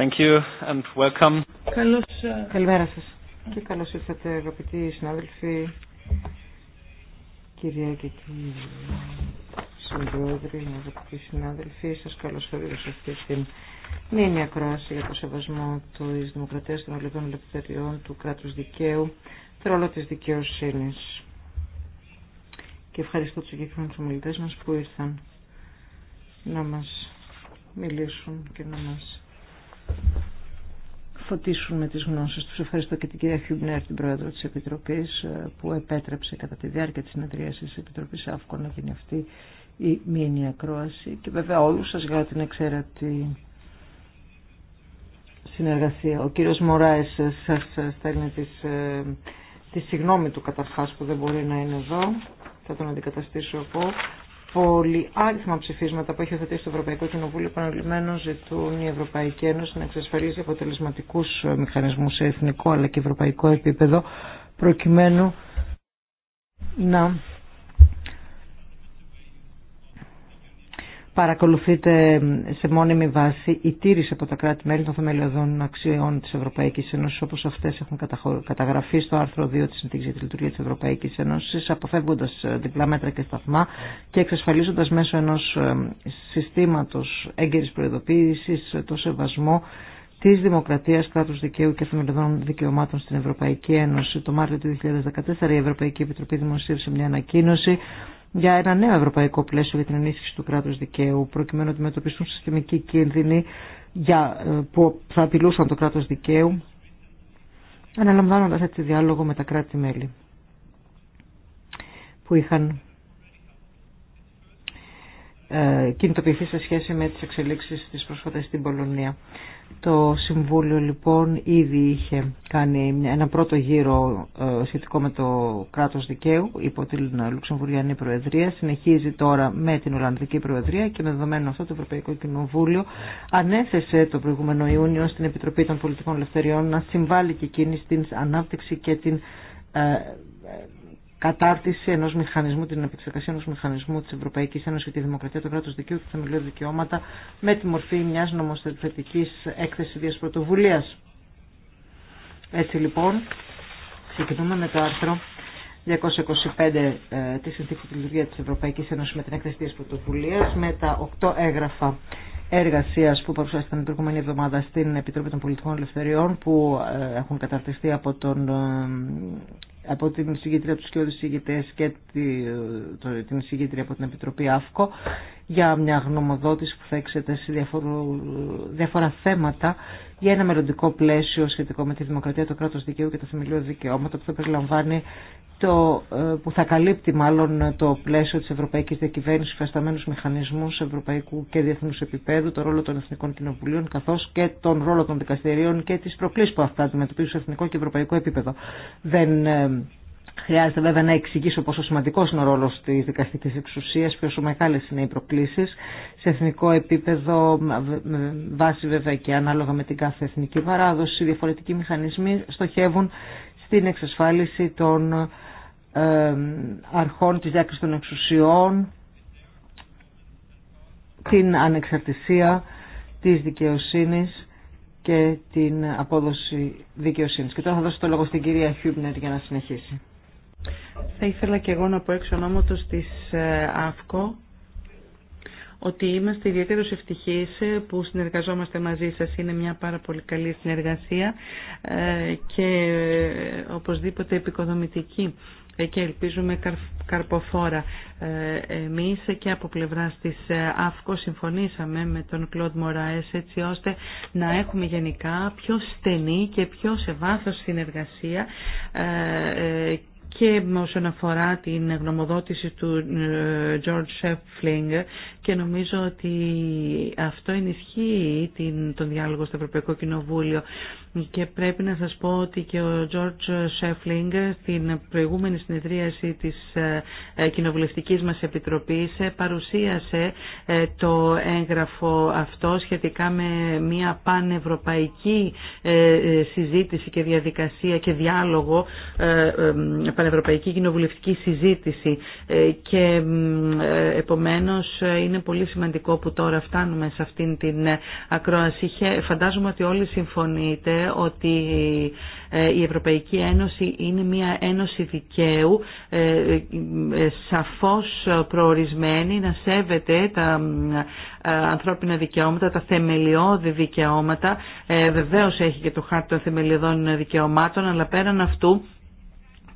Thank you and welcome. Καλώς... Ε, Καλημέρα σας και καλώς ήρθατε αγαπητοί συνάδελφοι, κυρία και κύριοι συμπρόεδροι, αγαπητοί συνάδελφοι, σας καλωσορίζω σε αυτή την μήνυα κράση για το σεβασμό της δημοκρατίας των ολικών ελευθεριών του κράτους δικαίου, τρόλο της δικαιοσύνης. Και ευχαριστώ τους συγκεκριμένους ομιλητές μας που ήρθαν να μας μιλήσουν και να μας φωτίσουν με τις γνώσεις τους. Ευχαριστώ και την κυρία Χιουμπνέρ, την πρόεδρο της Επιτροπής, ε, που επέτρεψε κατά τη διάρκεια της συνεδρίας της Επιτροπής Αύκο να γίνει αυτή η μήνυα ακρόαση. Και βέβαια όλους σας για την εξαίρετη συνεργασία. Ο κύριος Μωράης ε, σας ε, στέλνει τις, τη συγνώμη του καταρχάς που δεν μπορεί να είναι εδώ. Θα τον αντικαταστήσω εγώ άριθμα ψηφίσματα που έχει οθετήσει το Ευρωπαϊκό Κοινοβούλιο επαναλημμένο ζητούν η Ευρωπαϊκή Ένωση να εξασφαλίσει αποτελεσματικού μηχανισμού σε εθνικό αλλά και ευρωπαϊκό επίπεδο προκειμένου να παρακολουθείται σε μόνιμη βάση η τήρηση από τα κράτη-μέλη των θεμελιωδών αξιών τη Ευρωπαϊκή Ένωση, όπω αυτέ έχουν καταγραφεί στο άρθρο 2 τη Συνθήκη για τη Λειτουργία της Ευρωπαϊκής Ένωσης αποφεύγοντας ε, διπλά μέτρα και σταθμά και εξασφαλίζοντα μέσω ενό ε, συστήματο έγκαιρη προειδοποίηση, ε, το σεβασμό τη Δημοκρατία, κράτου δικαίου και θεμελιωδών δικαιωμάτων στην Ευρωπαϊκή Ένωση. Το Μάρτιο του 2014 η Ευρωπαϊκή Επιτροπή δημοσίευσε μια ανακοίνωση για ένα νέο ευρωπαϊκό πλαίσιο για την ενίσχυση του κράτους δικαίου, προκειμένου να αντιμετωπιστούν συστημικοί κίνδυνοι για, ε, που θα απειλούσαν το κράτος δικαίου, αναλαμβάνοντας έτσι διάλογο με τα κράτη-μέλη που είχαν ε, κινητοποιηθεί σε σχέση με τις εξελίξεις της προσφατές στην Πολωνία. Το Συμβούλιο λοιπόν ήδη είχε κάνει ένα πρώτο γύρο ε, σχετικό με το κράτος δικαίου υπό την Λουξεμβουριανή Προεδρία. Συνεχίζει τώρα με την Ολλανδική Προεδρία και με δεδομένο αυτό το Ευρωπαϊκό Κοινοβούλιο ανέθεσε το προηγούμενο Ιούνιο στην Επιτροπή των Πολιτικών Ελευθεριών να συμβάλλει και εκείνη στην ανάπτυξη και την ε, κατάρτιση ενό μηχανισμού, την επεξεργασία ενό μηχανισμού τη Ευρωπαϊκή Ένωση για τη Δημοκρατία, το κράτο δικαίου και τα θεμελιώδη δικαιώματα με τη μορφή μια νομοθετική έκθεση ίδια πρωτοβουλία. Έτσι λοιπόν, ξεκινούμε με το άρθρο 225 ε, τη Συνθήκη τη Λειτουργία τη Ευρωπαϊκή Ένωση με την έκθεση ίδια πρωτοβουλία, με τα 8 έγγραφα εργασία που παρουσιάστηκαν την προηγούμενη εβδομάδα στην Επιτροπή των Πολιτικών Ελευθεριών που ε, έχουν καταρτιστεί από, τον, ε, από την συγκήτρια από τους και και την συγκίτρια από την Επιτροπή ΑΦΚΟ για μια γνωμοδότηση που θα εξετάσει διάφορα θέματα για ένα μελλοντικό πλαίσιο σχετικό με τη δημοκρατία, το κράτος δικαίου και τα θεμελιώδη δικαιώματα που θα περιλαμβάνει το, ε, που θα καλύπτει μάλλον το πλαίσιο της Ευρωπαϊκής Διακυβέρνησης, φασταμένους μηχανισμούς ευρωπαϊκού και διεθνούς επίπεδου, το ρόλο των Εθνικών Κοινοβουλίων, καθώς και τον ρόλο των δικαστηρίων και τις προκλήσεις που αυτά αντιμετωπίζουν σε εθνικό και ευρωπαϊκό επίπεδο. Ε, Χρειάζεται βέβαια να εξηγήσω πόσο σημαντικό είναι ο ρόλο τη δικαστική εξουσία, πόσο μεγάλε είναι οι προκλήσει σε εθνικό επίπεδο, με βάση βέβαια και ανάλογα με την κάθε εθνική παράδοση. Οι διαφορετικοί μηχανισμοί στοχεύουν στην εξασφάλιση των αρχών τη διάκριση των εξουσιών, την ανεξαρτησία τη δικαιοσύνη και την απόδοση δικαιοσύνης. Και τώρα θα δώσω το λόγο στην κυρία Χιούμπνερ για να συνεχίσει. Θα ήθελα και εγώ να πω εξ ονόματος της ε, ΑΦΚΟ ότι είμαστε ιδιαίτερω ευτυχείς ε, που συνεργαζόμαστε μαζί σας. Είναι μια πάρα πολύ καλή συνεργασία ε, και οπωσδήποτε επικοδομητική και ελπίζουμε καρποφόρα. Εμείς και από πλευράς της ΑΦΚΟ συμφωνήσαμε με τον Κλοντ Μωράες έτσι ώστε να έχουμε γενικά πιο στενή και πιο σε βάθος συνεργασία και όσον αφορά την γνωμοδότηση του ε, George Sheffling και νομίζω ότι αυτό ενισχύει την, τον διάλογο στο Ευρωπαϊκό Κοινοβούλιο και πρέπει να σας πω ότι και ο George Sheffling στην προηγούμενη συνεδρίαση της ε, ε, κοινοβουλευτικής μας επιτροπής παρουσίασε το έγγραφο αυτό σχετικά με μια πανευρωπαϊκή συζήτηση και διαδικασία και διάλογο πανευρωπαϊκή κοινοβουλευτική συζήτηση ε, και ε, επομένως ε, είναι πολύ σημαντικό που τώρα φτάνουμε σε αυτήν την ακρόαση. Φαντάζομαι ότι όλοι συμφωνείτε ότι η Ευρωπαϊκή Ένωση είναι μια ένωση δικαίου σαφώς προορισμένη να σέβεται τα ανθρώπινα δικαιώματα, τα θεμελιώδη δικαιώματα. Βεβαίως έχει και το χάρτη των θεμελιωδών δικαιωμάτων, αλλά πέραν αυτού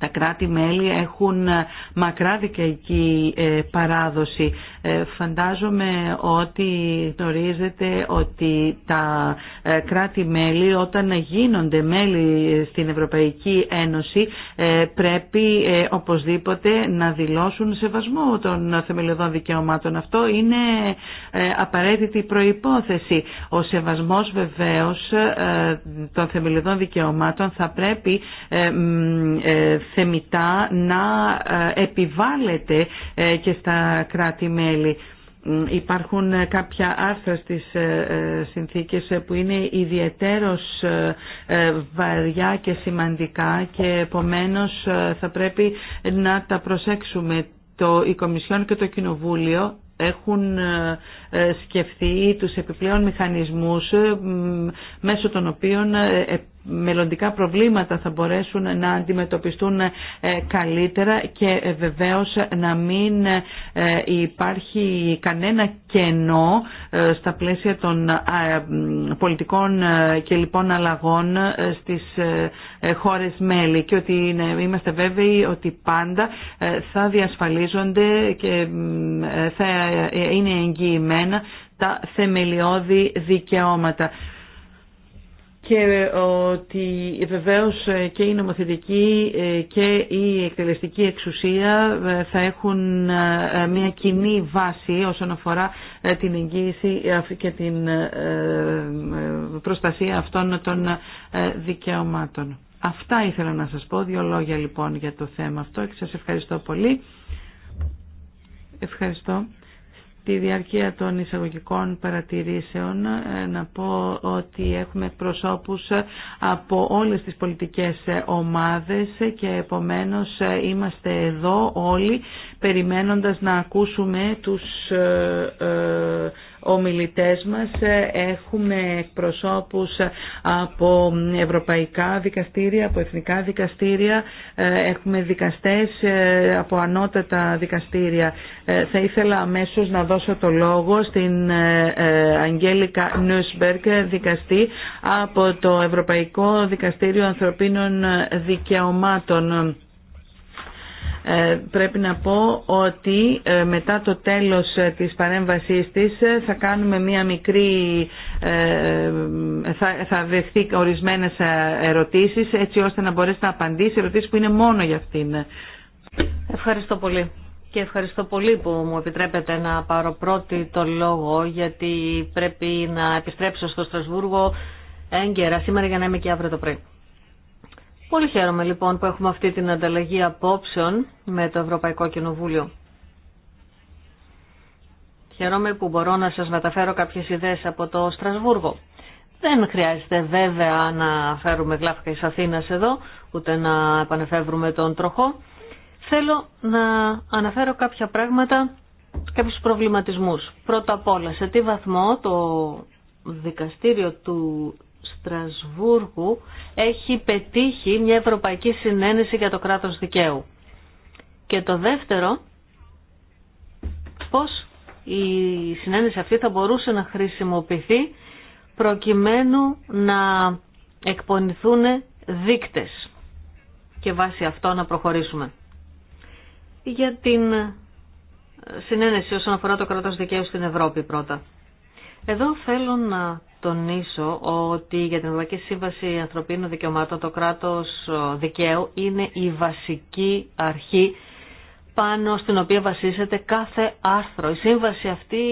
τα κράτη-μέλη έχουν μακρά δικαϊκή ε, παράδοση ε, φαντάζομαι ότι γνωρίζετε ότι τα ε, κράτη-μέλη όταν γίνονται μέλη στην Ευρωπαϊκή Ένωση ε, πρέπει οπωσδήποτε να δηλώσουν σεβασμό των θεμελιωδών δικαιωμάτων. Αυτό είναι απαραίτητη προϋπόθεση. Ο σεβασμός βεβαίως των θεμελιωδών δικαιωμάτων θα πρέπει θεμητά να επιβάλλεται και στα κράτη-μέλη Υπάρχουν κάποια άρθρα στις ε, ε, συνθήκες που είναι ιδιαιτέρως ε, βαριά και σημαντικά και επομένως θα πρέπει να τα προσέξουμε. Το, η Κομισιόν και το Κοινοβούλιο έχουν σκεφτεί τους επιπλέον μηχανισμούς μέσω των οποίων μελλοντικά προβλήματα θα μπορέσουν να αντιμετωπιστούν ε, καλύτερα και ε, βεβαίως να μην ε, υπάρχει κανένα κενό στα πλαίσια των πολιτικών και λοιπόν αλλαγών στις χώρες μέλη και ότι είμαστε βέβαιοι ότι πάντα θα διασφαλίζονται και θα είναι εγγυημένα τα θεμελιώδη δικαιώματα και ότι βεβαίως και η νομοθετική ε, και η εκτελεστική εξουσία ε, θα έχουν ε, μια κοινή βάση όσον αφορά την εγγύηση και την προστασία αυτών των δικαιωμάτων. Αυτά ήθελα να σας πω, δύο λόγια λοιπόν για το θέμα αυτό και σας ευχαριστώ πολύ. Ευχαριστώ τη διάρκεια των εισαγωγικών παρατηρήσεων ε, να πω ότι έχουμε προσώπους ε, από όλες τις πολιτικές ε, ομάδες και επομένως είμαστε εδώ όλοι περιμένοντας να ακούσουμε τους ομιλητές μας έχουμε προσώπους από ευρωπαϊκά δικαστήρια, από εθνικά δικαστήρια, έχουμε δικαστές από ανώτατα δικαστήρια. Θα ήθελα αμέσως να δώσω το λόγο στην Αγγέλικα Νούσμπερκ, δικαστή από το Ευρωπαϊκό Δικαστήριο Ανθρωπίνων Δικαιωμάτων. Ε, πρέπει να πω ότι ε, μετά το τέλος ε, της παρέμβασής της θα κάνουμε μία μικρή, θα δεχθεί ορισμένες ερωτήσεις έτσι ώστε να μπορέσει να απαντήσει ερωτήσεις που είναι μόνο για αυτήν. Ευχαριστώ πολύ. Και ευχαριστώ πολύ που μου επιτρέπετε να πάρω πρώτη το λόγο γιατί πρέπει να επιστρέψω στο Στρασβούργο έγκαιρα σήμερα για να είμαι και αύριο το πρωί. Πολύ χαίρομαι λοιπόν που έχουμε αυτή την ανταλλαγή απόψεων με το Ευρωπαϊκό Κοινοβούλιο. Χαίρομαι που μπορώ να σας μεταφέρω κάποιες ιδέες από το Στρασβούργο. Δεν χρειάζεται βέβαια να φέρουμε γλάφκα εις Αθήνας εδώ, ούτε να επανεφεύρουμε τον τροχό. Θέλω να αναφέρω κάποια πράγματα, κάποιους προβληματισμούς. Πρώτα απ' όλα, σε τι βαθμό το δικαστήριο του Στρασβούργου έχει πετύχει μια ευρωπαϊκή συνένεση για το κράτος δικαίου. Και το δεύτερο, πώς η συνένεση αυτή θα μπορούσε να χρησιμοποιηθεί προκειμένου να εκπονηθούν δίκτες και βάσει αυτό να προχωρήσουμε. Για την συνένεση όσον αφορά το κράτος δικαίου στην Ευρώπη πρώτα. Εδώ θέλω να τονίσω ότι για την Ευρωπαϊκή Σύμβαση Ανθρωπίνων Δικαιωμάτων το κράτος δικαίου είναι η βασική αρχή πάνω στην οποία βασίζεται κάθε άρθρο. Η σύμβαση αυτή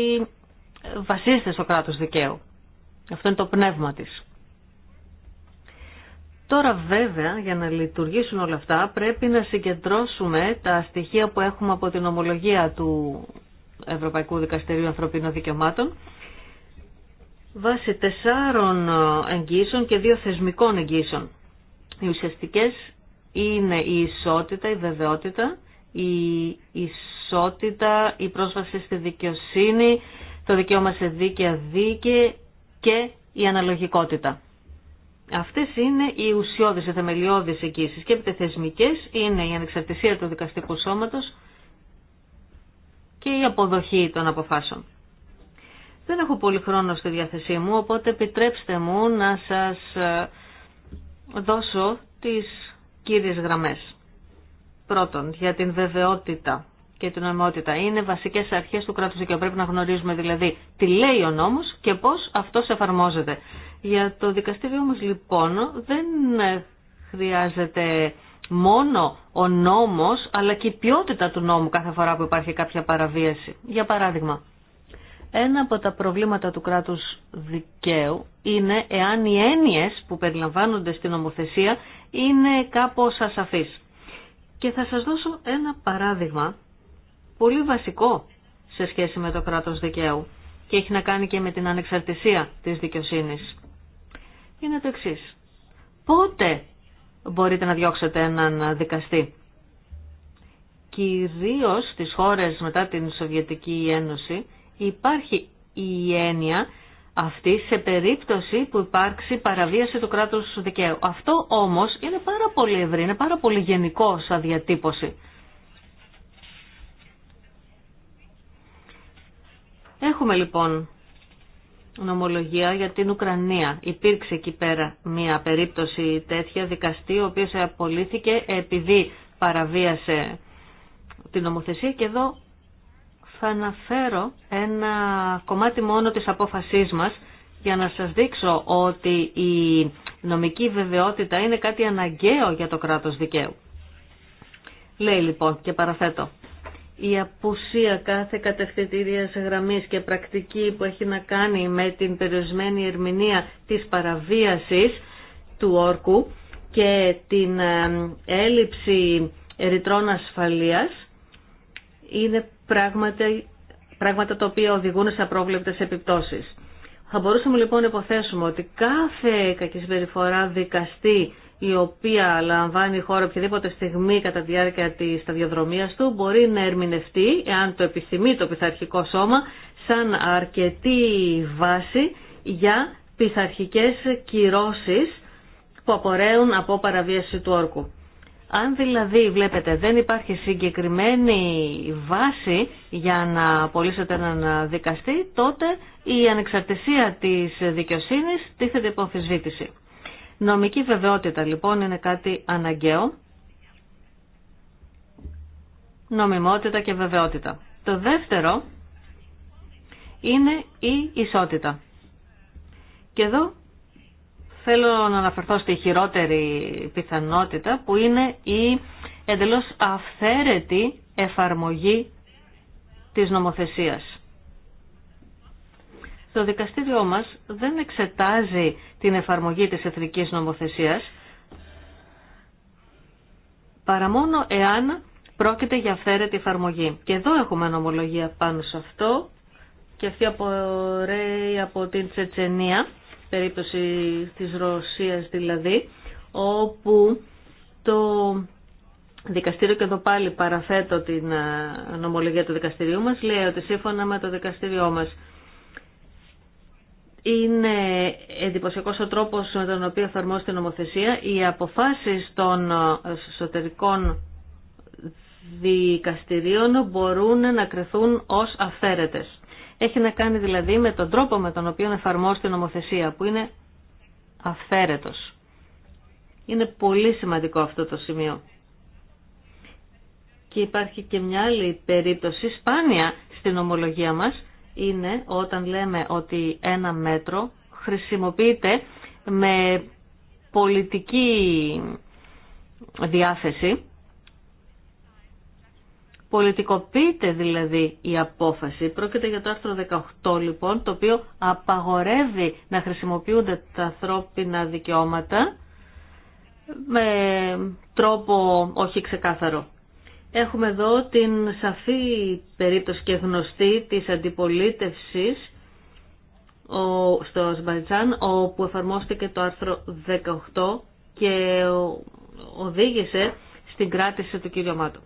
βασίζεται στο κράτος δικαίου. Αυτό είναι το πνεύμα της. Τώρα βέβαια για να λειτουργήσουν όλα αυτά πρέπει να συγκεντρώσουμε τα στοιχεία που έχουμε από την ομολογία του Ευρωπαϊκού Δικαστηρίου Ανθρωπίνων Δικαιωμάτων βάσει τεσσάρων ε, εγγύσεων και δύο θεσμικών εγγύσεων. Οι ουσιαστικές είναι η ισότητα, η βεβαιότητα, η ισότητα, η πρόσβαση στη δικαιοσύνη, το δικαίωμα σε δίκαια δίκη και η αναλογικότητα. Αυτές είναι οι ουσιώδεις, οι θεμελιώδεις εγγύσεις και επιτεθεσμικές είναι η ανεξαρτησία του δικαστικού σώματος και η αποδοχή των αποφάσεων. Δεν έχω πολύ χρόνο στη διάθεσή μου, οπότε επιτρέψτε μου να σας ε, δώσω τις κύριες γραμμές. Πρώτον, για την βεβαιότητα και την ομοιότητα. Είναι βασικές αρχές του κράτους και Πρέπει να γνωρίζουμε δηλαδή τι λέει ο νόμος και πώς αυτός εφαρμόζεται. Για το δικαστήριο όμως λοιπόν δεν ε, χρειάζεται μόνο ο νόμος αλλά και η ποιότητα του νόμου κάθε φορά που υπάρχει κάποια παραβίαση. Για παράδειγμα, ένα από τα προβλήματα του κράτους δικαίου είναι εάν οι έννοιες που περιλαμβάνονται στην ομοθεσία είναι κάπως ασαφείς. Και θα σας δώσω ένα παράδειγμα πολύ βασικό σε σχέση με το κράτος δικαίου και έχει να κάνει και με την ανεξαρτησία της δικαιοσύνης. Είναι το εξή. Πότε μπορείτε να διώξετε έναν δικαστή. Κυρίως στις χώρες μετά την Σοβιετική Ένωση υπάρχει η έννοια αυτή σε περίπτωση που υπάρξει παραβίαση του κράτους δικαίου. Αυτό όμως είναι πάρα πολύ ευρύ, είναι πάρα πολύ γενικό σαν διατύπωση. Έχουμε λοιπόν νομολογία για την Ουκρανία. Υπήρξε εκεί πέρα μια περίπτωση τέτοια δικαστή, ο οποίος απολύθηκε επειδή παραβίασε την νομοθεσία και εδώ θα αναφέρω ένα κομμάτι μόνο της απόφασής μας για να σας δείξω ότι η νομική βεβαιότητα είναι κάτι αναγκαίο για το κράτος δικαίου. Λέει λοιπόν και παραθέτω. Η απουσία κάθε κατευθυντήριας γραμμής και πρακτική που έχει να κάνει με την περιορισμένη ερμηνεία της παραβίασης του όρκου και την ε, έλλειψη ρητρών ασφαλείας είναι πράγματα, πράγματα τα οποία οδηγούν σε απρόβλεπτες επιπτώσεις. Θα μπορούσαμε λοιπόν να υποθέσουμε ότι κάθε κακή συμπεριφορά δικαστή η οποία λαμβάνει η χώρα οποιαδήποτε στιγμή κατά τη διάρκεια της σταδιοδρομίας του μπορεί να ερμηνευτεί, εάν το επιθυμεί το πειθαρχικό σώμα, σαν αρκετή βάση για πειθαρχικέ κυρώσεις που απορρέουν από παραβίαση του όρκου. Αν δηλαδή βλέπετε δεν υπάρχει συγκεκριμένη βάση για να απολύσετε έναν δικαστή, τότε η ανεξαρτησία της δικαιοσύνης τίθεται υπό Νομική βεβαιότητα λοιπόν είναι κάτι αναγκαίο. Νομιμότητα και βεβαιότητα. Το δεύτερο είναι η ισότητα. Και εδώ θέλω να αναφερθώ στη χειρότερη πιθανότητα που είναι η εντελώς αυθαίρετη εφαρμογή της νομοθεσίας. Το δικαστήριό μας δεν εξετάζει την εφαρμογή της εθνικής νομοθεσίας παρά μόνο εάν πρόκειται για αυθαίρετη εφαρμογή. Και εδώ έχουμε νομολογία πάνω σε αυτό και αυτή απορρέει από την Τσετσενία περίπτωση της Ρωσίας δηλαδή, όπου το δικαστήριο, και εδώ πάλι παραθέτω την ε, νομολογία του δικαστηριού μας, λέει ότι σύμφωνα με το δικαστήριό μας είναι εντυπωσιακό ο τρόπο με τον οποίο εφαρμόζεται η νομοθεσία. Οι αποφάσει των ε, εσωτερικών δικαστηρίων μπορούν να κρυθούν ως αφαίρετες. Έχει να κάνει δηλαδή με τον τρόπο με τον οποίο εφαρμόζεται η νομοθεσία που είναι αυθαίρετος. Είναι πολύ σημαντικό αυτό το σημείο. Και υπάρχει και μια άλλη περίπτωση σπάνια στην ομολογία μας είναι όταν λέμε ότι ένα μέτρο χρησιμοποιείται με πολιτική διάθεση πολιτικοποιείται δηλαδή η απόφαση. Πρόκειται για το άρθρο 18 λοιπόν, το οποίο απαγορεύει να χρησιμοποιούνται τα ανθρώπινα δικαιώματα με τρόπο όχι ξεκάθαρο. Έχουμε εδώ την σαφή περίπτωση και γνωστή της αντιπολίτευσης στο Ασμπαϊτζάν, όπου εφαρμόστηκε το άρθρο 18 και οδήγησε στην κράτηση του κυριωμάτου.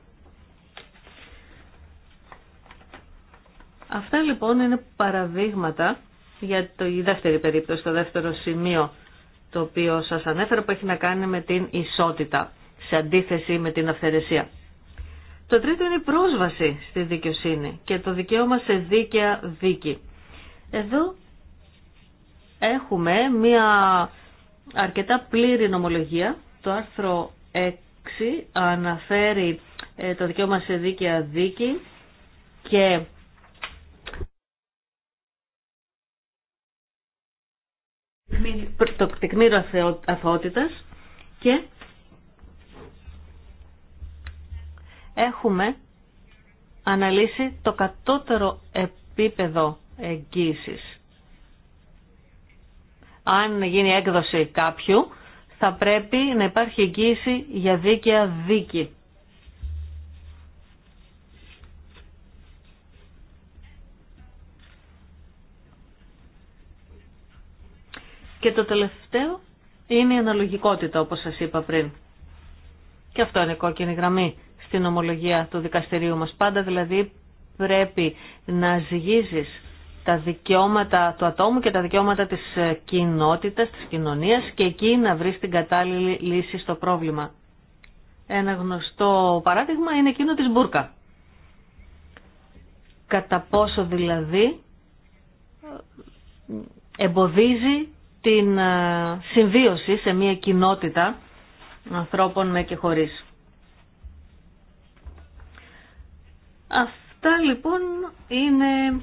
Αυτά λοιπόν είναι παραδείγματα για το η δεύτερη περίπτωση, το δεύτερο σημείο το οποίο σας ανέφερα που έχει να κάνει με την ισότητα σε αντίθεση με την αυθαιρεσία. Το τρίτο είναι η πρόσβαση στη δικαιοσύνη και το δικαίωμα σε δίκαια δίκη. Εδώ έχουμε μια αρκετά πλήρη νομολογία. Το άρθρο 6 αναφέρει ε, το δικαίωμα σε δίκαια δίκη και το τεκμήριο αθωότητας και έχουμε αναλύσει το κατώτερο επίπεδο εγγύησης. Αν γίνει έκδοση κάποιου, θα πρέπει να υπάρχει εγγύηση για δίκαια δίκη. Και το τελευταίο είναι η αναλογικότητα όπως σας είπα πριν. Και αυτό είναι κόκκινη γραμμή στην ομολογία του δικαστηρίου μας. Πάντα δηλαδή πρέπει να ζυγίζεις τα δικαιώματα του ατόμου και τα δικαιώματα της κοινότητας, της κοινωνίας και εκεί να βρεις την κατάλληλη λύση στο πρόβλημα. Ένα γνωστό παράδειγμα είναι εκείνο της Μπούρκα. Κατά πόσο δηλαδή ε, εμποδίζει την ε, συμβίωση σε μια κοινότητα ανθρώπων με και χωρίς. Αυτά λοιπόν είναι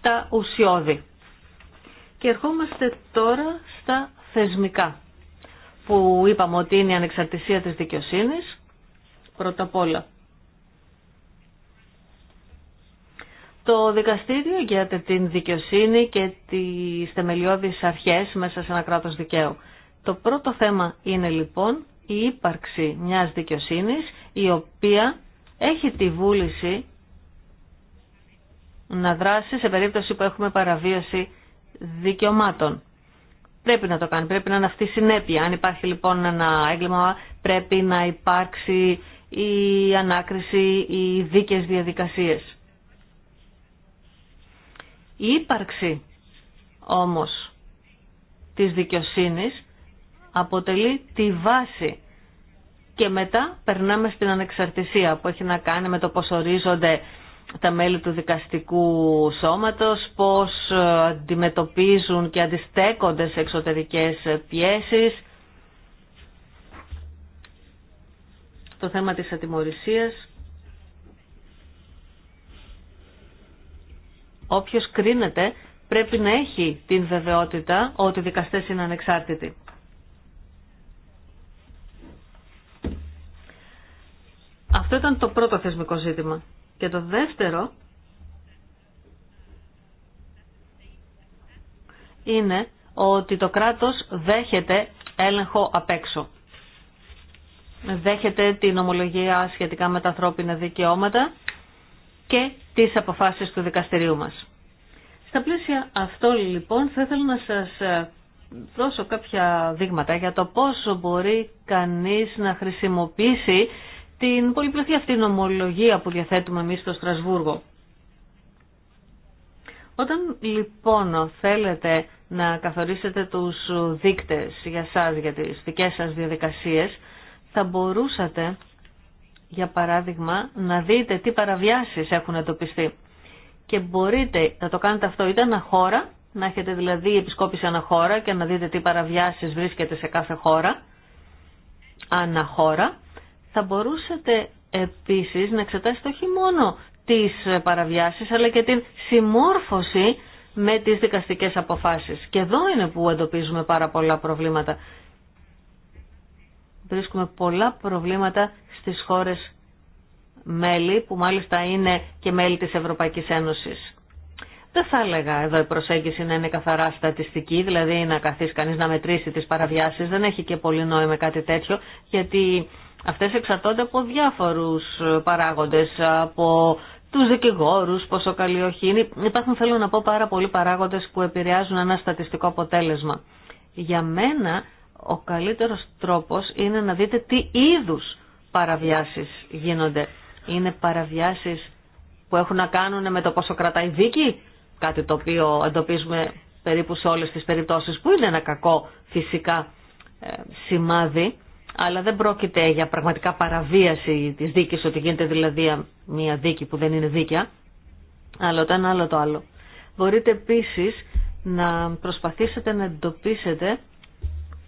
τα ουσιώδη. Και ερχόμαστε τώρα στα θεσμικά που είπαμε ότι είναι η ανεξαρτησία της δικαιοσύνης πρώτα απ' όλα. Το δικαστήριο για την δικαιοσύνη και τις θεμελιώδεις αρχές μέσα σε ένα κράτος δικαίου. Το πρώτο θέμα είναι λοιπόν η ύπαρξη μιας δικαιοσύνης η οποία έχει τη βούληση να δράσει σε περίπτωση που έχουμε παραβίαση δικαιωμάτων. Πρέπει να το κάνει, πρέπει να είναι αυτή η συνέπεια. Αν υπάρχει λοιπόν ένα έγκλημα πρέπει να υπάρξει η ανάκριση, οι δίκες διαδικασίες. Η ύπαρξη όμως της δικαιοσύνης αποτελεί τη βάση και μετά περνάμε στην ανεξαρτησία που έχει να κάνει με το πώς ορίζονται τα μέλη του δικαστικού σώματος, πώς ε, αντιμετωπίζουν και αντιστέκονται σε εξωτερικές πιέσεις. Το θέμα της ατιμορρησίας όποιος κρίνεται πρέπει να έχει την βεβαιότητα ότι οι δικαστές είναι ανεξάρτητοι. Αυτό ήταν το πρώτο θεσμικό ζήτημα. Και το δεύτερο είναι ότι το κράτος δέχεται έλεγχο απ' έξω. Δέχεται την ομολογία σχετικά με τα ανθρώπινα δικαιώματα και τις αποφάσεις του δικαστηρίου μας. Στα πλαίσια αυτό λοιπόν θα ήθελα να σας ε, δώσω κάποια δείγματα για το πόσο μπορεί κανείς να χρησιμοποιήσει την πολυπλοκή αυτή νομολογία που διαθέτουμε εμείς στο Στρασβούργο. Όταν λοιπόν θέλετε να καθορίσετε τους δείκτες για σας, για τις δικές σας διαδικασίες, θα μπορούσατε για παράδειγμα, να δείτε τι παραβιάσεις έχουν εντοπιστεί. Και μπορείτε να το κάνετε αυτό είτε χώρα, να έχετε δηλαδή επισκόπηση αναχώρα και να δείτε τι παραβιάσεις βρίσκεται σε κάθε χώρα, αναχώρα, θα μπορούσατε επίσης να εξετάσετε όχι μόνο τις παραβιάσεις, αλλά και την συμμόρφωση με τις δικαστικές αποφάσεις. Και εδώ είναι που εντοπίζουμε πάρα πολλά προβλήματα βρίσκουμε πολλά προβλήματα στις χώρες μέλη, που μάλιστα είναι και μέλη της Ευρωπαϊκής Ένωσης. Δεν θα έλεγα εδώ η προσέγγιση να είναι καθαρά στατιστική, δηλαδή να καθίσει κανείς να μετρήσει τις παραβιάσεις, δεν έχει και πολύ νόημα κάτι τέτοιο, γιατί αυτές εξαρτώνται από διάφορους παράγοντες, από τους δικηγόρους, πόσο καλή όχι είναι. Υπάρχουν θέλω να πω πάρα πολλοί παράγοντες που επηρεάζουν ένα στατιστικό αποτέλεσμα. Για μένα ο καλύτερος τρόπος είναι να δείτε τι είδους παραβιάσεις γίνονται. Είναι παραβιάσεις που έχουν να κάνουν με το πόσο κρατάει δίκη, κάτι το οποίο εντοπίζουμε περίπου σε όλες τις περιπτώσεις, που είναι ένα κακό φυσικά ε, σημάδι, αλλά δεν πρόκειται για πραγματικά παραβίαση της δίκης, ότι γίνεται δηλαδή μια δίκη που δεν είναι δίκαια, αλλά το ένα άλλο το άλλο. Μπορείτε επίσης να προσπαθήσετε να εντοπίσετε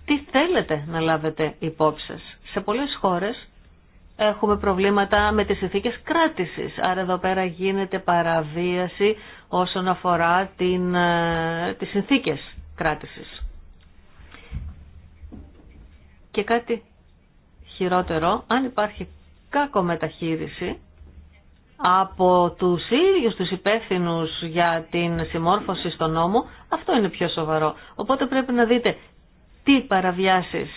τι θέλετε να λάβετε υπόψη σας. Σε πολλές χώρες έχουμε προβλήματα με τις ηθίκες κράτησης. Άρα εδώ πέρα γίνεται παραβίαση όσον αφορά την, ε, τις συνθήκες κράτησης. Και κάτι χειρότερο, αν υπάρχει μεταχείριση... από τους ίδιους τους υπεύθυνου για την συμμόρφωση στον νόμο, αυτό είναι πιο σοβαρό. Οπότε πρέπει να δείτε τι παραβιάσεις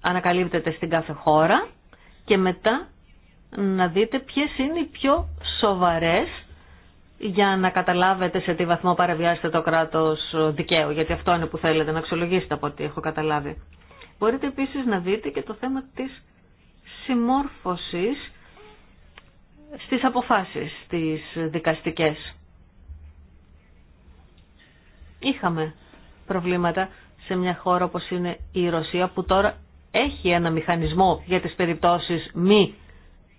ανακαλύπτεται στην κάθε χώρα και μετά να δείτε ποιες είναι οι πιο σοβαρές για να καταλάβετε σε τι βαθμό παραβιάζεται το κράτος δικαίου, γιατί αυτό είναι που θέλετε να αξιολογήσετε από ό,τι έχω καταλάβει. Μπορείτε επίσης να δείτε και το θέμα της συμμόρφωσης στις αποφάσεις τις δικαστικές. Είχαμε προβλήματα σε μια χώρα όπως είναι η Ρωσία που τώρα έχει ένα μηχανισμό για τις περιπτώσεις μη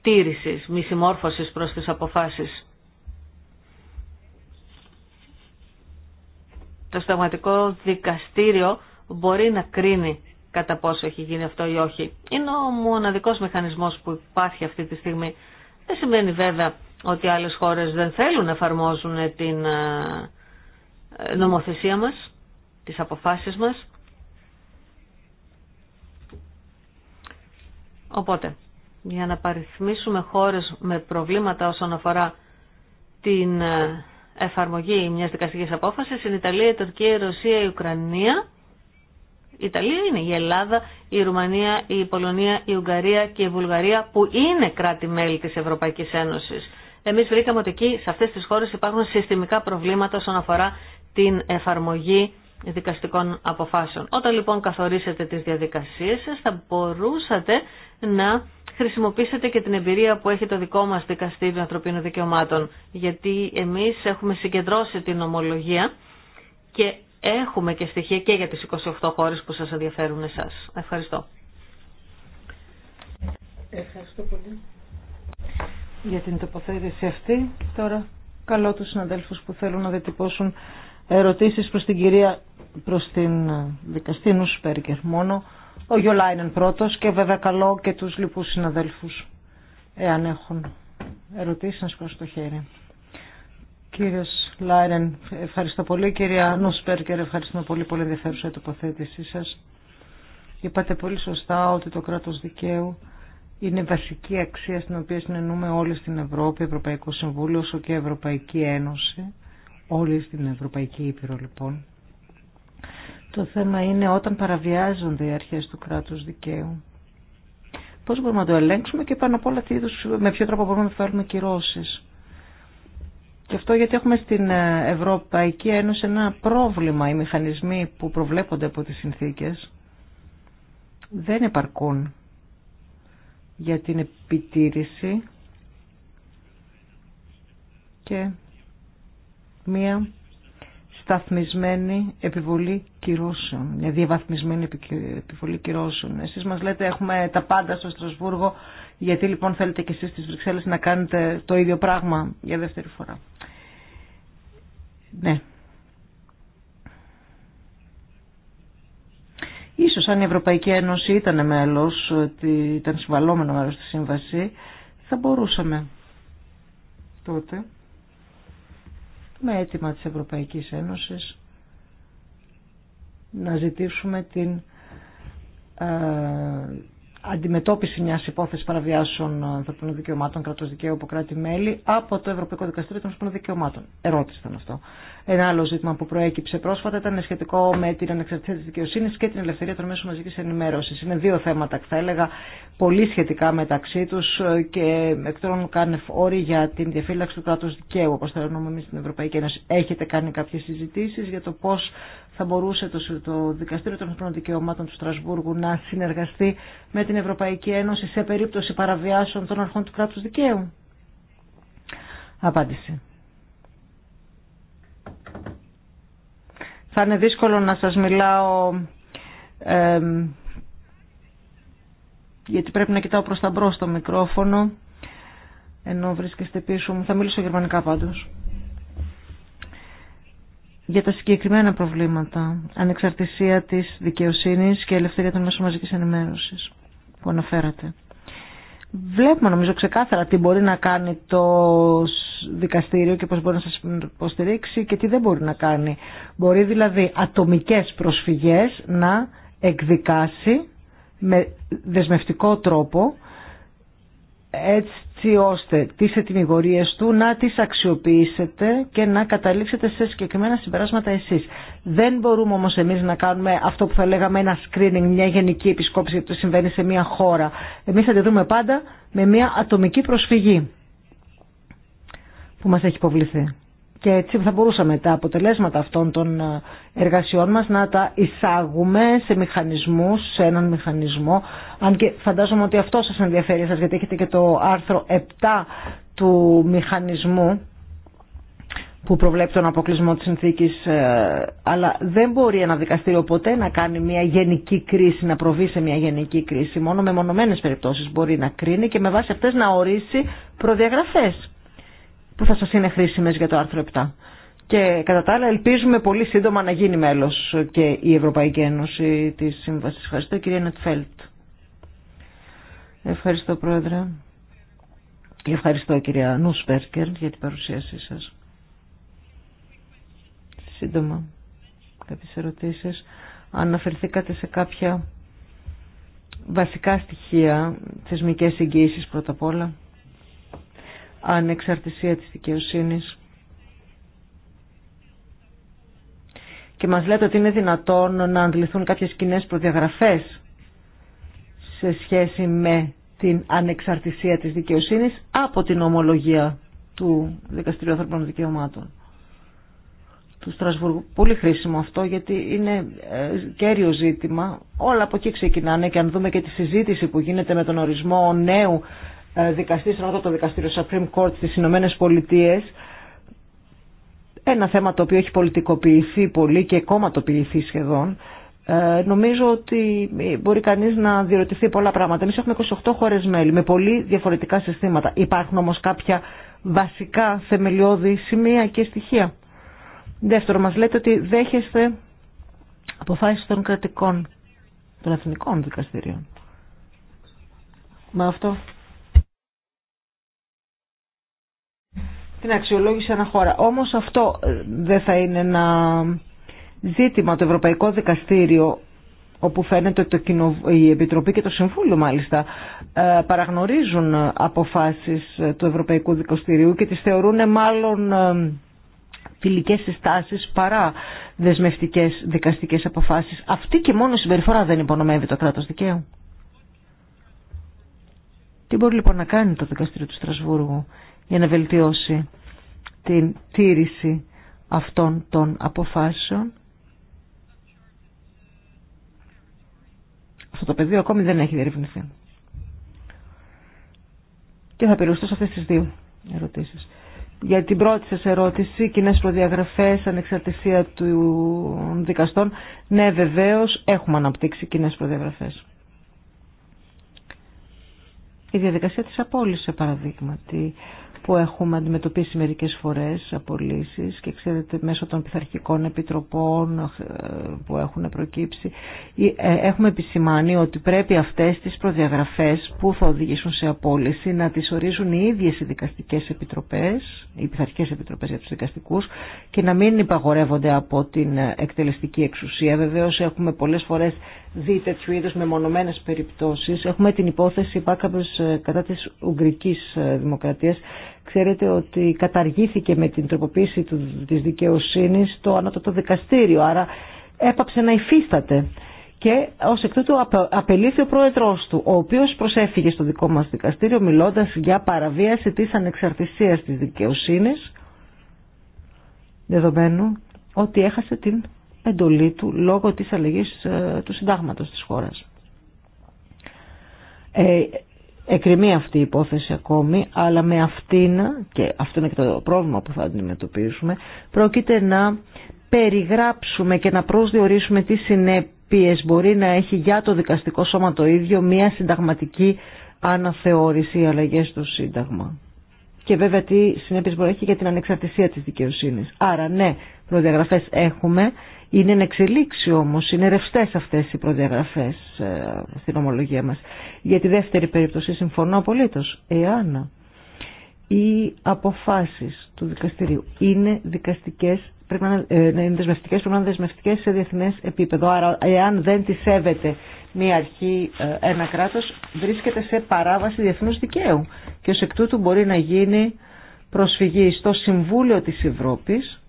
τήρησης, μη συμμόρφωσης προς τις αποφάσεις. Το σταγματικό δικαστήριο μπορεί να κρίνει κατά πόσο έχει γίνει αυτό ή όχι. Είναι ο μοναδικός μηχανισμός που υπάρχει αυτή τη στιγμή. Δεν σημαίνει βέβαια ότι άλλες χώρες δεν θέλουν να εφαρμόζουν την ε, νομοθεσία μας τις αποφάσεις μας. Οπότε, για να παριθμίσουμε χώρες με προβλήματα όσον αφορά την ε, εφαρμογή μιας δικαστικής απόφασης είναι η Ιταλία, η Τουρκία, η Ρωσία, η Ουκρανία. Η Ιταλία είναι η Ελλάδα, η Ρουμανία, η Πολωνία, η Ουγγαρία και η Βουλγαρία που είναι κράτη-μέλη της Ευρωπαϊκής Ένωσης. Εμείς βρήκαμε ότι εκεί σε αυτές τις χώρες υπάρχουν συστημικά προβλήματα όσον αφορά την εφαρμογή δικαστικών αποφάσεων. Όταν λοιπόν καθορίσετε τις διαδικασίες σας θα μπορούσατε να χρησιμοποιήσετε και την εμπειρία που έχει το δικό μας δικαστήριο ανθρωπίνων δικαιωμάτων γιατί εμείς έχουμε συγκεντρώσει την ομολογία και έχουμε και στοιχεία και για τις 28 χώρες που σας ενδιαφέρουν εσάς. Ευχαριστώ. Ευχαριστώ πολύ για την τοποθέτηση αυτή. Τώρα καλό τους συναδέλφους που θέλουν να διατυπώσουν ερωτήσεις προς την κυρία, προς την ε, δικαστή Σπέρκερ μόνο. Ο Γιολάινεν πρώτος και βέβαια καλό και τους λοιπούς συναδέλφους, εάν έχουν ερωτήσεις να σκάσουν το χέρι. Κύριος Λάιρεν, ευχαριστώ πολύ. Κυρία Νοσπέρκερ, ευχαριστούμε πολύ, πολύ ενδιαφέρουσα η τοποθέτησή σας. Είπατε πολύ σωστά ότι το κράτος δικαίου είναι βασική αξία στην οποία συνενούμε όλοι στην Ευρώπη, Ευρωπαϊκό Συμβούλιο, όσο και Ευρωπαϊκή Ένωση όλη στην Ευρωπαϊκή Ήπειρο λοιπόν. Το θέμα είναι όταν παραβιάζονται οι αρχές του κράτους δικαίου. Πώς μπορούμε να το ελέγξουμε και πάνω απ' όλα τι με ποιο τρόπο μπορούμε να φέρουμε κυρώσεις. Και αυτό γιατί έχουμε στην Ευρωπαϊκή Ένωση ένα πρόβλημα. Οι μηχανισμοί που προβλέπονται από τις συνθήκες δεν επαρκούν για την επιτήρηση και μία σταθμισμένη επιβολή κυρώσεων, μια διαβαθμισμένη επιβολή κυρώσεων. Εσείς μας λέτε έχουμε τα πάντα στο Στρασβούργο, γιατί λοιπόν θέλετε και εσείς στις Βρυξέλλες να κάνετε το ίδιο πράγμα για δεύτερη φορά. Ναι. Ίσως αν η Ευρωπαϊκή Ένωση ήταν μέλος, ήταν συμβαλόμενο μέρος στη σύμβαση, θα μπορούσαμε τότε με αίτημα της Ευρωπαϊκής Ένωσης να ζητήσουμε την ε, αντιμετώπιση μια υπόθεση παραβιασεων παραβιάσεων ανθρωπίνων δικαιωμάτων, κράτος δικαίου από κράτη-μέλη από το Ευρωπαϊκό Δικαστήριο των Ανθρωπίνων Δικαιωμάτων. Ερώτηση ήταν αυτό. Ένα άλλο ζήτημα που προέκυψε πρόσφατα ήταν σχετικό με την ανεξαρτησία τη δικαιοσύνη και την ελευθερία των μέσων μαζική ενημέρωση. Είναι δύο θέματα, θα έλεγα, πολύ σχετικά μεταξύ του, και εκτρώνουν κάνε όροι για την διαφύλαξη του κράτου δικαίου, όπω θεωρούμε εμεί στην Ευρωπαϊκή Ένωση. Έχετε κάνει κάποιε συζητήσει για το πώ θα μπορούσε το, το Δικαστήριο των Ανθρωπίνων Δικαιωμάτων του Στρασβούργου να συνεργαστεί με την Ευρωπαϊκή Ένωση σε περίπτωση παραβιάσεων των αρχών του κράτους δικαίου. Απάντηση. Θα είναι δύσκολο να σας μιλάω γιατί πρέπει να κοιτάω προς τα μπρος το μικρόφωνο ενώ βρίσκεστε πίσω μου. Θα μιλήσω γερμανικά πάντως για τα συγκεκριμένα προβλήματα, ανεξαρτησία της δικαιοσύνης και ελευθερία των μέσων μαζικής ενημέρωσης που αναφέρατε. Βλέπουμε νομίζω ξεκάθαρα τι μπορεί να κάνει το δικαστήριο και πώς μπορεί να σας υποστηρίξει και τι δεν μπορεί να κάνει. Μπορεί δηλαδή ατομικές προσφυγές να εκδικάσει με δεσμευτικό τρόπο έτσι έτσι ώστε τις ετοιμιγορίες του να τις αξιοποιήσετε και να καταλήξετε σε συγκεκριμένα συμπεράσματα εσείς. Δεν μπορούμε όμως εμείς να κάνουμε αυτό που θα λέγαμε ένα screening, μια γενική επισκόπηση που συμβαίνει σε μια χώρα. Εμείς θα τη δούμε πάντα με μια ατομική προσφυγή που μας έχει υποβληθεί και έτσι θα μπορούσαμε τα αποτελέσματα αυτών των ε, εργασιών μας να τα εισάγουμε σε μηχανισμούς, σε έναν μηχανισμό. Αν και φαντάζομαι ότι αυτό σας ενδιαφέρει σας, γιατί έχετε και το άρθρο 7 του μηχανισμού που προβλέπει τον αποκλεισμό της συνθήκης, ε, αλλά δεν μπορεί ένα δικαστήριο ποτέ να κάνει μια γενική κρίση, να προβεί σε μια γενική κρίση. Μόνο με μονομένες περιπτώσεις μπορεί να κρίνει και με βάση αυτές να ορίσει προδιαγραφές που θα σας είναι χρήσιμες για το άρθρο 7. Και κατά τα άλλα ελπίζουμε πολύ σύντομα να γίνει μέλος και η Ευρωπαϊκή Ένωση της Σύμβασης. Ευχαριστώ κυρία Νετφέλτ. Ευχαριστώ Πρόεδρε. Και ευχαριστώ κυρία Νούσπερκερ για την παρουσίασή σας. Σύντομα κάποιες ερωτήσεις. Αναφερθήκατε σε κάποια βασικά στοιχεία, θεσμικές εγγύησεις πρώτα απ' όλα ανεξαρτησία της δικαιοσύνης. Και μας λέτε ότι είναι δυνατόν να αντληθούν κάποιες κοινέ προδιαγραφές σε σχέση με την ανεξαρτησία της δικαιοσύνης από την ομολογία του Δικαστηρίου Ανθρωπίνων Δικαιωμάτων του Στρασβούργου. Πολύ χρήσιμο αυτό γιατί είναι ε, κέριο ζήτημα. Όλα από εκεί ξεκινάνε και αν δούμε και τη συζήτηση που γίνεται με τον ορισμό νέου ε, δικαστή στον το Δικαστήριο Supreme Court στι Ηνωμένε Πολιτείε, ένα θέμα το οποίο έχει πολιτικοποιηθεί πολύ και κομματοποιηθεί σχεδόν ε, νομίζω ότι μπορεί κανείς να διερωτηθεί πολλά πράγματα. Εμείς έχουμε 28 χώρες μέλη με πολύ διαφορετικά συστήματα. Υπάρχουν όμως κάποια βασικά θεμελιώδη σημεία και στοιχεία. Δεύτερο, μας λέτε ότι δέχεστε αποφάσεις των κρατικών, των εθνικών δικαστηρίων. Με αυτό την αξιολόγηση αναχώρα. Όμως αυτό ε, δεν θα είναι ένα ζήτημα το Ευρωπαϊκό Δικαστήριο όπου φαίνεται ότι το κοινο... η Επιτροπή και το Συμβούλιο μάλιστα ε, παραγνωρίζουν αποφάσεις ε, του Ευρωπαϊκού Δικαστηρίου και τις θεωρούν μάλλον φιλικές συστάσεις παρά δεσμευτικές δικαστικές αποφάσεις. Αυτή και μόνο η συμπεριφορά δεν υπονομεύει το κράτος δικαίου. Τι μπορεί λοιπόν να κάνει το Δικαστήριο του Στρασβούργου για να βελτιώσει την τήρηση αυτών των αποφάσεων. Αυτό το πεδίο ακόμη δεν έχει διερευνηθεί. Και θα περιοριστώ σε αυτές τις δύο ερωτήσεις. Για την πρώτη σας ερώτηση, κοινέ προδιαγραφές, ανεξαρτησία του δικαστών. Ναι, βεβαίως, έχουμε αναπτύξει κοινέ προδιαγραφές. Η διαδικασία της απόλυσης, σε παραδείγματι, που έχουμε αντιμετωπίσει μερικές φορές απολύσεις και ξέρετε μέσω των πειθαρχικών επιτροπών ε, που έχουν προκύψει ε, έχουμε επισημάνει ότι πρέπει αυτές τις προδιαγραφές που θα οδηγήσουν σε απόλυση να τις ορίζουν οι ίδιες οι δικαστικές επιτροπές, οι πειθαρχικές επιτροπές για τους δικαστικούς και να μην υπαγορεύονται από την εκτελεστική εξουσία. Βεβαίως έχουμε πολλές φορές δει τέτοιου είδους μεμονωμένες περιπτώσεις. Έχουμε την υπόθεση υπάκαπης ε, κατά της Ουγγρικής ε, Δημοκρατίας. Ξέρετε ότι καταργήθηκε με την τροποποίηση του, της δικαιοσύνης το ανώτατο δικαστήριο, άρα έπαψε να υφίσταται. Και ω εκ τούτου απελήθη ο πρόεδρό του, ο οποίο προσέφυγε στο δικό μα δικαστήριο μιλώντα για παραβίαση τη ανεξαρτησία τη δικαιοσύνη, δεδομένου ότι έχασε την εντολή του λόγω της αλλαγής ε, του συντάγματος της χώρας. Ε, εκκρεμεί αυτή η υπόθεση ακόμη, αλλά με αυτήν, και αυτό είναι και το πρόβλημα που θα αντιμετωπίσουμε, πρόκειται να περιγράψουμε και να προσδιορίσουμε τι συνέπειες μπορεί να έχει για το δικαστικό σώμα το ίδιο μια συνταγματική αναθεώρηση ή αλλαγές στο Σύνταγμα. Και βέβαια τι συνέπειε μπορεί να έχει για την ανεξαρτησία της δικαιοσύνης. Άρα ναι, προδιαγραφές έχουμε, είναι να εξελίξει όμω, είναι ρευστέ αυτέ οι προδιαγραφές ε, στην ομολογία μα. Για τη δεύτερη περίπτωση συμφωνώ απολύτω. Εάν οι αποφάσει του δικαστηρίου είναι δικαστικέ πρέπει ε, να, είναι δεσμευτικές, πρέπει να είναι δεσμευτικές σε διεθνέ επίπεδο. Άρα εάν δεν τη σέβεται μια αρχή, ε, ένα κράτο, βρίσκεται σε παράβαση διεθνούς δικαίου και ω εκ τούτου μπορεί να γίνει προσφυγή στο Συμβούλιο της Ευρώπης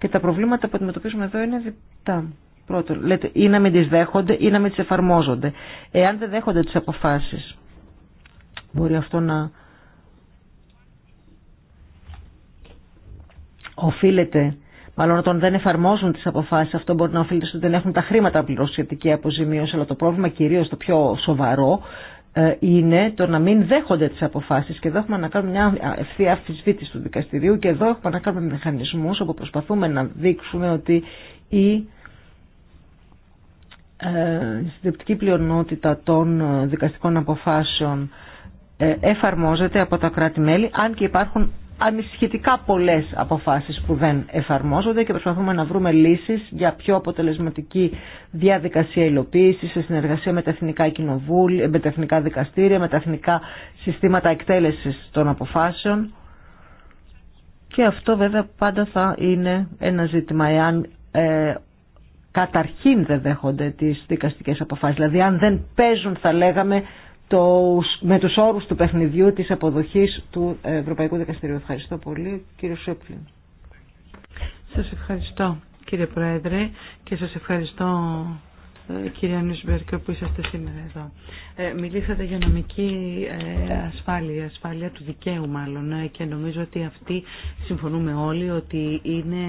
και τα προβλήματα που αντιμετωπίζουμε εδώ είναι διπτά. Πρώτον, λέτε ή να μην τι δέχονται ή να μην τι εφαρμόζονται. Εάν δεν δέχονται τις αποφάσεις, μπορεί αυτό να οφείλεται, μάλλον όταν δεν εφαρμόζουν τις αποφάσεις, αυτό μπορεί να οφείλεται στο ότι δεν έχουν τα χρήματα να αποζημίωση, αλλά το πρόβλημα κυρίω το πιο σοβαρό ε, είναι το να μην δέχονται τις αποφάσεις και εδώ έχουμε να κάνουμε μια ευθεία αφισβήτηση του δικαστηρίου και εδώ έχουμε να κάνουμε μηχανισμούς όπου προσπαθούμε να δείξουμε ότι η ε, συντριπτική πλειονότητα των ε, δικαστικών αποφάσεων εφαρμόζεται από τα κράτη-μέλη αν και υπάρχουν ανησυχητικά πολλές αποφάσεις που δεν εφαρμόζονται και προσπαθούμε να βρούμε λύσεις για πιο αποτελεσματική διαδικασία υλοποίηση σε συνεργασία με τα εθνικά, κοινοβούλια, με τα εθνικά δικαστήρια, με τα εθνικά συστήματα εκτέλεσης των αποφάσεων. Και αυτό βέβαια πάντα θα είναι ένα ζήτημα εάν ε, καταρχήν δεν δέχονται τις δικαστικές αποφάσεις. Δηλαδή αν δεν παίζουν θα λέγαμε με τους όρους του παιχνιδιού της αποδοχής του Ευρωπαϊκού Δικαστηρίου. Ευχαριστώ πολύ. Κύριε Σούπλιν. Σας ευχαριστώ κύριε Πρόεδρε και σας ευχαριστώ ε, κύριε Νιουσμπερκ που είσαστε σήμερα εδώ. Ε, μιλήσατε για νομική ε, ασφάλεια, ασφάλεια του δικαίου μάλλον και νομίζω ότι αυτή συμφωνούμε όλοι ότι είναι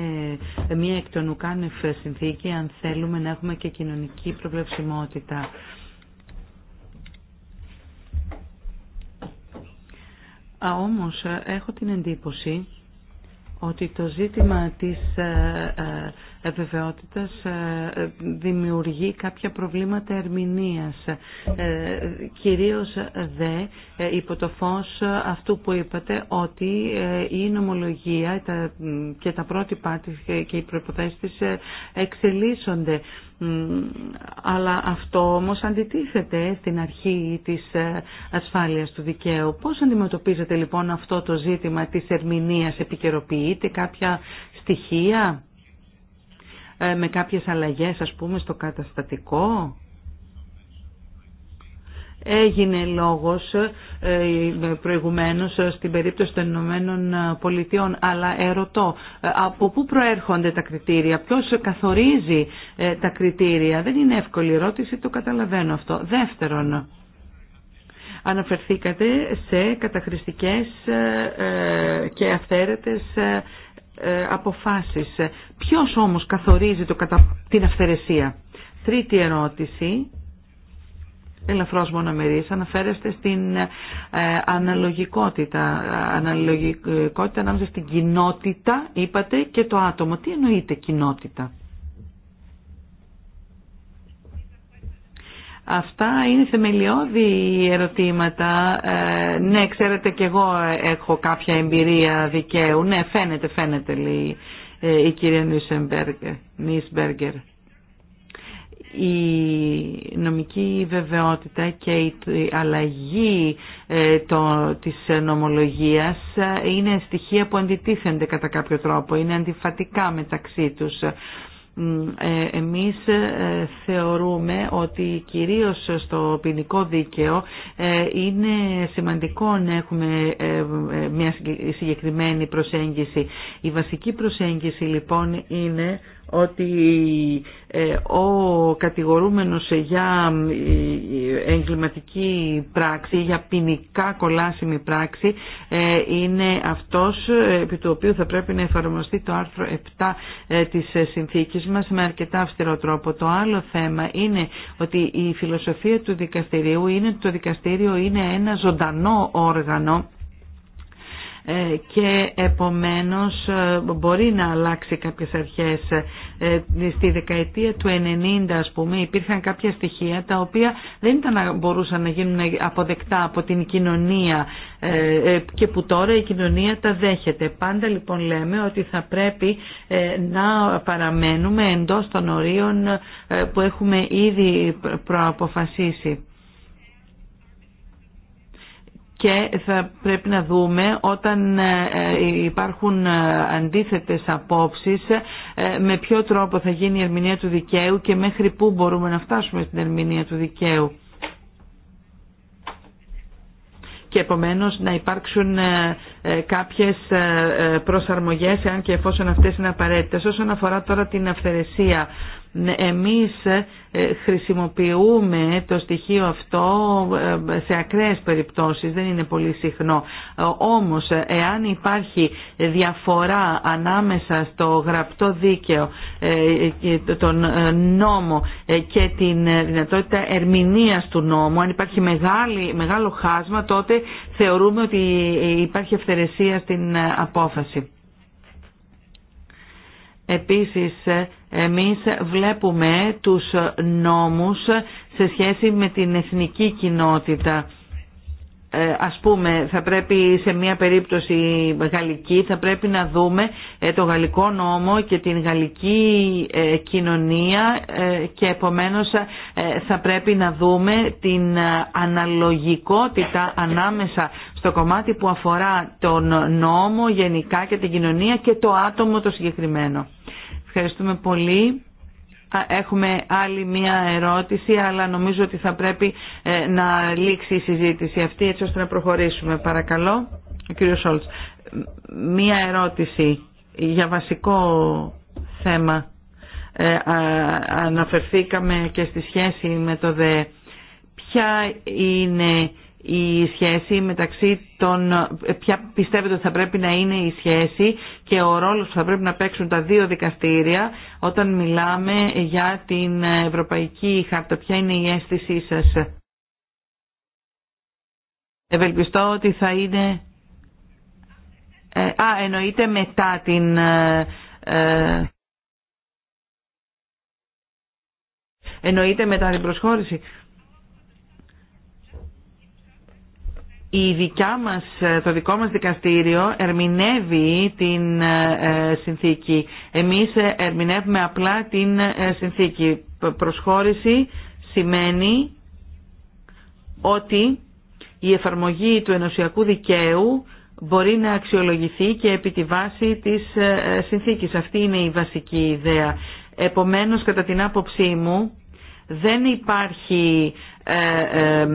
μια εκ των ουκάνευ συνθήκη αν θέλουμε να έχουμε και κοινωνική προβλεψιμότητα. Α, όμως ε, έχω την εντύπωση ότι το ζήτημα της ε, ε, βεβαιότητας δημιουργεί κάποια προβλήματα ερμηνείας. Κυρίως δε υπό το φως αυτού που είπατε ότι η νομολογία και τα πρότυπά της και οι προϋποθέσεις της εξελίσσονται αλλά αυτό όμως αντιτίθεται στην αρχή της ε, ασφάλειας του δικαίου. Πώς αντιμετωπίζετε λοιπόν αυτό το ζήτημα της ερμηνείας, επικαιροποιείται κάποια στοιχεία ε, με κάποιες αλλαγές ας πούμε στο καταστατικό έγινε λόγος ε, προηγουμένως ε, στην περίπτωση των Ηνωμένων ε, Πολιτειών αλλά ερωτώ από πού προέρχονται τα κριτήρια ποιος καθορίζει τα κριτήρια δεν είναι εύκολη ερώτηση το καταλαβαίνω αυτό δεύτερον αναφερθήκατε σε καταχρηστικές και αυθαίρετες αποφάσεις ποιος όμως καθορίζει το την αυθαιρεσία τρίτη ερώτηση ελαφρώς μονομερής αναφέρεστε στην ε, αναλογικότητα αναλογικότητα ανάμεσα στην κοινότητα είπατε και το άτομο τι εννοείται κοινότητα Αυτά είναι θεμελιώδη ερωτήματα. Ε, ναι, ξέρετε και εγώ έχω κάποια εμπειρία δικαίου. Ναι, φαίνεται, φαίνεται, λέει ε, η κυρία Νίσμπεργκερ η νομική βεβαιότητα και η αλλαγή ε, το, της νομολογίας ε, είναι στοιχεία που αντιτίθενται κατά κάποιο τρόπο, είναι αντιφατικά μεταξύ τους. Ε, εμείς θεωρούμε ότι κυρίως στο ποινικό δίκαιο είναι σημαντικό να έχουμε μια συγκεκριμένη προσέγγιση. Η βασική προσέγγιση λοιπόν είναι ότι ε, ο κατηγορούμενος για ε, εγκληματική πράξη, για ποινικά κολάσιμη πράξη ε, είναι αυτός επί του οποίου θα πρέπει να εφαρμοστεί το άρθρο 7 της συνθήκης μας με αρκετά αυστηρό τρόπο. Το άλλο θέμα είναι ότι η φιλοσοφία του δικαστηρίου είναι ότι το δικαστήριο είναι ένα ζωντανό όργανο ε, και επομένως ε, μπορεί να αλλάξει κάποιες αρχές. Ε, στη δεκαετία του 90 ας πούμε υπήρχαν κάποια στοιχεία τα οποία δεν ήταν, μπορούσαν να γίνουν αποδεκτά από την κοινωνία και που τώρα η κοινωνία τα δέχεται. Πάντα λοιπόν λέμε ότι θα πρέπει να παραμένουμε εντός των ορίων που έχουμε ήδη προαποφασίσει και θα πρέπει να δούμε όταν ε, ε, υπάρχουν ε, αντίθετες απόψεις με ποιο τρόπο θα γίνει η ερμηνεία του δικαίου και μέχρι πού μπορούμε να φτάσουμε στην ερμηνεία του δικαίου. Και επομένως να υπάρξουν κάποιες προσαρμογές, εάν και εφόσον αυτές είναι απαραίτητες. Όσον αφορά τώρα την αυθαιρεσία ναι, εμείς ε, χρησιμοποιούμε το στοιχείο αυτό ε, σε ακραίες περιπτώσεις, δεν είναι πολύ συχνό. Ε, όμως, εάν υπάρχει διαφορά ανάμεσα στο γραπτό δίκαιο, τον νόμο και την δυνατότητα ερμηνείας του νόμου, αν υπάρχει μεγάλη, μεγάλο χάσμα, τότε θεωρούμε ότι υπάρχει ευθερεσία στην απόφαση. Επίσης, εμείς βλέπουμε τους νόμους σε σχέση με την εθνική κοινότητα. Ε, ας πούμε, θα πρέπει σε μια περίπτωση γαλλική, θα πρέπει να δούμε ε, το γαλλικό νόμο και την γαλλική ε, κοινωνία και επομένως θα πρέπει να δούμε την αναλογικότητα ανάμεσα στο κομμάτι που αφορά τον νόμο γενικά και την κοινωνία και το άτομο το συγκεκριμένο. Ευχαριστούμε πολύ. Έχουμε άλλη μία ερώτηση, αλλά νομίζω ότι θα πρέπει ε, να λήξει η συζήτηση αυτή, έτσι ώστε να προχωρήσουμε. Παρακαλώ, κύριο κύριος Σόλτς. Μία ερώτηση για βασικό θέμα. Ε, αναφερθήκαμε και στη σχέση με το ΔΕ. Ποια είναι η σχέση μεταξύ των, ποια πιστεύετε ότι θα πρέπει να είναι η σχέση και ο ρόλος που θα πρέπει να παίξουν τα δύο δικαστήρια όταν μιλάμε για την Ευρωπαϊκή Χάρτα. Ποια είναι η αίσθησή σας. Ευελπιστώ ότι θα είναι... Ε, α, εννοείται μετά την... Ε, ε εννοείται μετά την προσχώρηση. η δικιά μας, ε, το δικό μας δικαστήριο ερμηνεύει την ε, ε, συνθήκη. Εμείς ερμηνεύουμε απλά την συνθήκη. Προσχώρηση σημαίνει ότι η εφαρμογή του ενωσιακού δικαίου μπορεί να αξιολογηθεί και επί τη βάση της συνθήκης. Αυτή είναι η βασική ιδέα. Επομένως, κατά την άποψή μου, δεν υπάρχει ε,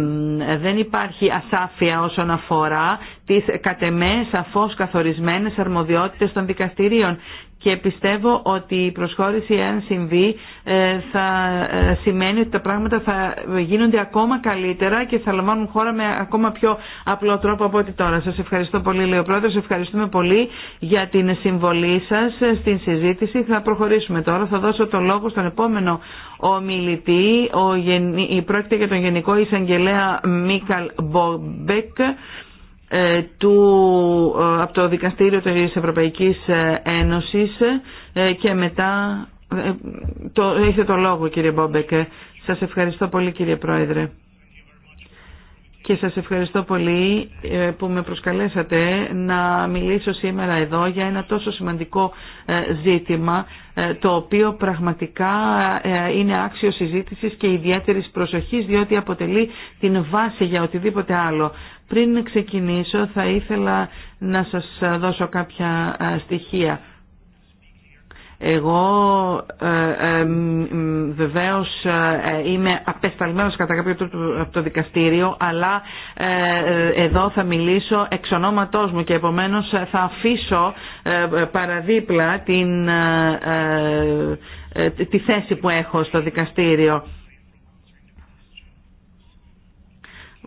δεν υπάρχει ασάφεια όσον αφορά τις κατεμέ σαφώς καθορισμένες αρμοδιότητες των δικαστηρίων και πιστεύω ότι η προσχώρηση αν συμβεί ε, θα ε, σημαίνει ότι τα πράγματα θα γίνονται ακόμα καλύτερα και θα λαμβάνουν χώρα με ακόμα πιο απλό τρόπο από ό,τι τώρα. Σας ευχαριστώ πολύ λέει ο ευχαριστούμε πολύ για την συμβολή σας στην συζήτηση. Θα προχωρήσουμε τώρα, θα δώσω το λόγο στον επόμενο ομιλητή, ο, πρόκειται για τον Γενικό Εισαγγελέα Μίκαλ Μπομπέκ, ε, του, ε, από το Δικαστήριο της Ευρωπαϊκής ε, Ένωσης και μετά το, έχετε το λόγο κύριε Μπόμπεκ. Σας ευχαριστώ πολύ κύριε Πρόεδρε. Και σας ευχαριστώ πολύ που με προσκαλέσατε να μιλήσω σήμερα εδώ για ένα τόσο σημαντικό ζήτημα το οποίο πραγματικά είναι άξιο συζήτησης και ιδιαίτερης προσοχής διότι αποτελεί την βάση για οτιδήποτε άλλο. Πριν ξεκινήσω θα ήθελα να σας δώσω κάποια ε, στοιχεία. Εγώ ε, ε βεβαίως ε, είμαι απεσταλμένος κατά κάποιο τρόπο από το δικαστήριο αλλά εδώ θα μιλήσω εξ ονόματός μου και επομένως θα αφήσω παραδίπλα την, τη θέση που έχω στο δικαστήριο.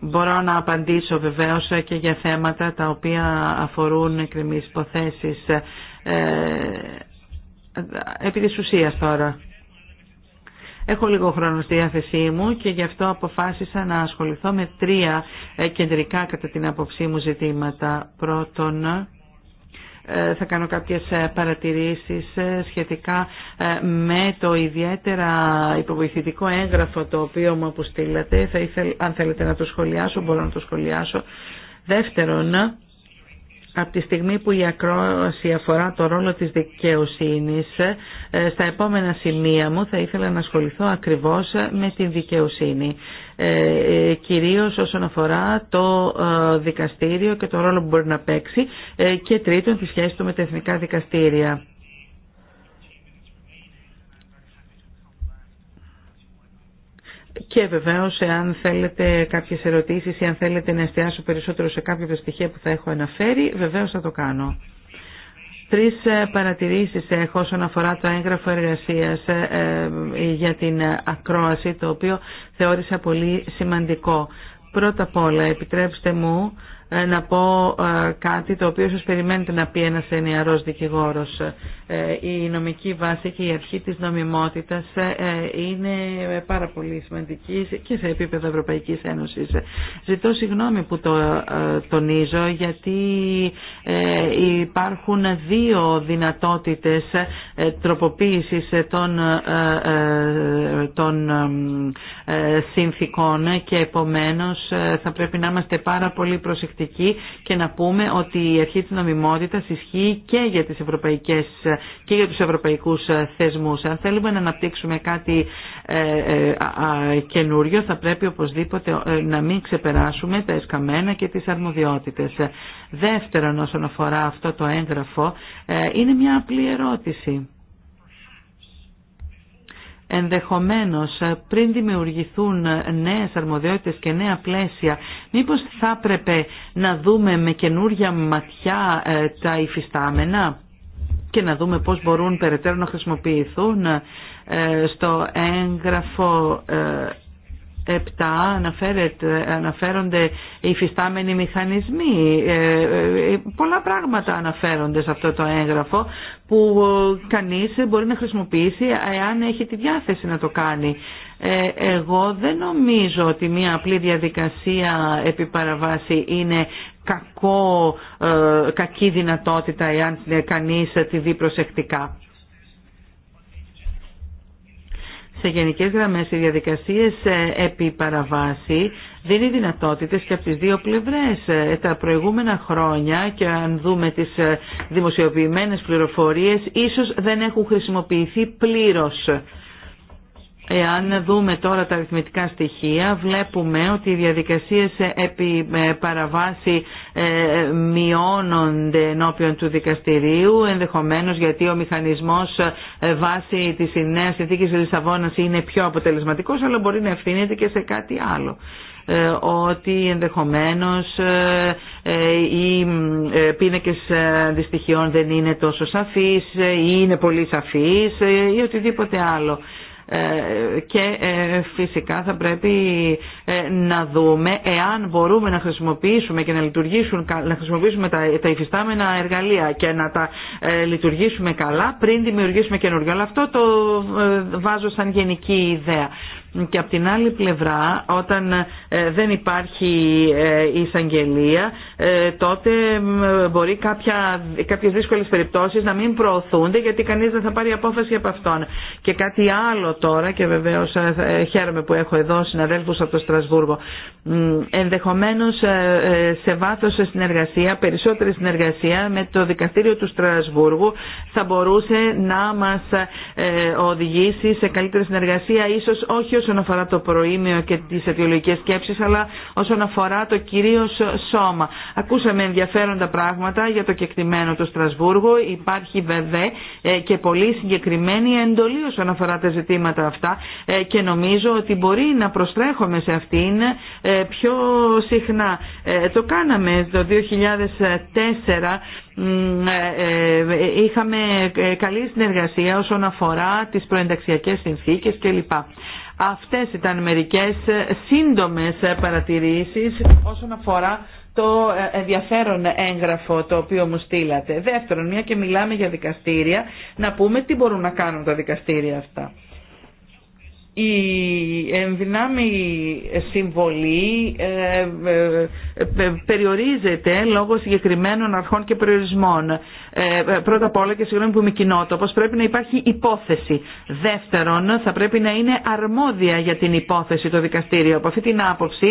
Μπορώ να απαντήσω βεβαίως και για θέματα τα οποία αφορούν εκκρεμείς υποθέσεις. Ε, επί της ουσίας τώρα. Έχω λίγο χρόνο στη διάθεσή μου και γι' αυτό αποφάσισα να ασχοληθώ με τρία ε, κεντρικά κατά την άποψή μου ζητήματα. Πρώτον, ε, θα κάνω κάποιες ε, παρατηρήσεις ε, σχετικά με το ιδιαίτερα υποβοηθητικό έγγραφο το οποίο μου αποστήλατε. Θα αν θέλετε να το σχολιάσω, μπορώ να το σχολιάσω. Δεύτερον, από τη στιγμή που η ακρόαση αφορά το ρόλο της δικαιοσύνης, ε, στα επόμενα σημεία μου θα ήθελα να ασχοληθώ ακριβώς με την δικαιοσύνη. Ε, ε, κυρίως όσον αφορά το δικαστήριο και το ρόλο που μπορεί να παίξει και τρίτον τη σχέση του με τα εθνικά δικαστήρια. Και βεβαίω, αν θέλετε κάποιες ερωτήσεις ή αν θέλετε να εστιάσω περισσότερο σε κάποια από στοιχεία που θα έχω αναφέρει, βεβαίω θα το κάνω. Τρει ε, παρατηρήσεις έχω όσον αφορά το έγγραφο εργασία ε, ε, για την ακρόαση, το οποίο θεώρησα πολύ σημαντικό. Πρώτα απ' όλα, επιτρέψτε μου ε, να πω ε, κάτι το οποίο σας περιμένετε να πει ένας ενιαρός δικηγόρος. Ε, η νομική βάση και η αρχή της νομιμότητας είναι πάρα πολύ σημαντική και σε επίπεδο Ευρωπαϊκής Ένωσης. Ζητώ συγγνώμη που το τονίζω γιατί υπάρχουν δύο δυνατότητες τροποποίησης των, των συνθήκων και επομένως θα πρέπει να είμαστε πάρα πολύ προσεκτικοί και να πούμε ότι η αρχή της νομιμότητας ισχύει και για, τις ευρωπαϊκές, και για τους ευρωπαϊκούς ε, θεσμούς. Αν θέλουμε να αναπτύξουμε κάτι ε, ε, καινούριο θα πρέπει οπωσδήποτε να μην ξεπεράσουμε τα εσκαμμένα και τις αρμοδιότητες. Δεύτερον όσον αφορά αυτό το έγγραφο είναι μια απλή ερώτηση ενδεχομένως πριν δημιουργηθούν νέες αρμοδιότητες και νέα πλαίσια, μήπως θα έπρεπε να δούμε με καινούρια ματιά ε, τα υφιστάμενα και να δούμε πώς μπορούν περαιτέρω να χρησιμοποιηθούν ε, στο έγγραφο ε, 7 αναφέρονται οι φυστάμενοι μηχανισμοί. Ε, ε, πολλά πράγματα αναφέρονται σε αυτό το έγγραφο που ε, κανείς μπορεί να χρησιμοποιήσει εάν έχει τη διάθεση να το κάνει. Εγώ δεν νομίζω ότι μια απλή διαδικασία επί είναι κακό, κακή δυνατότητα εάν κανείς τη δει προσεκτικά. σε γενικές γραμμές οι διαδικασίες ε, επί παραβάση δίνει δυνατότητες και από τις δύο πλευρές. Ε, τα προηγούμενα χρόνια και αν δούμε τις ε, δημοσιοποιημένες πληροφορίες ίσως δεν έχουν χρησιμοποιηθεί πλήρως Εάν δούμε τώρα τα αριθμητικά στοιχεία, βλέπουμε ότι οι διαδικασίες ε, επί ε, παραβάση ε, μειώνονται ενώπιον του δικαστηρίου, ενδεχομένως γιατί ο μηχανισμός βάσει της νέας συνθήκης Λισαβόνας είναι πιο αποτελεσματικός, αλλά μπορεί να ευθύνεται και σε κάτι άλλο ότι ενδεχομένως οι πίνακες αντιστοιχειών δεν είναι τόσο σαφείς ή είναι πολύ σαφείς ή οτιδήποτε άλλο και ε, φυσικά θα πρέπει ε, να δούμε εάν μπορούμε να χρησιμοποιήσουμε και να λειτουργήσουν να χρησιμοποιήσουμε τα, τα υφιστάμενα εργαλεία και να τα ε, λειτουργήσουμε καλά πριν δημιουργήσουμε καινούργια. Αλλά αυτό το βάζω σαν γενική ιδέα και από την άλλη πλευρά όταν ε, δεν υπάρχει ε, εισαγγελία ε, τότε μπορεί κάποια, κάποιες δύσκολες περιπτώσεις να μην προωθούνται γιατί κανείς δεν θα πάρει απόφαση από αυτόν. Και κάτι άλλο τώρα και βεβαίως χαίρομαι που έχω εδώ συναδέλφους από το Στρασβούργο ενδεχομένως σε βάθος συνεργασία, περισσότερη συνεργασία με το δικαστήριο του Στρασβούργου θα μπορούσε να μας οδηγήσει σε καλύτερη συνεργασία ίσως όχι όσον αφορά το προήμιο και τις αιτιολογικές σκέψεις, αλλά όσον αφορά το κυρίως σώμα. Ακούσαμε ενδιαφέροντα πράγματα για το κεκτημένο του Στρασβούργου. Υπάρχει βέβαια ε, και πολύ συγκεκριμένη εντολή όσον αφορά τα ζητήματα αυτά ε, και νομίζω ότι μπορεί να προστρέχουμε σε αυτήν ε, πιο συχνά. Το κάναμε το 2004 είχαμε καλή συνεργασία όσον αφορά τις προενταξιακές συνθήκες κλπ. Αυτές ήταν μερικές σύντομες παρατηρήσεις όσον αφορά το ε, ενδιαφέρον έγγραφο το οποίο μου στείλατε. Δεύτερον, μια και μιλάμε για δικαστήρια, να πούμε τι μπορούν να κάνουν τα δικαστήρια αυτά η ενδυνάμει συμβολή ε, ε, ε, περιορίζεται λόγω συγκεκριμένων αρχών και περιορισμών. πρώτα απ' όλα και συγγνώμη που είμαι κοινότοπο, πρέπει να υπάρχει υπόθεση. Δεύτερον, θα πρέπει να είναι αρμόδια για την υπόθεση το δικαστήριο. Από αυτή την άποψη,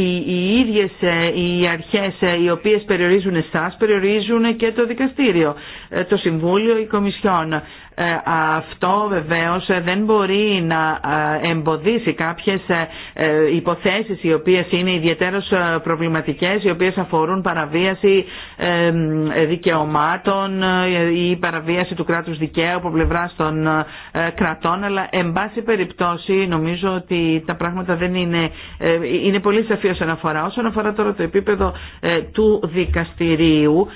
οι, οι ίδιες οι αρχές οι οποίες περιορίζουν εσά περιορίζουν και το δικαστήριο, το Συμβούλιο, η Κομισιόν. Ε, αυτό βεβαίως ε, δεν μπορεί να ε, εμποδίσει κάποιες υποθέσεις οι οποίες είναι ιδιαίτερως προβληματικές, οι οποίες αφορούν παραβίαση δικαιωμάτων ή παραβίαση του κράτους δικαίου από πλευρά των κρατών, αλλά εν πάση περιπτώσει νομίζω ότι τα πράγματα δεν είναι, είναι πολύ σαφή όσον αφορά. Όσον αφορά τώρα το επίπεδο του δικαστηρίου,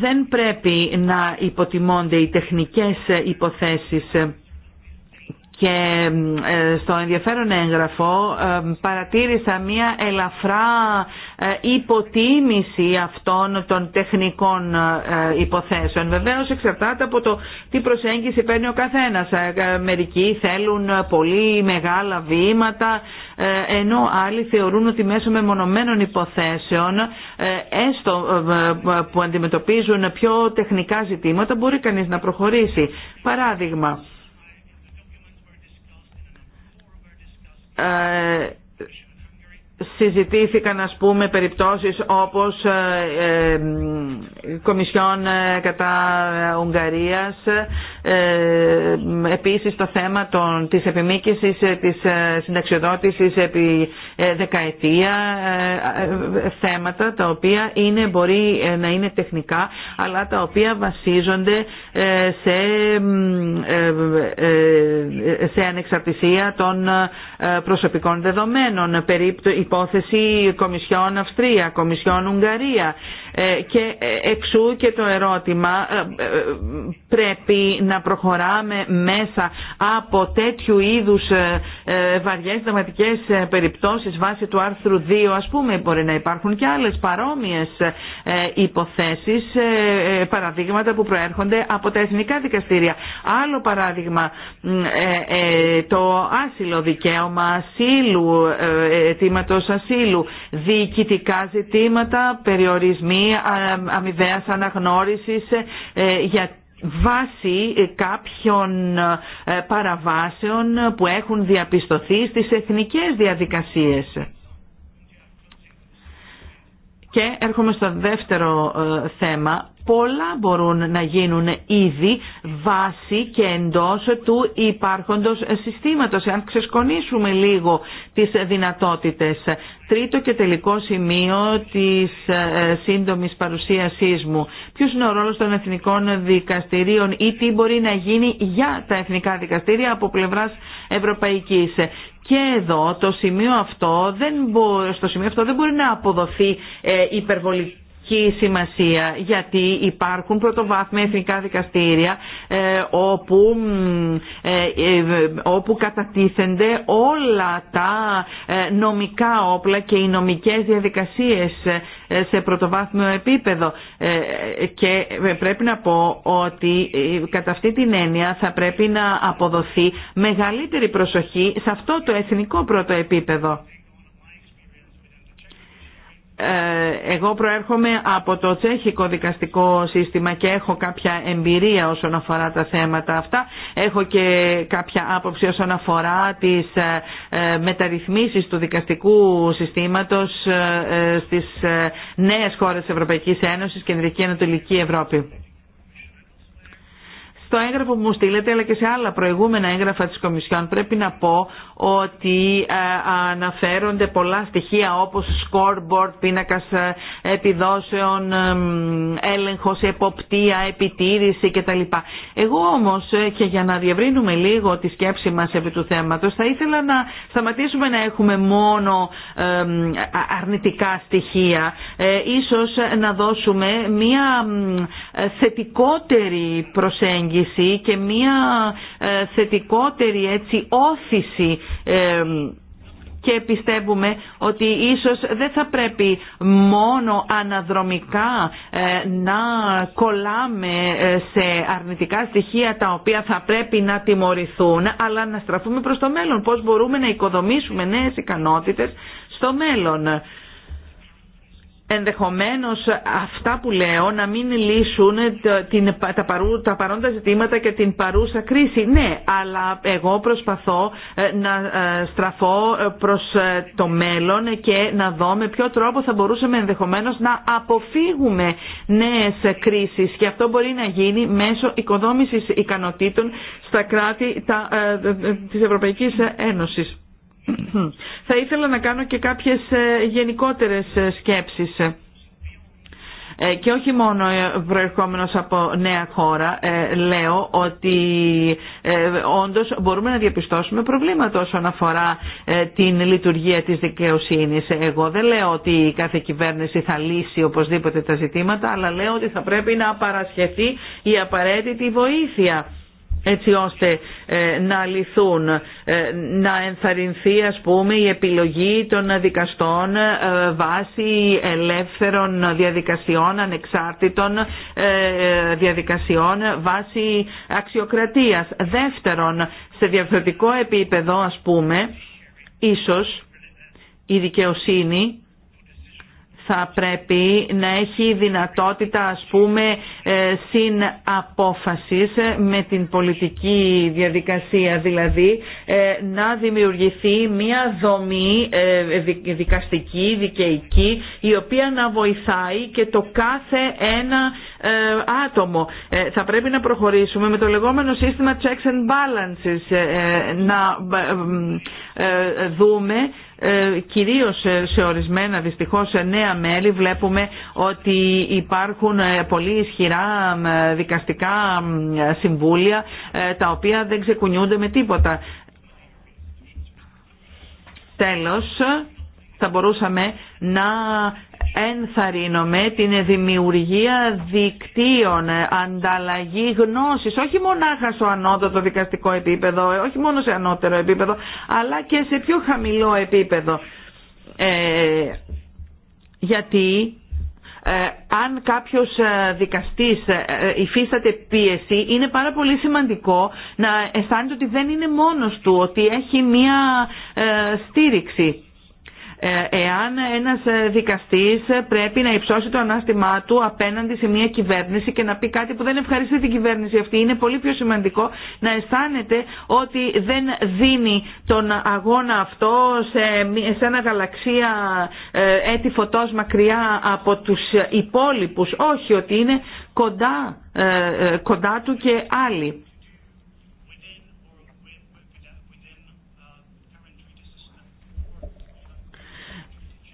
δεν πρέπει να υποτιμώνται οι τεχνικές υποθέσεις και ε, στο ενδιαφέρον έγγραφο ε, παρατήρησα μία ελαφρά ε, υποτίμηση αυτών των τεχνικών υποθέσεων. Βεβαίως εξαρτάται από το τι προσέγγιση παίρνει ο καθένας. Μερικοί θέλουν πολύ μεγάλα βήματα, ενώ άλλοι θεωρούν ότι μέσω μεμονωμένων υποθέσεων, έστω που αντιμετωπίζουν πιο τεχνικά ζητήματα, μπορεί κανείς να προχωρήσει. Παράδειγμα, Ε, συζητήθηκαν ας πούμε περιπτώσεις όπως ε, ε, Κομισιόν ε, κατά Ουγγαρίας ε, επίσης το θέμα των, της επιμήκυσης ε, της ε, συνταξιοδότησης επί δεκαετία θέματα τα οποία είναι, μπορεί να είναι τεχνικά αλλά τα οποία βασίζονται σε, σε ανεξαρτησία των προσωπικών δεδομένων περίπτω υπόθεση Κομισιόν Αυστρία, Κομισιόν Ουγγαρία ε, και ε, εξού και το ερώτημα ε, πρέπει να προχωράμε μέσα από τέτοιου είδους βαριές δραματικές περιπτώσεις βάσει του άρθρου 2 ας πούμε μπορεί να υπάρχουν και άλλες παρόμοιες υποθέσεις παραδείγματα που προέρχονται από τα εθνικά δικαστήρια. Άλλο παράδειγμα το άσυλο δικαίωμα ασύλου αιτήματος ασύλου διοικητικά ζητήματα περιορισμοί αμοιβαίας αναγνώρισης ε, για βάση κάποιων ε, παραβάσεων που έχουν διαπιστωθεί στις εθνικές διαδικασίες. Και έρχομαι στο δεύτερο ε, θέμα πολλά μπορούν να γίνουν ήδη βάση και εντός του υπάρχοντος συστήματος. Αν ξεσκονίσουμε λίγο τις δυνατότητες. Τρίτο και τελικό σημείο της ε, σύντομης παρουσίασής μου. Ποιος είναι ο ρόλος των εθνικών δικαστηρίων ή τι μπορεί να γίνει για τα εθνικά δικαστήρια από πλευράς ευρωπαϊκής. Και εδώ το σημείο αυτό δεν στο σημείο αυτό δεν μπορεί να αποδοθεί ε, υπερβολική σημασία γιατί υπάρχουν πρωτοβάθμια εθνικά δικαστήρια ε, όπου, ε, ε, όπου κατατίθενται όλα τα νομικά όπλα και οι νομικές διαδικασίες σε πρωτοβάθμιο επίπεδο και πρέπει να πω ότι κατά αυτή την έννοια θα πρέπει να αποδοθεί μεγαλύτερη προσοχή σε αυτό το εθνικό πρώτο επίπεδο. Ε, εγώ προέρχομαι από το τσέχικο δικαστικό σύστημα και έχω κάποια εμπειρία όσον αφορά τα θέματα αυτά. Έχω και κάποια άποψη όσον αφορά τις ε, ε, μεταρρυθμίσεις του δικαστικού συστήματος στις νέες χώρες της Ευρωπαϊκής Ένωσης, Κεντρική Ανατολική Ευρώπη. Στο έγγραφο που μου στείλετε αλλά και σε άλλα προηγούμενα έγγραφα της Κομισιόν πρέπει να πω ότι ε, αναφέρονται πολλά στοιχεία όπως scoreboard, πίνακας ε, επιδόσεων, ε, έλεγχος, εποπτεία, επιτήρηση κτλ. Εγώ όμως και για να διευρύνουμε λίγο τη σκέψη μας επί του θέματος θα ήθελα να σταματήσουμε να έχουμε μόνο αρνητικά στοιχεία. Ίσως να δώσουμε μια θετικότερη προσέγγιση και μία ε, θετικότερη έτσι όθηση ε, και πιστεύουμε ότι ίσως δεν θα πρέπει μόνο αναδρομικά ε, να κολλάμε σε αρνητικά στοιχεία τα οποία θα πρέπει να τιμωρηθούν αλλά να στραφούμε προς το μέλλον πώς μπορούμε να οικοδομήσουμε νέες ικανότητες στο μέλλον ενδεχομένως αυτά που λέω να μην λύσουν τα παρόντα ζητήματα και την παρούσα κρίση. Ναι, αλλά εγώ προσπαθώ ε, να ε, στραφώ ε, προς το μέλλον και να δω με ποιο τρόπο θα μπορούσαμε ενδεχομένως να αποφύγουμε νέες κρίσεις και αυτό μπορεί να γίνει μέσω οικοδόμησης ικανοτήτων στα κράτη της Ευρωπαϊκής Ένωσης. Θα ήθελα να κάνω και κάποιες ε, γενικότερες ε, σκέψεις ε, και όχι μόνο προερχόμενος από νέα χώρα λέω ότι όντως μπορούμε να διαπιστώσουμε προβλήματα όσον αφορά την λειτουργία της δικαιοσύνης. Εγώ δεν λέω ότι κάθε κυβέρνηση θα λύσει οπωσδήποτε τα ζητήματα αλλά λέω ότι θα πρέπει να παρασχεθεί η απαραίτητη βοήθεια έτσι ώστε ε, να λυθούν, ε, να ενθαρρυνθεί ας πούμε η επιλογή των δικαστών ε, βάσει ελεύθερων διαδικασιών, ανεξάρτητων διαδικασιών, βάσει αξιοκρατίας. Δεύτερον, σε διαφορετικό επίπεδο ας πούμε, ίσως η δικαιοσύνη θα πρέπει να έχει δυνατότητα ας πούμε ε, συν ε, με την πολιτική διαδικασία δηλαδή ε, να δημιουργηθεί μια δομή δικαστική, δικαιική η οποία να βοηθάει και το κάθε ένα ε, άτομο. Ε, θα πρέπει να προχωρήσουμε με το λεγόμενο σύστημα checks and balances, ε, να δούμε κυρίως σε ορισμένα δυστυχώς νέα μέλη βλέπουμε ότι υπάρχουν πολύ ισχυρά δικαστικά συμβούλια τα οποία δεν ξεκουνιούνται με τίποτα. Τέλος, θα μπορούσαμε να ενθαρρύνουμε την δημιουργία δικτύων, ανταλλαγή γνώσης, όχι μονάχα στο ανώτατο δικαστικό επίπεδο, όχι μόνο σε ανώτερο επίπεδο, αλλά και σε πιο χαμηλό επίπεδο. Ε, γιατί ε, αν κάποιος ε, δικαστής υφίσταται πίεση είναι πάρα πολύ σημαντικό να αισθάνεται ότι δεν είναι μόνος του, ότι έχει μία στήριξη. Ε, εάν ένας ε, δικαστής ε, πρέπει να υψώσει το ανάστημά του απέναντι σε μια κυβέρνηση και να πει κάτι που δεν ευχαριστεί την κυβέρνηση αυτή. Είναι πολύ πιο σημαντικό να αισθάνεται ότι δεν δίνει τον αγώνα αυτό σε ένα γαλαξία έτη φωτός μακριά από τους υπόλοιπους. Όχι, ότι είναι κοντά, κοντά του και άλλοι.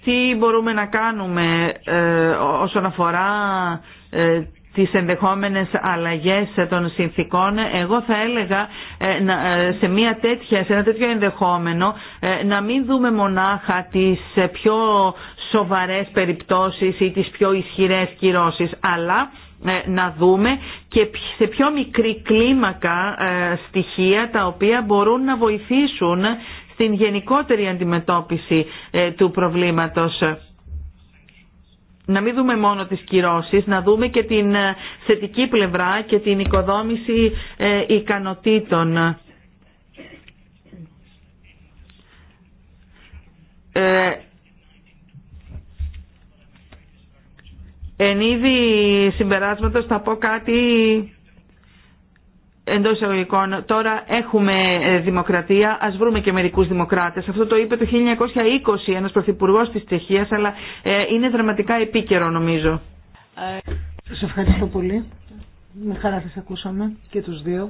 τι μπορούμε να κάνουμε ε, όσον αφορά ε, τις ενδεχόμενες αλλαγές των συνθήκων, εγώ θα έλεγα ε, σε, μια τέτοια, σε ένα τέτοιο ενδεχόμενο να μην δούμε μονάχα τις πιο σοβαρές περιπτώσεις ή τις πιο ισχυρές κυρώσεις, αλλά να δούμε και σε πιο μικρή κλίμακα στοιχεία τα οποία μπορούν να βοηθήσουν στην γενικότερη αντιμετώπιση ε, του προβλήματος να μην δούμε μόνο τις κυρώσεις, να δούμε και την ε, θετική πλευρά και την οικοδόμηση ε, ικανοτήτων. Ε, εν είδη συμπεράσματος θα πω κάτι εντό εισαγωγικών τώρα έχουμε ε, δημοκρατία, α βρούμε και μερικού δημοκράτε. Αυτό το είπε το 1920 ένα πρωθυπουργό τη Τσεχία, αλλά ε, είναι δραματικά επίκαιρο νομίζω. Σα ευχαριστώ πολύ. Με χαρά σα ακούσαμε και του δύο.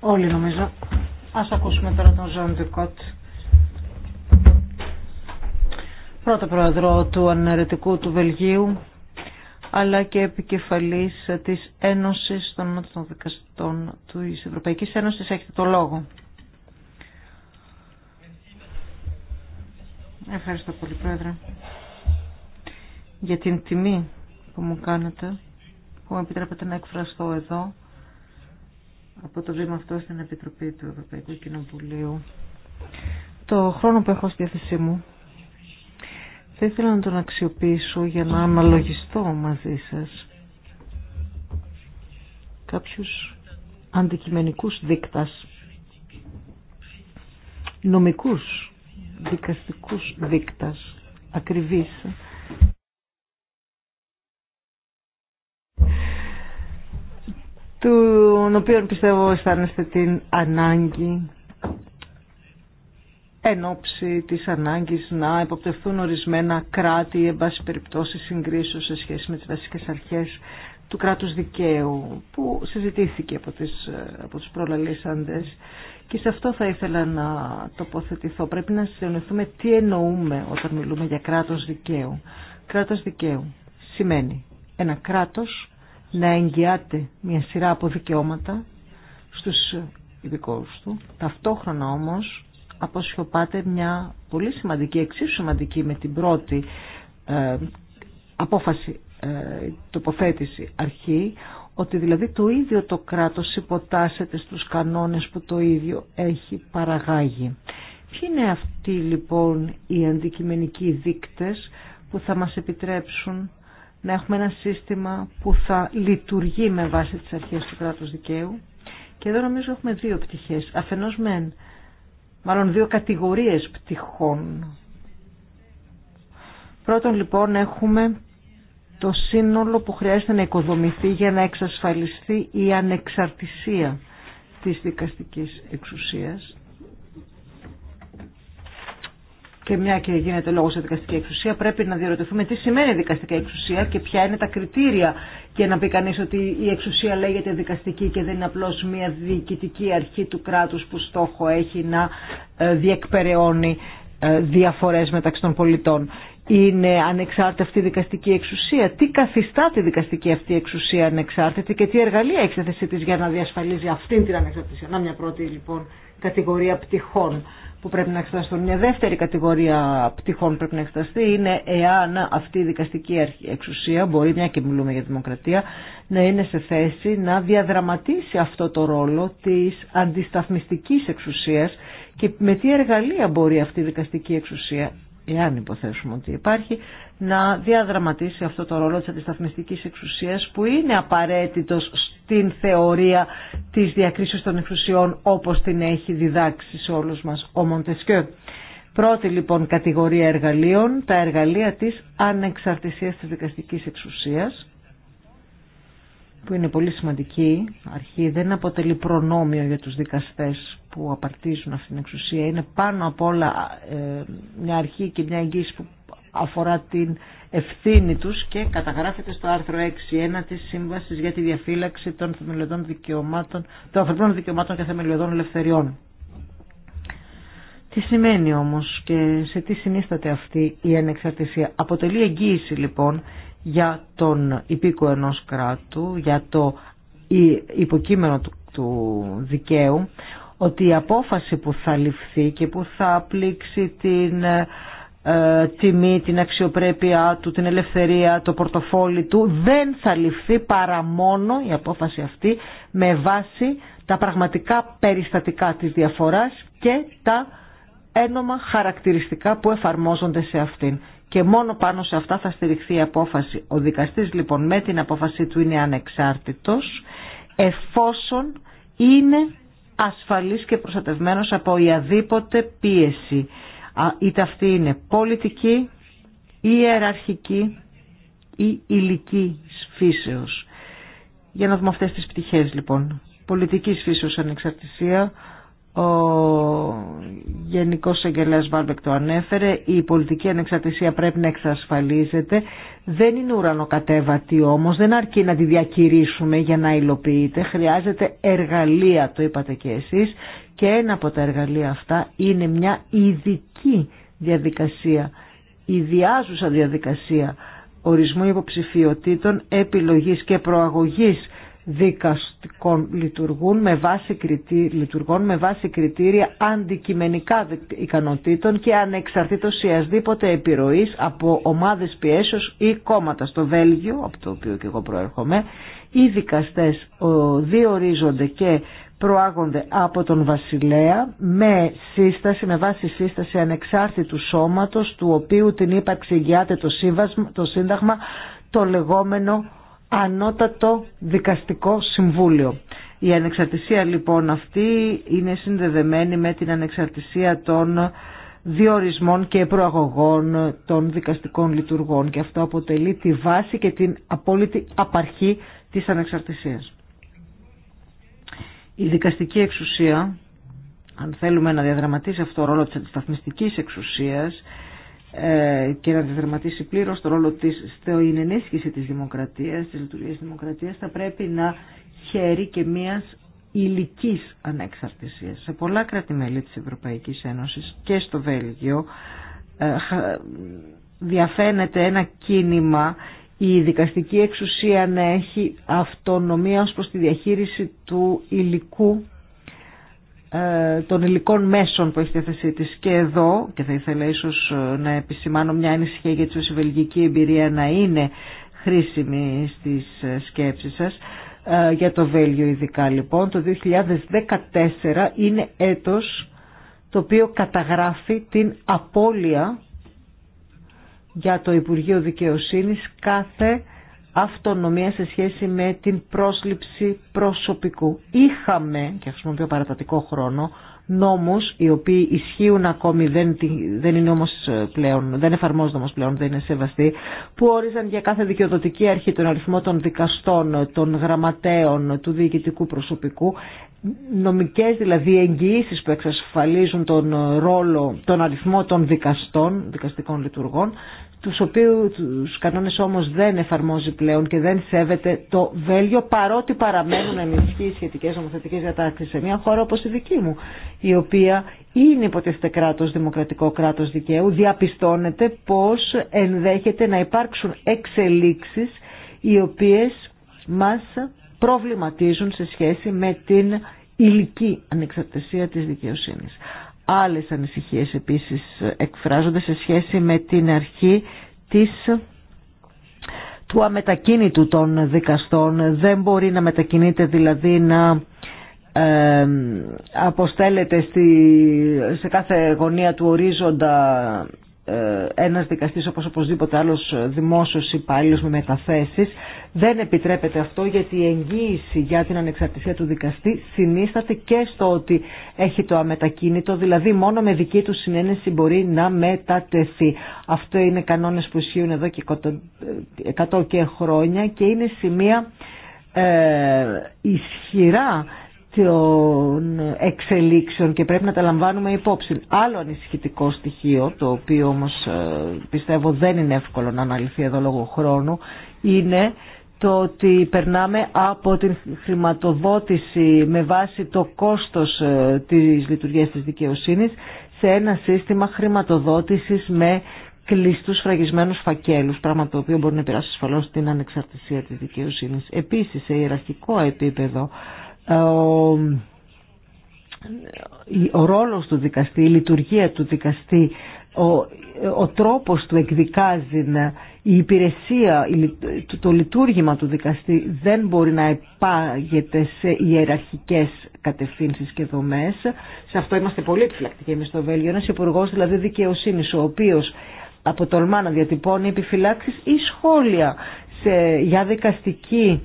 Όλοι νομίζω. Α ακούσουμε τώρα τον Ζαν Πρώτο πρόεδρο του αναιρετικού του Βελγίου αλλά και επικεφαλής της Ένωσης των Νότων Δικαστών της Ευρωπαϊκής Ένωσης. Έχετε το λόγο. Ευχαριστώ πολύ, Πρόεδρε, για την τιμή που μου κάνετε, που μου επιτρέπετε να εκφραστώ εδώ, από το βήμα αυτό στην Επιτροπή του Ευρωπαϊκού Κοινοβουλίου. Το χρόνο που έχω στη διάθεσή μου θα ήθελα να τον αξιοποιήσω για να αναλογιστώ μαζί σας κάποιους αντικειμενικούς δίκτας, νομικούς δικαστικούς δίκτας, ακριβής. του οποίων πιστεύω αισθάνεστε την ανάγκη εν ώψη της ανάγκης να υποπτευθούν ορισμένα κράτη, εν πάση περιπτώσει συγκρίσεως σε σχέση με τις βασικές αρχές του κράτους δικαίου που συζητήθηκε από, τις, από τους προλαλήσαντες και σε αυτό θα ήθελα να τοποθετηθώ. Πρέπει να συνεννοηθούμε τι εννοούμε όταν μιλούμε για κράτος δικαίου. Κράτος δικαίου σημαίνει ένα κράτος να εγγυάται μια σειρά από δικαιώματα στους ειδικούς του, ταυτόχρονα όμως αποσιωπάτε μια πολύ σημαντική, εξίσου σημαντική με την πρώτη ε, απόφαση, ε, τοποθέτηση αρχή, ότι δηλαδή το ίδιο το κράτος υποτάσσεται στους κανόνες που το ίδιο έχει παραγάγει. Ποιοι είναι αυτοί λοιπόν οι αντικειμενικοί δείκτες που θα μας επιτρέψουν να έχουμε ένα σύστημα που θα λειτουργεί με βάση τις αρχές του κράτους δικαίου. Και εδώ νομίζω έχουμε δύο πτυχές. Αφενός μεν μάλλον δύο κατηγορίες πτυχών. Πρώτον λοιπόν έχουμε το σύνολο που χρειάζεται να οικοδομηθεί για να εξασφαλιστεί η ανεξαρτησία της δικαστικής εξουσίας και μια και γίνεται λόγο σε δικαστική εξουσία, πρέπει να διαρωτηθούμε τι σημαίνει δικαστική εξουσία και ποια είναι τα κριτήρια. Και να πει κανεί ότι η εξουσία λέγεται δικαστική και δεν είναι απλώ μια διοικητική αρχή του κράτου που στόχο έχει να ε, διεκπεραιώνει ε, διαφορέ μεταξύ των πολιτών. Είναι ανεξάρτητη η δικαστική εξουσία. Τι καθιστά τη δικαστική αυτή η εξουσία ανεξάρτητη και τι εργαλεία έχει θέση τη για να διασφαλίζει αυτή την ανεξαρτησία. Να μια πρώτη λοιπόν κατηγορία πτυχών που πρέπει να εξεταστούν. Μια δεύτερη κατηγορία πτυχών πρέπει να εξεταστεί είναι εάν αυτή η δικαστική εξουσία, μπορεί μια και μιλούμε για δημοκρατία, να είναι σε θέση να διαδραματίσει αυτό το ρόλο της αντισταθμιστικής εξουσίας και με τι εργαλεία μπορεί αυτή η δικαστική εξουσία εάν υποθέσουμε ότι υπάρχει, να διαδραματίσει αυτό το ρόλο της αντισταθμιστικής εξουσίας που είναι απαραίτητος στην θεωρία της διακρίσεως των εξουσιών όπως την έχει διδάξει σε όλους μας ο Μοντεσκιό. Πρώτη λοιπόν κατηγορία εργαλείων, τα εργαλεία της ανεξαρτησίας της δικαστικής εξουσίας που είναι πολύ σημαντική αρχή, δεν αποτελεί προνόμιο για τους δικαστές που απαρτίζουν αυτήν την εξουσία. Είναι πάνω απ' όλα ε, μια αρχή και μια εγγύηση που αφορά την ευθύνη τους και καταγράφεται στο άρθρο 6.1 της Σύμβασης για τη διαφύλαξη των, θεμελιωδών δικαιωμάτων, των ανθρωπίνων δικαιωμάτων και θεμελιωδών ελευθεριών. Τι σημαίνει όμως και σε τι συνίσταται αυτή η ανεξαρτησία. Αποτελεί εγγύηση λοιπόν για τον υπήκο ενός κράτου, για το υποκείμενο του δικαίου, ότι η απόφαση που θα ληφθεί και που θα πλήξει την ε, ε, τιμή, την αξιοπρέπειά του, την ελευθερία, το πορτοφόλι του, δεν θα ληφθεί παρά μόνο η απόφαση αυτή με βάση τα πραγματικά περιστατικά της διαφοράς και τα ένομα χαρακτηριστικά που εφαρμόζονται σε αυτήν και μόνο πάνω σε αυτά θα στηριχθεί η απόφαση. Ο δικαστής λοιπόν με την απόφαση του είναι ανεξάρτητος εφόσον είναι ασφαλής και προστατευμένος από οποιαδήποτε πίεση. Είτε αυτή είναι πολιτική ή ιεραρχική ή ηλική φύσεως. Για να δούμε αυτές τις πτυχές λοιπόν. Πολιτικής φύσεως ανεξαρτησία, ο Γενικός Εγγελέας το ανέφερε, η πολιτική ανεξαρτησία πρέπει να εξασφαλίζεται. Δεν είναι ουρανοκατέβατη όμως, δεν αρκεί να τη διακηρύσουμε για να υλοποιείται. Χρειάζεται εργαλεία, το είπατε και εσείς, και ένα από τα εργαλεία αυτά είναι μια ειδική διαδικασία, ιδιάζουσα διαδικασία ορισμού υποψηφιότητων, επιλογής και προαγωγής δικαστικών λειτουργούν με βάση κριτήρια, λειτουργών με βάση κριτήρια αντικειμενικά ικανοτήτων και ανεξαρτήτως ιασδήποτε επιρροής από ομάδες πιέσεως ή κόμματα στο Βέλγιο, από το οποίο και εγώ προέρχομαι, οι δικαστές διορίζονται και προάγονται από τον Βασιλέα με σύσταση, με βάση σύσταση ανεξάρτητου σώματος του οποίου την ύπαρξη το, το Σύνταγμα το λεγόμενο ανώτατο δικαστικό συμβούλιο. Η ανεξαρτησία λοιπόν αυτή είναι συνδεδεμένη με την ανεξαρτησία των διορισμών και προαγωγών των δικαστικών λειτουργών και αυτό αποτελεί τη βάση και την απόλυτη απαρχή της ανεξαρτησίας. Η δικαστική εξουσία, αν θέλουμε να διαδραματίσει αυτό το ρόλο της αντισταθμιστικής εξουσίας, ε, και να διδραματίσει πλήρως το ρόλο της στην ενίσχυση τη δημοκρατία, τη λειτουργία της δημοκρατίας, θα πρέπει να χαίρει και μίας υλική ανεξαρτησία. Σε πολλά κράτη-μέλη της Ευρωπαϊκής Ένωσης και στο Βέλγιο ε, διαφαίνεται ένα κίνημα η δικαστική εξουσία να έχει αυτονομία ως προς τη διαχείριση του υλικού ε, των υλικών μέσων που έχει θέση τη και εδώ και θα ήθελα ίσως ε, να επισημάνω μια ανησυχία για τη βελγική εμπειρία να είναι χρήσιμη στις ε, σκέψεις σας για το Βέλγιο ειδικά λοιπόν το 2014 είναι έτος το οποίο καταγράφει την απώλεια για το Υπουργείο Δικαιοσύνης κάθε αυτονομία σε σχέση με την πρόσληψη προσωπικού. Είχαμε, και χρησιμοποιώ παρατατικό χρόνο, νόμους οι οποίοι ισχύουν ακόμη, δεν, δεν, είναι όμως ε, πλέον, δεν εφαρμόζονται πλέον, δεν είναι σεβαστοί, που όριζαν για κάθε δικαιοδοτική αρχή τον αριθμό των δικαστών, των γραμματέων, του διοικητικού προσωπικού, νομικές δηλαδή εγγυήσει που εξασφαλίζουν τον ρόλο, τον αριθμό των δικαστών, δικαστικών λειτουργών, τους οποίους τους κανόνες όμως δεν εφαρμόζει πλέον και δεν σέβεται το Βέλγιο παρότι παραμένουν ενισχύ οι σχετικές νομοθετικές διατάξεις σε μια χώρα όπως η δική μου η οποία είναι υποτίθεται κράτος, δημοκρατικό κράτος δικαίου διαπιστώνεται πως ενδέχεται να υπάρξουν εξελίξεις οι οποίες μας προβληματίζουν σε σχέση με την υλική ανεξαρτησία της δικαιοσύνης. Άλλες ανησυχίες επίσης εκφράζονται σε σχέση με την αρχή της του αμετακίνητου των δικαστών. Δεν μπορεί να μετακινείται δηλαδή να ε, αποστέλλεται στη, σε κάθε γωνία του ορίζοντα ε, ένας δικαστής όπως οπωσδήποτε άλλος ε, δημόσιος υπάλληλο με μεταθέσεις. Δεν επιτρέπεται αυτό γιατί η εγγύηση για την ανεξαρτησία του δικαστή συνίσταται και στο ότι έχει το αμετακίνητο, δηλαδή μόνο με δική του συνένεση μπορεί να μετατεθεί. Αυτό είναι κανόνες που ισχύουν εδώ και 100 ε, και χρόνια και είναι σημεία ε, ισχυρά των εξελίξεων και πρέπει να τα λαμβάνουμε υπόψη. Άλλο ανησυχητικό στοιχείο, το οποίο όμως ε, πιστεύω δεν είναι εύκολο να αναλυθεί εδώ λόγω χρόνου, είναι το ότι περνάμε από την χρηματοδότηση με βάση το κόστος ε, της λειτουργίας της δικαιοσύνης σε ένα σύστημα χρηματοδότησης με κλειστούς φραγισμένους φακέλους, πράγμα το οποίο μπορεί να επηρεάσει ασφαλώς την ανεξαρτησία της δικαιοσύνης. Επίσης, σε ιεραρχικό επίπεδο, ε, ο ρόλος του δικαστή, η λειτουργία του δικαστή, ο, ο τρόπος του εκδικάζει, ε, η υπηρεσία, το, το λειτουργήμα του δικαστή δεν μπορεί να επάγεται σε ιεραρχικές κατευθύνσεις και δομές. Σε αυτό είμαστε πολύ επιφυλακτικοί εμείς στο Βέλγιο. Ένας υπουργός δηλαδή δικαιοσύνης ο οποίος αποτολμά να διατυπώνει επιφυλάξεις ή σχόλια σε, για δικαστική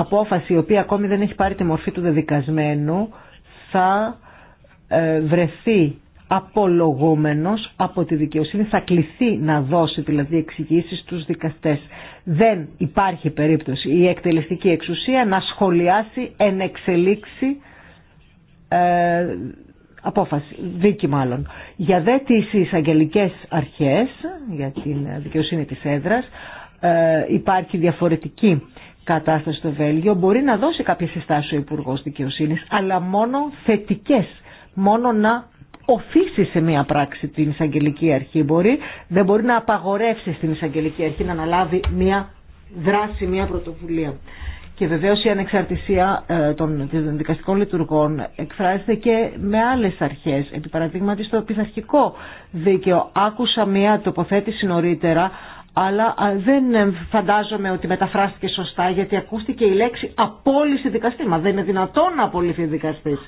απόφαση η οποία ακόμη δεν έχει πάρει τη μορφή του δεδικασμένου θα ε, βρεθεί απολογούμενος από τη δικαιοσύνη θα κληθεί να δώσει δηλαδή εξηγήσει στους δικαστές. Δεν υπάρχει περίπτωση η εκτελεστική εξουσία να σχολιάσει εν εξελίξη ε, απόφαση, δίκη μάλλον. Για δε τις εισαγγελικές αρχές, για την δικαιοσύνη της έδρας, ε, υπάρχει διαφορετική κατάσταση στο Βέλγιο. Μπορεί να δώσει κάποιε συστάσεις ο Υπουργό Δικαιοσύνη, αλλά μόνο θετικέ, μόνο να οφείσει σε μία πράξη την εισαγγελική αρχή δεν μπορεί να απαγορεύσει στην εισαγγελική αρχή να αναλάβει μία δράση, μία πρωτοβουλία. Και βεβαίω η ανεξαρτησία ε, των, δικαστικών λειτουργών εκφράζεται και με άλλε αρχέ. Επί παραδείγματι, στο πειθαρχικό δίκαιο άκουσα μια τοποθέτηση νωρίτερα αλλά δεν ε, φαντάζομαι ότι μεταφράστηκε σωστά γιατί ακούστηκε η λέξη απόλυση δικαστή. Μα δεν είναι δυνατόν να απολυθεί δικαστή.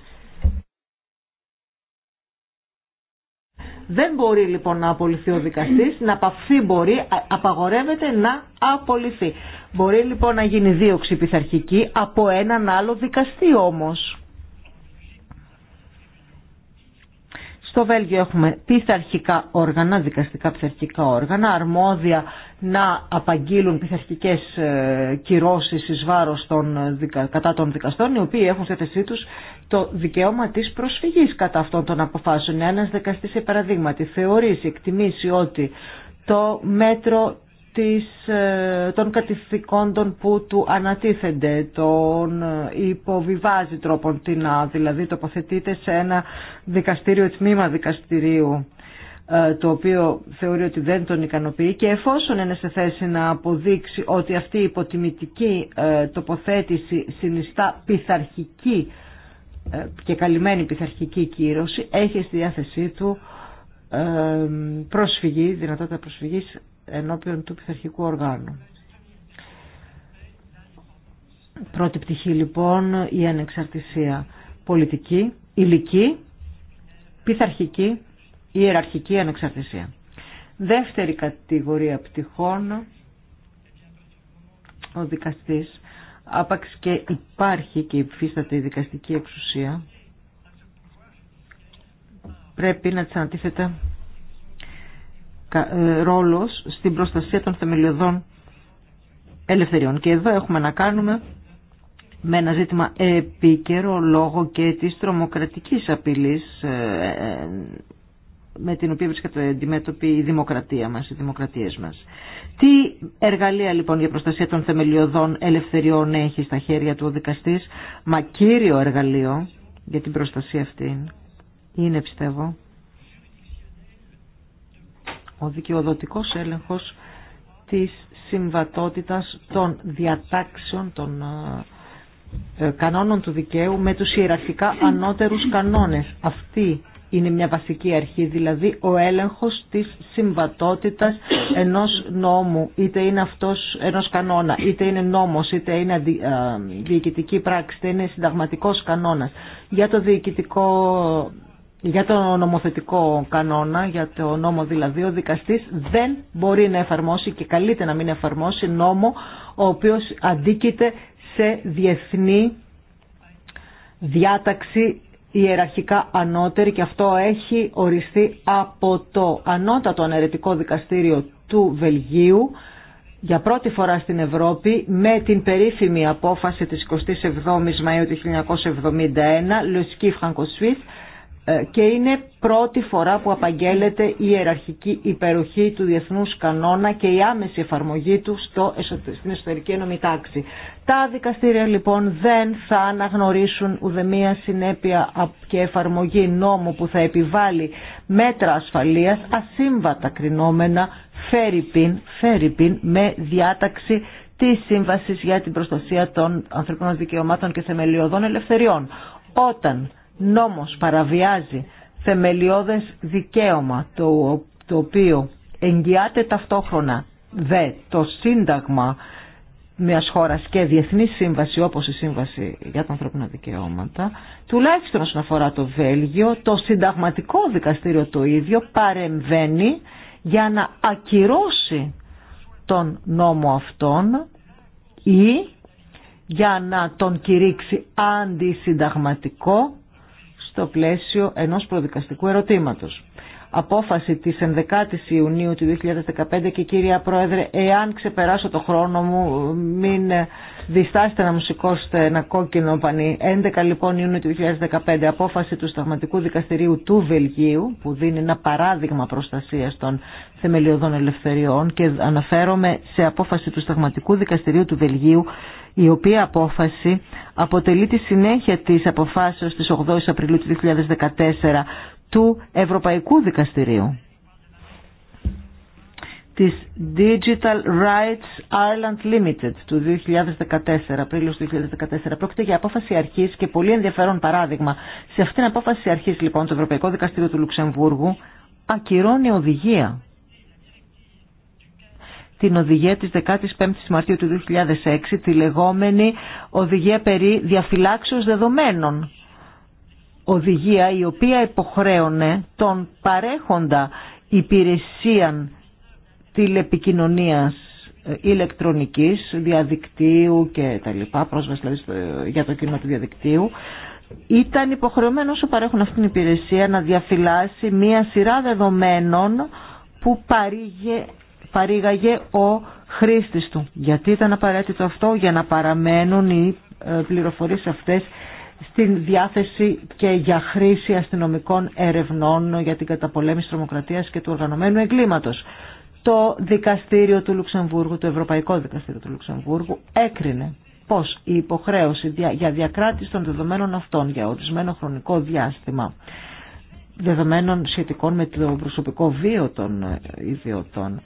Δεν μπορεί λοιπόν να απολυθεί ο δικαστής, να παυθεί μπορεί, απαγορεύεται να απολυθεί. Μπορεί λοιπόν να γίνει δίωξη πειθαρχική από έναν άλλο δικαστή όμως. Στο Βέλγιο έχουμε πειθαρχικά όργανα, δικαστικά πειθαρχικά όργανα, αρμόδια να απαγγείλουν πειθαρχικέ ε, κυρώσει ει βάρο ε, κατά των δικαστών, οι οποίοι έχουν σε θέσή το δικαίωμα τη προσφυγή κατά αυτών των αποφάσεων. Ένα δικαστή, σε παραδείγματι, θεωρήσει, εκτιμήσει ότι το μέτρο της, ε, των κατηθυκόντων που του ανατίθενται, τον ε, υποβιβάζει τρόπον την δηλαδή τοποθετείται σε ένα δικαστήριο, τμήμα δικαστηρίου ε, το οποίο θεωρεί ότι δεν τον ικανοποιεί και εφόσον είναι σε θέση να αποδείξει ότι αυτή η υποτιμητική τοποθέτηση συνιστά πειθαρχική και καλυμμένη πειθαρχική κύρωση έχει στη διάθεσή του προσφυγή, δυνατότητα προσφυγής ενώπιον του πειθαρχικού οργάνου. Πρώτη πτυχή λοιπόν η ανεξαρτησία πολιτική, ηλική, πειθαρχική, ιεραρχική ανεξαρτησία. Δεύτερη κατηγορία πτυχών, ο δικαστής, άπαξ και υπάρχει και υφίσταται η δικαστική εξουσία, πρέπει να της ε, ρόλος στην προστασία των θεμελιωδών ελευθεριών. Και εδώ έχουμε να κάνουμε με ένα ζήτημα επίκαιρο λόγω και της τρομοκρατικής απειλής ε, ε, με την οποία βρίσκεται αντιμέτωπη η δημοκρατία μας, οι δημοκρατίες μας. Τι εργαλεία λοιπόν για προστασία των θεμελιωδών ελευθεριών έχει στα χέρια του ο δικαστής, μα κύριο εργαλείο για την προστασία αυτή είναι πιστεύω ο δικαιοδοτικός έλεγχος της συμβατότητας των διατάξεων των ε, ε, κανόνων του δικαίου με τους ιεραρχικά ανώτερους κανόνες. Αυτή είναι μια βασική αρχή, δηλαδή ο έλεγχος της συμβατότητας ενός νόμου, είτε είναι αυτός ενός κανόνα, είτε είναι νόμος, είτε είναι ε, διοικητική πράξη, είτε είναι συνταγματικός κανόνας. Για το διοικητικό για το νομοθετικό κανόνα, για το νόμο δηλαδή, ο δικαστής δεν μπορεί να εφαρμόσει και καλείται να μην εφαρμόσει νόμο ο οποίος αντίκειται σε διεθνή διάταξη ιεραρχικά ανώτερη και αυτό έχει οριστεί από το ανώτατο αναιρετικό δικαστήριο του Βελγίου για πρώτη φορά στην Ευρώπη με την περίφημη απόφαση της 27ης Μαΐου του 1971 Λουσκή ε, και είναι πρώτη φορά που απαγγέλλεται η ιεραρχική υπεροχή του διεθνούς κανόνα και η άμεση εφαρμογή του στο, στην εσωτερική ενωμή τάξη. Τα δικαστήρια λοιπόν δεν θα αναγνωρίσουν ουδεμία συνέπεια και εφαρμογή νόμου που θα επιβάλλει μέτρα ασφαλείας ασύμβατα κρινόμενα φέρυπιν, φέρυπιν με διάταξη τη σύμβαση για την Προστασία των Ανθρωπίνων Δικαιωμάτων και Θεμελιωδών Ελευθεριών. Όταν νόμος παραβιάζει θεμελιώδες δικαίωμα το, οποίο εγγυάται ταυτόχρονα δε το σύνταγμα μια χώρα και διεθνή σύμβαση όπως η Σύμβαση για τα Ανθρώπινα Δικαιώματα, τουλάχιστον όσον αφορά το Βέλγιο, το συνταγματικό δικαστήριο το ίδιο παρεμβαίνει για να ακυρώσει τον νόμο αυτόν ή για να τον κηρύξει αντισυνταγματικό στο πλαίσιο ενός προδικαστικού ερωτήματος απόφαση της 11ης Ιουνίου του 2015 και κύριε Πρόεδρε, εάν ξεπεράσω το χρόνο μου, μην διστάσετε να μου σηκώσετε ένα κόκκινο πανί. 11 λοιπόν Ιουνίου του 2015, απόφαση του Σταγματικού Δικαστηρίου του Βελγίου, που δίνει ένα παράδειγμα προστασίας των θεμελιωδών ελευθεριών και αναφέρομαι σε απόφαση του Σταγματικού Δικαστηρίου του Βελγίου, η οποία απόφαση αποτελεί τη συνέχεια της αποφάσεως της 8ης Απριλίου του 2014 του Ευρωπαϊκού Δικαστηρίου της Digital Rights Ireland Limited του 2014, Απρίλιο 2014. Πρόκειται για απόφαση αρχής και πολύ ενδιαφέρον παράδειγμα. Σε αυτήν την απόφαση αρχής λοιπόν το Ευρωπαϊκό Δικαστήριο του Λουξεμβούργου ακυρώνει οδηγία. Την οδηγία της 15ης Μαρτίου του 2006, τη λεγόμενη οδηγία περί διαφυλάξεως δεδομένων οδηγία η οποία υποχρέωνε τον παρέχοντα υπηρεσία τηλεπικοινωνίας ε, ηλεκτρονικής, διαδικτύου και τα λοιπά, πρόσβαση δηλαδή για το κίνημα του διαδικτύου, ήταν υποχρεωμένο όσο παρέχουν αυτήν την υπηρεσία να διαφυλάσει μία σειρά δεδομένων που παρήγαγε ο χρήστης του. Γιατί ήταν απαραίτητο αυτό για να παραμένουν οι ε, πληροφορίες αυτές στην διάθεση και για χρήση αστυνομικών ερευνών για την καταπολέμηση τρομοκρατίας και του οργανωμένου εγκλήματος. Το δικαστήριο του Λουξεμβούργου, το Ευρωπαϊκό Δικαστήριο του Λουξεμβούργου, έκρινε πως η υποχρέωση για διακράτηση των δεδομένων αυτών για ορισμένο χρονικό διάστημα δεδομένων σχετικών με το προσωπικό βίο των ιδιωτών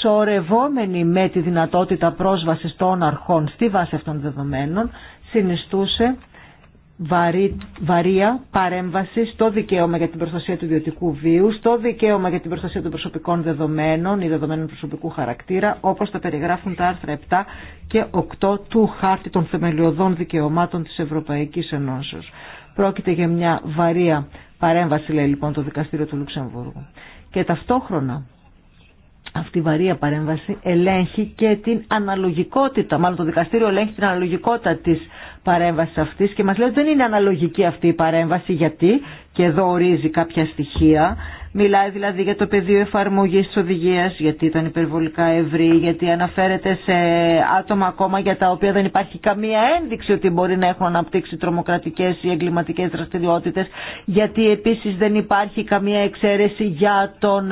σορευόμενη με τη δυνατότητα πρόσβασης των αρχών στη βάση αυτών δεδομένων συνιστούσε βαρύ, βαρία παρέμβαση στο δικαίωμα για την προστασία του ιδιωτικού βίου, στο δικαίωμα για την προστασία των προσωπικών δεδομένων ή δεδομένων προσωπικού χαρακτήρα, όπω τα περιγράφουν τα άρθρα 7 και 8 του Χάρτη των Θεμελιωδών Δικαιωμάτων τη Ευρωπαϊκή Ενώσεω. Πρόκειται για μια βαρία παρέμβαση, λέει λοιπόν το Δικαστήριο του Λουξεμβούργου. Και ταυτόχρονα αυτή η βαρία παρέμβαση ελέγχει και την αναλογικότητα, μάλλον το δικαστήριο ελέγχει την αναλογικότητα της παρέμβασης αυτής και μας λέει ότι δεν είναι αναλογική αυτή η παρέμβαση γιατί και εδώ ορίζει κάποια στοιχεία. Μιλάει δηλαδή για το πεδίο εφαρμογής της οδηγίας, γιατί ήταν υπερβολικά ευρύ, γιατί αναφέρεται σε άτομα ακόμα για τα οποία δεν υπάρχει καμία ένδειξη ότι μπορεί να έχουν αναπτύξει τρομοκρατικές ή εγκληματικές δραστηριότητες, γιατί επίσης δεν υπάρχει καμία εξαίρεση για τον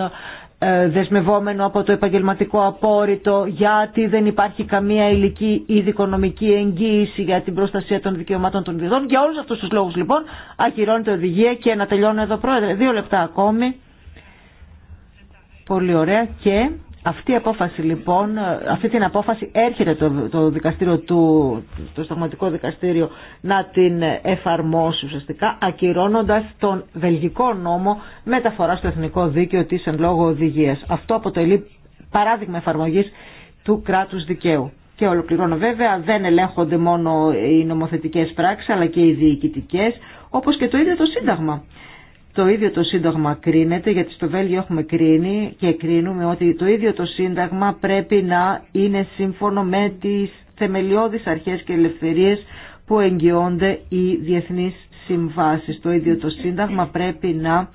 ε, δεσμευόμενο από το επαγγελματικό απόρριτο γιατί δεν υπάρχει καμία υλική ή δικονομική εγγύηση για την προστασία των δικαιωμάτων των διδών. Για όλους αυτούς τους λόγους λοιπόν ακυρώνεται οδηγία και να τελειώνω εδώ πρόεδρε. Δύο λεπτά ακόμη. Πολύ ωραία και αυτή, η απόφαση, λοιπόν, αυτή την απόφαση έρχεται το, το δικαστήριο του, το σταγματικό δικαστήριο να την εφαρμόσει ουσιαστικά ακυρώνοντας τον βελγικό νόμο μεταφορά στο εθνικό δίκαιο της εν λόγω οδηγίας. Αυτό αποτελεί παράδειγμα εφαρμογής του κράτους δικαίου. Και ολοκληρώνω βέβαια, δεν ελέγχονται μόνο οι νομοθετικές πράξεις αλλά και οι διοικητικές, όπως και το ίδιο το Σύνταγμα το ίδιο το Σύνταγμα κρίνεται, γιατί στο Βέλγιο έχουμε κρίνει και κρίνουμε ότι το ίδιο το Σύνταγμα πρέπει να είναι σύμφωνο με τις θεμελιώδεις αρχές και ελευθερίες που εγγυώνται οι διεθνείς συμβάσεις. Το ίδιο το Σύνταγμα πρέπει να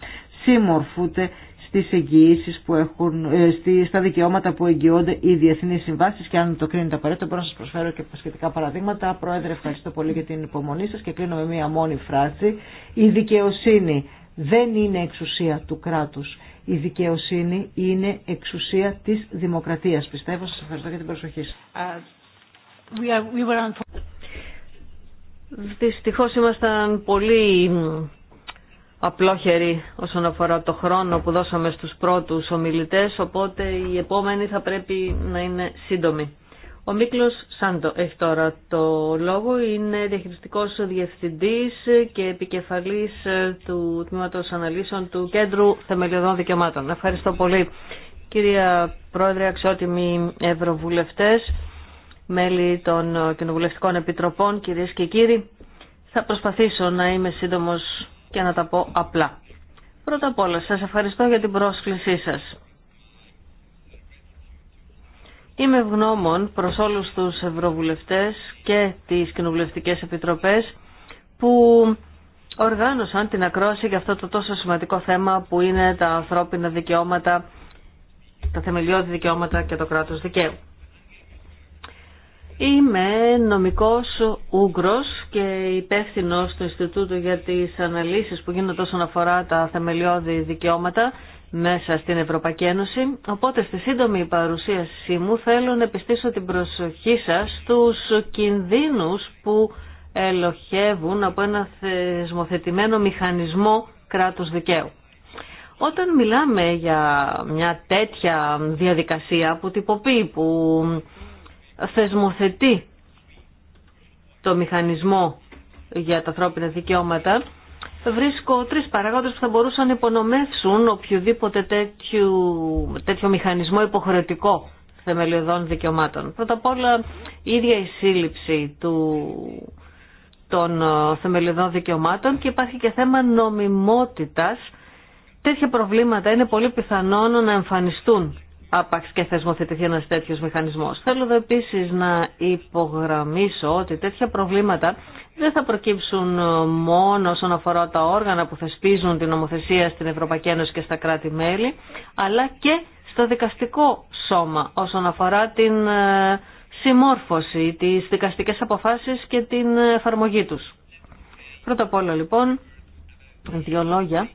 σύμμορφούται στις εγγυήσεις που έχουν, ε, στα δικαιώματα που εγγυώνται οι διεθνείς συμβάσεις και αν το κρίνετε απαραίτητο μπορώ να σας προσφέρω και σχετικά παραδείγματα. Πρόεδρε ευχαριστώ πολύ για την υπομονή σας και κλείνω με μία μόνη φράση. Η δικαιοσύνη δεν είναι εξουσία του κράτους. Η δικαιοσύνη είναι εξουσία της δημοκρατίας. Πιστεύω, σας ευχαριστώ για την προσοχή σας. Uh, Δυστυχώς ήμασταν πολύ απλόχεροι όσον αφορά το χρόνο που δώσαμε στους πρώτους ομιλητές, οπότε η επόμενη θα πρέπει να είναι σύντομη. Ο Μίκλος Σάντο έχει τώρα το λόγο, είναι διαχειριστικός διευθυντής και επικεφαλής του Τμήματος Αναλύσεων του Κέντρου Θεμελιωδών Δικαιωμάτων. Ευχαριστώ πολύ. Κυρία Πρόεδρε, αξιότιμοι ευρωβουλευτές, μέλη των Κοινοβουλευτικών Επιτροπών, κυρίες και κύριοι, θα προσπαθήσω να είμαι σύντομος και να τα πω απλά. Πρώτα απ' όλα, σας ευχαριστώ για την πρόσκλησή σας. Είμαι ευγνώμων προς όλους τους ευρωβουλευτές και τις κοινοβουλευτικές επιτροπές που οργάνωσαν την ακρόαση για αυτό το τόσο σημαντικό θέμα που είναι τα ανθρώπινα δικαιώματα, τα θεμελιώδη δικαιώματα και το κράτος δικαίου. Είμαι νομικός Ούγκρος και υπεύθυνος του Ινστιτούτου για τις αναλύσεις που γίνονται όσον αφορά τα θεμελιώδη δικαιώματα μέσα στην Ευρωπαϊκή Ένωση. Οπότε στη σύντομη παρουσίασή μου θέλω να επιστήσω την προσοχή σας στους κινδύνους που ελοχεύουν από ένα θεσμοθετημένο μηχανισμό κράτους δικαίου. Όταν μιλάμε για μια τέτοια διαδικασία που τυποποιεί, που θεσμοθετεί το μηχανισμό για τα ανθρώπινα δικαιώματα, βρίσκω τρεις παράγοντες που θα μπορούσαν να υπονομεύσουν οποιοδήποτε τέτοιο τέτοιο μηχανισμό υποχρεωτικό θεμελιωδών δικαιωμάτων. Πρώτα απ' όλα η ίδια η σύλληψη του, των ε, θεμελιωδών δικαιωμάτων και υπάρχει και θέμα νομιμότητας. Τέτοια προβλήματα είναι πολύ πιθανόν να εμφανιστούν άπαξ και θεσμοθετηθεί ένας τέτοιος μηχανισμός. Θέλω εδώ επίσης να υπογραμμίσω ότι τέτοια προβλήματα δεν θα προκύψουν ε, μόνο όσον αφορά τα όργανα που θεσπίζουν την νομοθεσία στην Ευρωπαϊκή Ένωση και στα κράτη-μέλη, αλλά και στο δικαστικό σώμα όσον αφορά την ε, συμμόρφωση, της δικαστικές αποφάσεις και την εφαρμογή τους. Πρώτα απ' όλα λοιπόν, δύο λόγια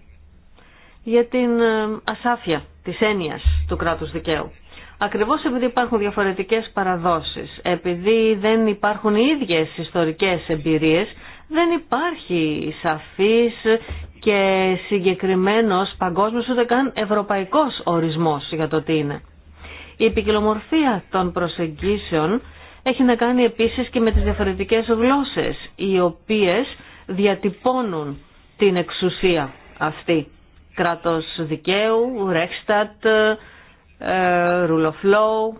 για την ε, ασάφεια της έννοιας του κράτους δικαίου. Ακριβώς επειδή υπάρχουν διαφορετικές παραδόσεις, επειδή δεν υπάρχουν οι ίδιες ιστορικές εμπειρίες, δεν υπάρχει σαφής και συγκεκριμένος παγκόσμιος ούτε καν ευρωπαϊκός ορισμός για το τι είναι. Η επικοινομορφία των προσεγγίσεων έχει να κάνει επίσης και με τις διαφορετικές γλώσσες, οι οποίες διατυπώνουν την εξουσία αυτή. Κράτος δικαίου, Ρέχστατ... Ε, rule of law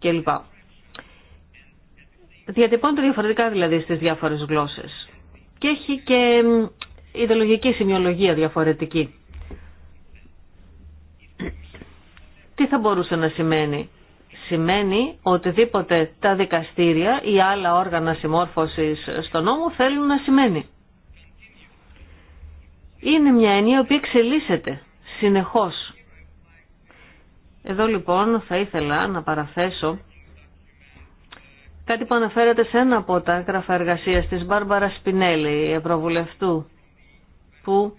κλπ. Διατυπώνεται διαφορετικά δηλαδή στις διάφορες γλώσσες. Και έχει και ιδεολογική σημειολογία διαφορετική. Τι θα μπορούσε να σημαίνει. Σημαίνει οτιδήποτε τα δικαστήρια ή άλλα όργανα συμμόρφωσης στο νόμο θέλουν να σημαίνει. Είναι μια έννοια η οποία εξελίσσεται συνεχώς εδώ λοιπόν θα ήθελα να παραθέσω κάτι που αναφέρεται σε ένα από τα έγγραφα εργασία της Μπάρμπαρα Σπινέλη, Ευρωβουλευτού, που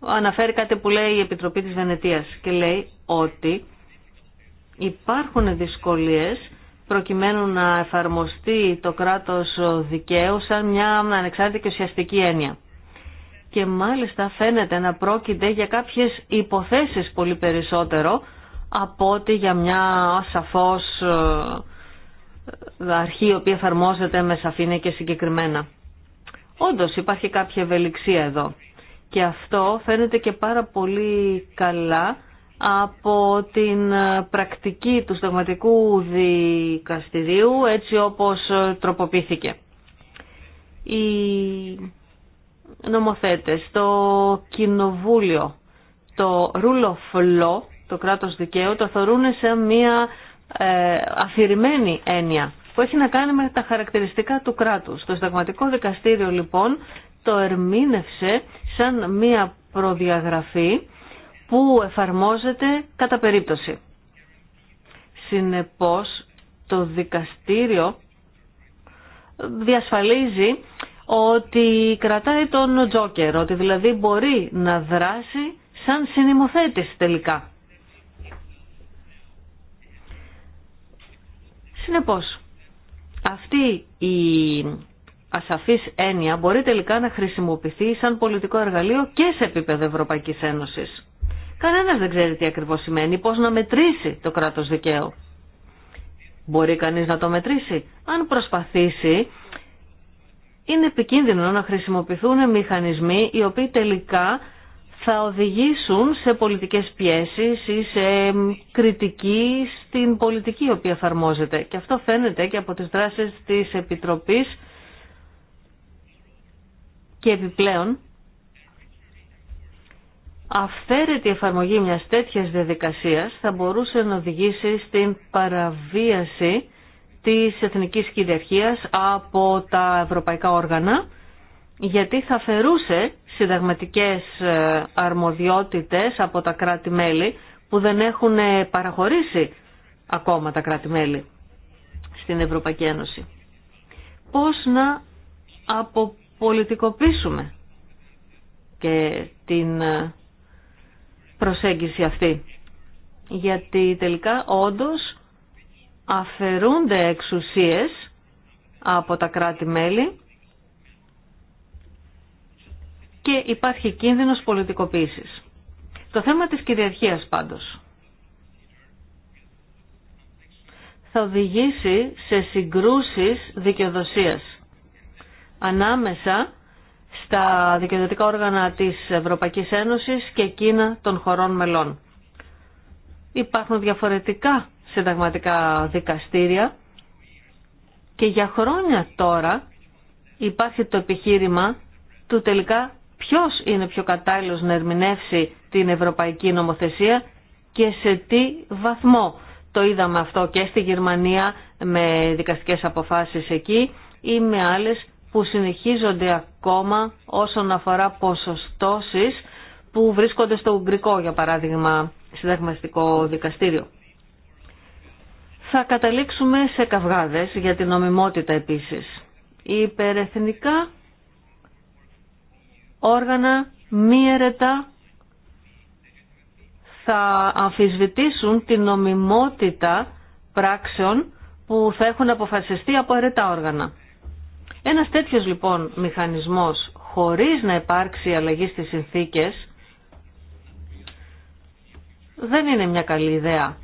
αναφέρει κάτι που λέει η Επιτροπή της Βενετίας και λέει ότι υπάρχουν δυσκολίες προκειμένου να εφαρμοστεί το κράτος δικαίου σαν μια ανεξάρτητη και ουσιαστική έννοια. Και μάλιστα φαίνεται να πρόκειται για κάποιες υποθέσεις πολύ περισσότερο από ότι για μια σαφώς ε, αρχή η οποία εφαρμόζεται με σαφήνεια και συγκεκριμένα. Όντως υπάρχει κάποια ευελιξία εδώ και αυτό φαίνεται και πάρα πολύ καλά από την ε, πρακτική του σταγματικού δικαστηρίου έτσι όπως ε, τροποποιήθηκε. Οι νομοθέτες, το κοινοβούλιο, το rule of law το κράτος δικαίου το θεωρούν σε μια αφηρημένη έννοια που έχει να κάνει με τα χαρακτηριστικά του κράτους. Το συνταγματικό δικαστήριο λοιπόν το ερμήνευσε σαν μια προδιαγραφή που εφαρμόζεται κατά περίπτωση. Συνεπώς το δικαστήριο διασφαλίζει ότι κρατάει τον τζόκερ, ότι δηλαδή μπορεί να δράσει σαν συνημοθέτης τελικά. πως αυτή η ασαφής έννοια μπορεί τελικά να χρησιμοποιηθεί σαν πολιτικό εργαλείο και σε επίπεδο Ευρωπαϊκής Ένωσης. Κανένας δεν ξέρει τι ακριβώς σημαίνει, πώς να μετρήσει το κράτος δικαίου. Μπορεί κανείς να το μετρήσει. Αν προσπαθήσει, είναι επικίνδυνο να χρησιμοποιηθούν μηχανισμοί οι οποίοι τελικά θα οδηγήσουν σε πολιτικές πιέσεις ή σε κριτική στην πολιτική η οποία εφαρμόζεται. Και αυτό φαίνεται και από τις δράσεις της Επιτροπής και επιπλέον αυθαίρετη εφαρμογή μιας τέτοιας διαδικασίας θα μπορούσε να οδηγήσει στην παραβίαση της εθνικής κυριαρχίας από τα ευρωπαϊκά όργανα γιατί θα αφαιρούσε συνταγματικές ε, αρμοδιότητες από τα κράτη-μέλη που δεν έχουν ε, παραχωρήσει ακόμα τα κράτη-μέλη στην Ευρωπαϊκή Ένωση. Πώς να αποπολιτικοποιήσουμε και την ε, προσέγγιση αυτή. Γιατί τελικά όντως αφαιρούνται εξουσίες από τα κράτη-μέλη και υπάρχει κίνδυνος πολιτικοποίησης. Το θέμα της κυριαρχίας πάντως θα οδηγήσει σε συγκρούσεις δικαιοδοσίας ανάμεσα στα δικαιοδοτικά όργανα της Ευρωπαϊκής Ένωσης και εκείνα των χωρών μελών. Υπάρχουν διαφορετικά συνταγματικά δικαστήρια και για χρόνια τώρα υπάρχει το επιχείρημα του τελικά ποιος είναι πιο κατάλληλος να ερμηνεύσει την ευρωπαϊκή νομοθεσία και σε τι βαθμό. Το είδαμε αυτό και στη Γερμανία με δικαστικές αποφάσεις εκεί ή με άλλες που συνεχίζονται ακόμα όσον αφορά ποσοστώσεις που βρίσκονται στο Ουγγρικό, για παράδειγμα, συνταγματικό δικαστήριο. Θα καταλήξουμε σε καυγάδες για την νομιμότητα επίσης. Υπερεθνικά όργανα μη αιρετά θα αμφισβητήσουν την νομιμότητα πράξεων που θα έχουν αποφασιστεί από αιρετά όργανα. Ένας τέτοιος λοιπόν μηχανισμός χωρίς να υπάρξει αλλαγή στις συνθήκες δεν είναι μια καλή ιδέα.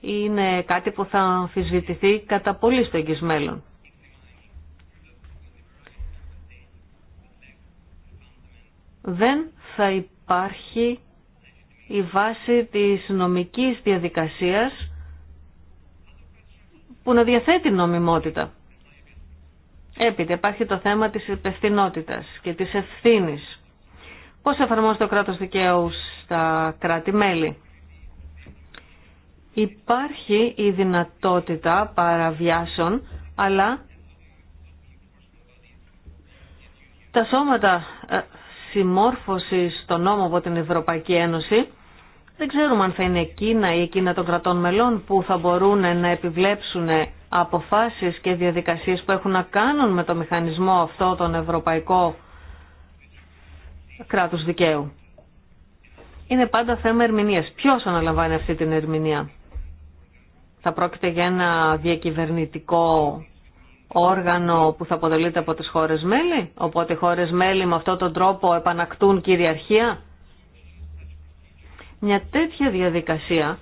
Είναι κάτι που θα αμφισβητηθεί κατά πολύ στο εγγυσμένο. δεν θα υπάρχει η βάση της νομικής διαδικασίας που να διαθέτει νομιμότητα. Έπειτα υπάρχει το θέμα της υπευθυνότητα και της ευθύνη. Πώς εφαρμόζεται το κράτος δικαίου στα κράτη-μέλη. Υπάρχει η δυνατότητα παραβιάσεων, αλλά τα σώματα ε, συμμόρφωση στο νόμο από την Ευρωπαϊκή Ένωση, δεν ξέρουμε αν θα είναι εκείνα ή εκείνα των κρατών μελών που θα μπορούν να επιβλέψουν αποφάσεις και διαδικασίες που έχουν να κάνουν με το μηχανισμό αυτό τον ευρωπαϊκό Κράτος δικαίου. Είναι πάντα θέμα ερμηνείας. Ποιος αναλαμβάνει αυτή την ερμηνεία. Θα πρόκειται για ένα διακυβερνητικό όργανο που θα αποτελείται από τις χώρες μέλη, οπότε οι χώρες μέλη με αυτόν τον τρόπο επανακτούν κυριαρχία. Μια τέτοια διαδικασία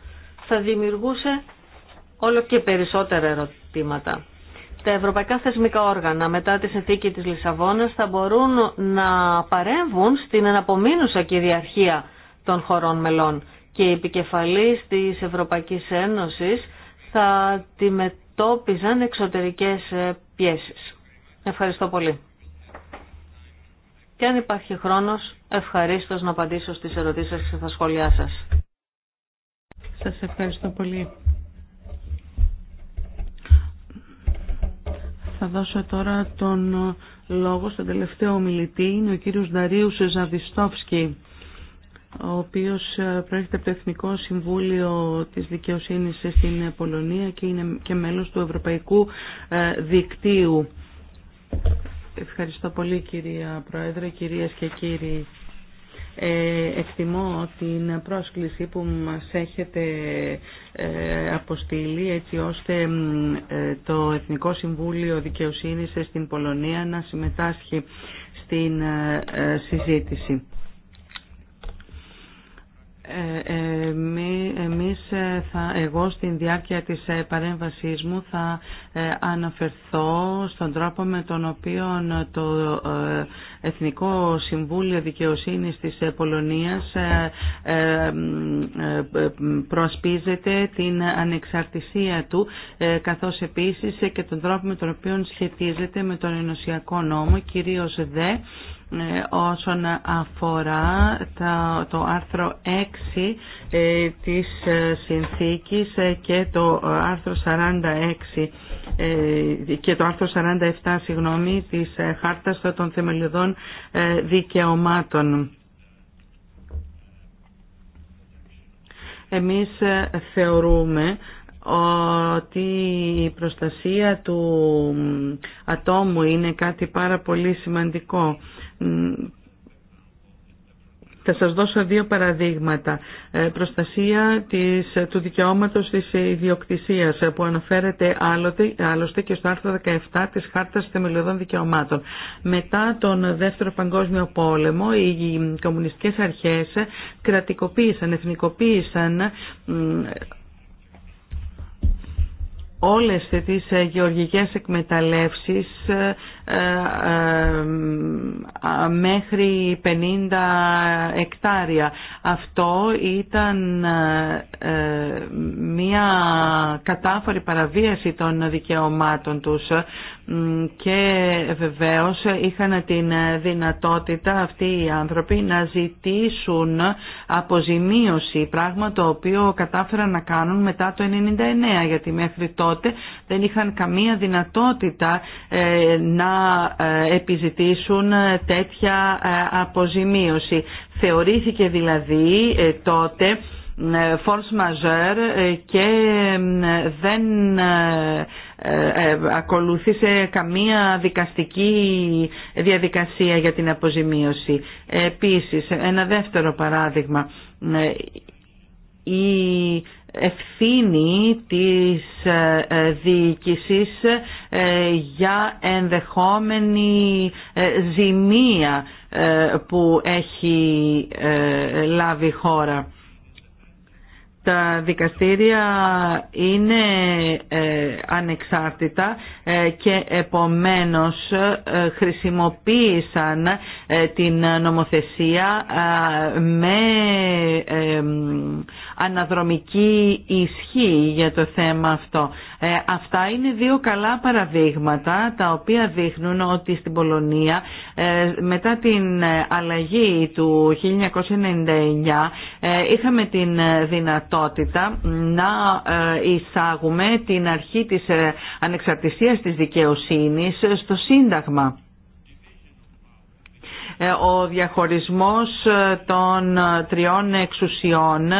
θα δημιουργούσε όλο και περισσότερα ερωτήματα. Τα ευρωπαϊκά θεσμικά όργανα μετά τη συνθήκη της Λισαβόνας θα μπορούν να παρέμβουν στην αναπομείνουσα κυριαρχία των χωρών μελών και η επικεφαλής της Ευρωπαϊκής Ένωσης θα τη αντιμετώπιζαν εξωτερικές ε, πιέσεις. Ευχαριστώ πολύ. Και αν υπάρχει χρόνος, ευχαρίστως να απαντήσω στις ερωτήσεις και στα σχόλιά σας. Σας ευχαριστώ πολύ. Θα δώσω τώρα τον ε, λόγο στον τελευταίο ομιλητή, είναι ο κύριος Νταρίου Ζαβιστόφσκι ο οποίος ε, προέρχεται από το Εθνικό Συμβούλιο της Δικαιοσύνης στην Πολωνία και είναι και μέλος του Ευρωπαϊκού ε, Δικτύου. Ευχαριστώ πολύ κυρία Πρόεδρε, κυρίες και κύριοι. Ε, εκτιμώ την πρόσκληση που μας έχετε αποστείλει έτσι ώστε το Εθνικό Συμβούλιο Δικαιοσύνης στην Πολωνία να συμμετάσχει στην συζήτηση. Ε, εμείς ε, θα, εγώ στην διάρκεια της ε, παρέμβασής μου θα αναφερθώ στον τρόπο με τον οποίο το Εθνικό Συμβούλιο Δικαιοσύνης της Πολωνίας προσπίζεται την ανεξαρτησία του καθώς επίσης και τον τρόπο με τον οποίο σχετίζεται με τον ενωσιακό νόμο κυρίως δε ε, όσον αφορά το άρθρο 6 ε, της ε, συνθήκης και το άρθρο 46 και το άρθρο 47 συγγνώμη, της Χάρτας των Θεμελιωδών Δικαιωμάτων. Εμείς θεωρούμε ότι η προστασία του ατόμου είναι κάτι πάρα πολύ σημαντικό θα σας δώσω δύο παραδείγματα. Ε, προστασία της, του δικαιώματος της ιδιοκτησίας ε, που αναφέρεται άλλοτε, άλλωστε και στο άρθρο 17 της Χάρτας Θεμελιωδών Δικαιωμάτων. Μετά τον Δεύτερο Παγκόσμιο Πόλεμο οι κομμουνιστικές αρχές κρατικοποίησαν, εθνικοποίησαν όλες τις γεωργικές εκμεταλλεύσεις ε, ε, μέχρι 50 εκτάρια. Αυτό ήταν ε, μια κατάφορη παραβίαση των δικαιωμάτων τους και βεβαίως είχαν την δυνατότητα αυτοί οι άνθρωποι να ζητήσουν αποζημίωση, πράγμα το οποίο κατάφεραν να κάνουν μετά το 1999, γιατί μέχρι τότε δεν είχαν καμία δυνατότητα να ε, επιζητήσουν ε, τέτοια ε, αποζημίωση. Θεωρήθηκε δηλαδή τότε force majeure και δεν ακολούθησε καμία δικαστική διαδικασία για την αποζημίωση. Επίσης, ένα δεύτερο παράδειγμα, η ευθύνη της ε, ε, διοίκησης ε, για ενδεχόμενη ζημία που έχει λάβει η χώρα τα δικαστήρια είναι ε, ανεξάρτητα ε, και επομένως ε, χρησιμοποίησαν την νομοθεσία με αναδρομική ισχύ για το θέμα αυτό. Αυτά είναι δύο καλά παραδείγματα τα οποία δείχνουν ότι στην Πολωνία ε, μετά την αλλαγή του 1999 ε, είχαμε την δυνατότητα να ε, εισάγουμε την αρχή της ανεξαρτησίας της δικαιοσύνης στο Σύνταγμα. Ε, ο διαχωρισμός ε, των ε, τριών εξουσιών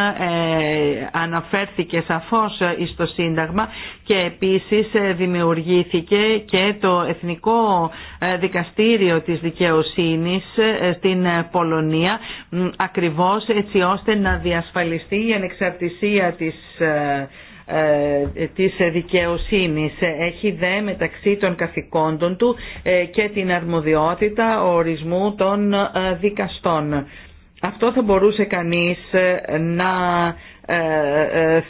αναφέρθηκε σαφώς στο Σύνταγμα και επίσης δημιουργήθηκε και το Εθνικό Δικαστήριο της Δικαιοσύνης στην Πολωνία ακριβώς έτσι ώστε να διασφαλιστεί η ανεξαρτησία της ε, της δικαιοσύνης. Έχει δε μεταξύ των καθηκόντων του ε, και την αρμοδιότητα ορισμού των ε, δικαστών. Αυτό θα μπορούσε κανείς να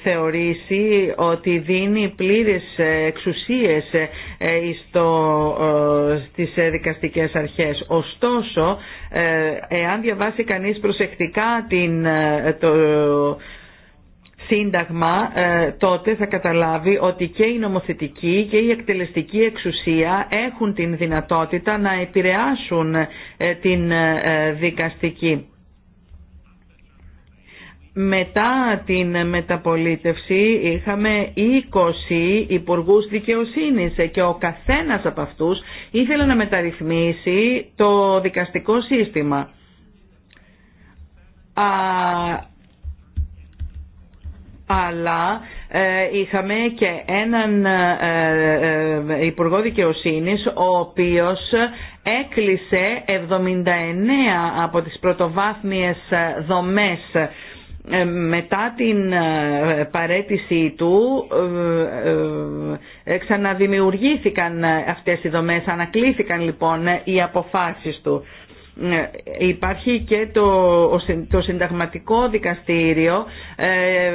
θεωρήσει ότι δίνει πλήρες εξουσίες στο, στις δικαστικές αρχές. Ωστόσο, εάν διαβάσει κανείς προσεκτικά την, το, Σύνταγμα ε, τότε θα καταλάβει ότι και η νομοθετική και η εκτελεστική εξουσία έχουν την δυνατότητα να επηρεάσουν ε, την ε, δικαστική. Μετά την μεταπολίτευση είχαμε 20 υπουργούς δικαιοσύνης και ο καθένας από αυτούς ήθελε να μεταρρυθμίσει το δικαστικό σύστημα αλλά ε, είχαμε και έναν ε, ε, Υπουργό Δικαιοσύνη ο οποίος έκλεισε 79 από τις πρωτοβάθμιες δομές μετά την παρέτησή του ξαναδημιουργήθηκαν αυτές οι δομές, ανακλήθηκαν λοιπόν οι αποφάσεις του. Ναι, υπάρχει και το, το συνταγματικό δικαστήριο ε, ε,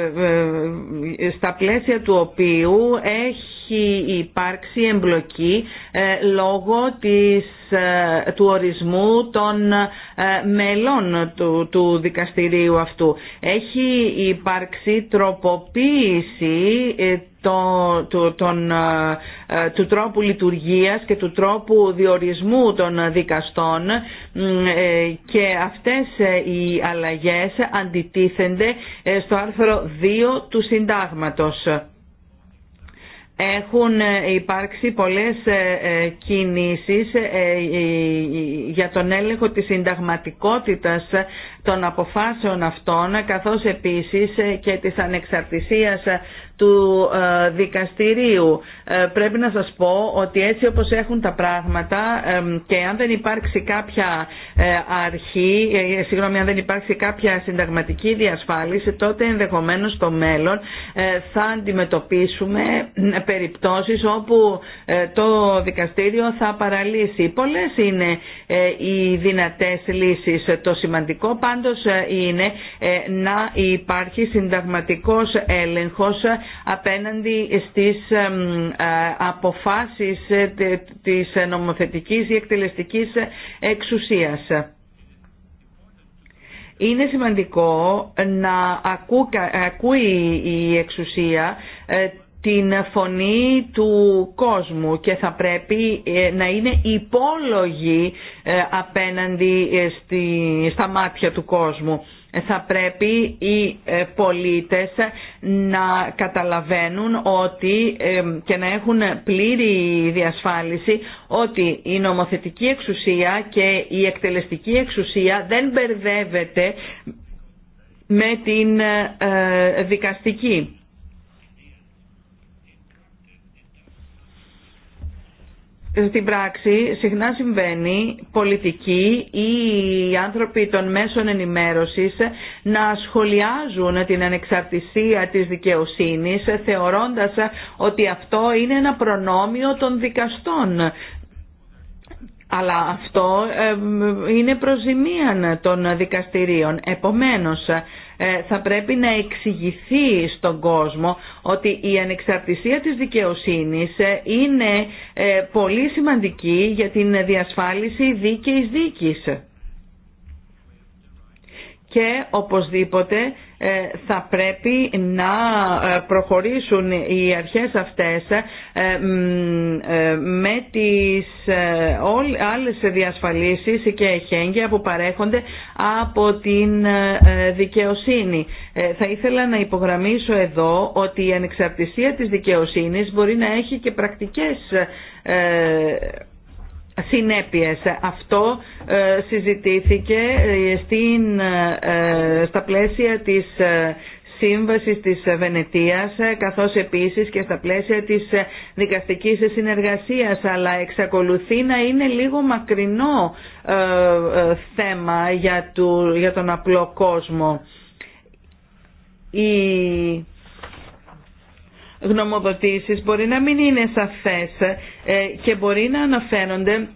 ε, στα πλαίσια του οποίου έχει έχει υπάρξει εμπλοκή ε, λόγω της, ε, του ορισμού των ε, μελών του, του δικαστηρίου αυτού. Έχει υπάρξει τροποποίηση του, του τρόπου λειτουργίας και του τρόπου διορισμού των δικαστών και αυτές οι αλλαγές αντιτίθενται στο άρθρο 2 του συντάγματος έχουν ε, υπάρξει πολλές ε, ε, κινήσεις για τον έλεγχο της συνταγματικότητας των αποφάσεων αυτών καθώς επίσης ε, και της ανεξαρτησίας ε, του ε, δικαστηρίου. Πρέπει να σας πω ότι έτσι όπως έχουν τα πράγματα και αν δεν υπάρξει κάποια αρχή, συγγνώμη, αν δεν υπάρξει κάποια συνταγματική διασφάλιση, τότε ενδεχομένως στο μέλλον θα αντιμετωπίσουμε περιπτώσεις όπου το δικαστήριο θα παραλύσει. Πολλές είναι οι δυνατές λύσεις. Το σημαντικό πάντως ε, είναι ε, να υπάρχει συνταγματικός έλεγχος απέναντι στις ε, αποφάσεις της νομοθετικής ή εκτελεστικής εξουσίας. Είναι σημαντικό να ακούει η εξουσία την φωνή του κόσμου και θα πρέπει ε, να είναι υπόλογοι ε, απέναντι ε, στη, στα μάτια του κόσμου. Θα πρέπει οι πολίτες να καταλαβαίνουν ότι και να έχουν πλήρη διασφάλιση ότι η νομοθετική εξουσία και η εκτελεστική εξουσία δεν μπερδεύεται με την δικαστική στην πράξη συχνά συμβαίνει πολιτικοί ή οι άνθρωποι των μέσων ενημέρωσης να σχολιάζουν την ανεξαρτησία της δικαιοσύνης θεωρώντας ότι αυτό είναι ένα προνόμιο των δικαστών. Αλλά αυτό είναι προζημίαν των δικαστηρίων. Επομένως, ε, θα πρέπει να εξηγηθεί στον κόσμο ότι η ανεξαρτησία της δικαιοσύνης ε, είναι ε, πολύ σημαντική για την διασφάλιση δίκαιης δίκης και οπωσδήποτε ε, θα πρέπει να ε, προχωρήσουν οι αρχές αυτές ε, με τις άλλες διασφαλίσεις και εχέγγυα που παρέχονται από την δικαιοσύνη. Θα ήθελα να υπογραμμίσω εδώ ότι η ανεξαρτησία της δικαιοσύνης μπορεί να έχει και πρακτικές συνέπειες. Αυτό ε, συζητήθηκε ε, στην, ε, στα πλαίσια της σύμβασης της Βενετίας καθώς επίσης και στα πλαίσια της δικαστικής συνεργασίας αλλά εξακολουθεί να είναι λίγο μακρινό θέμα για, του, για τον απλό κόσμο. Η γνωμοδοτήσεις μπορεί να μην είναι σαφές ε, και μπορεί να αναφέρονται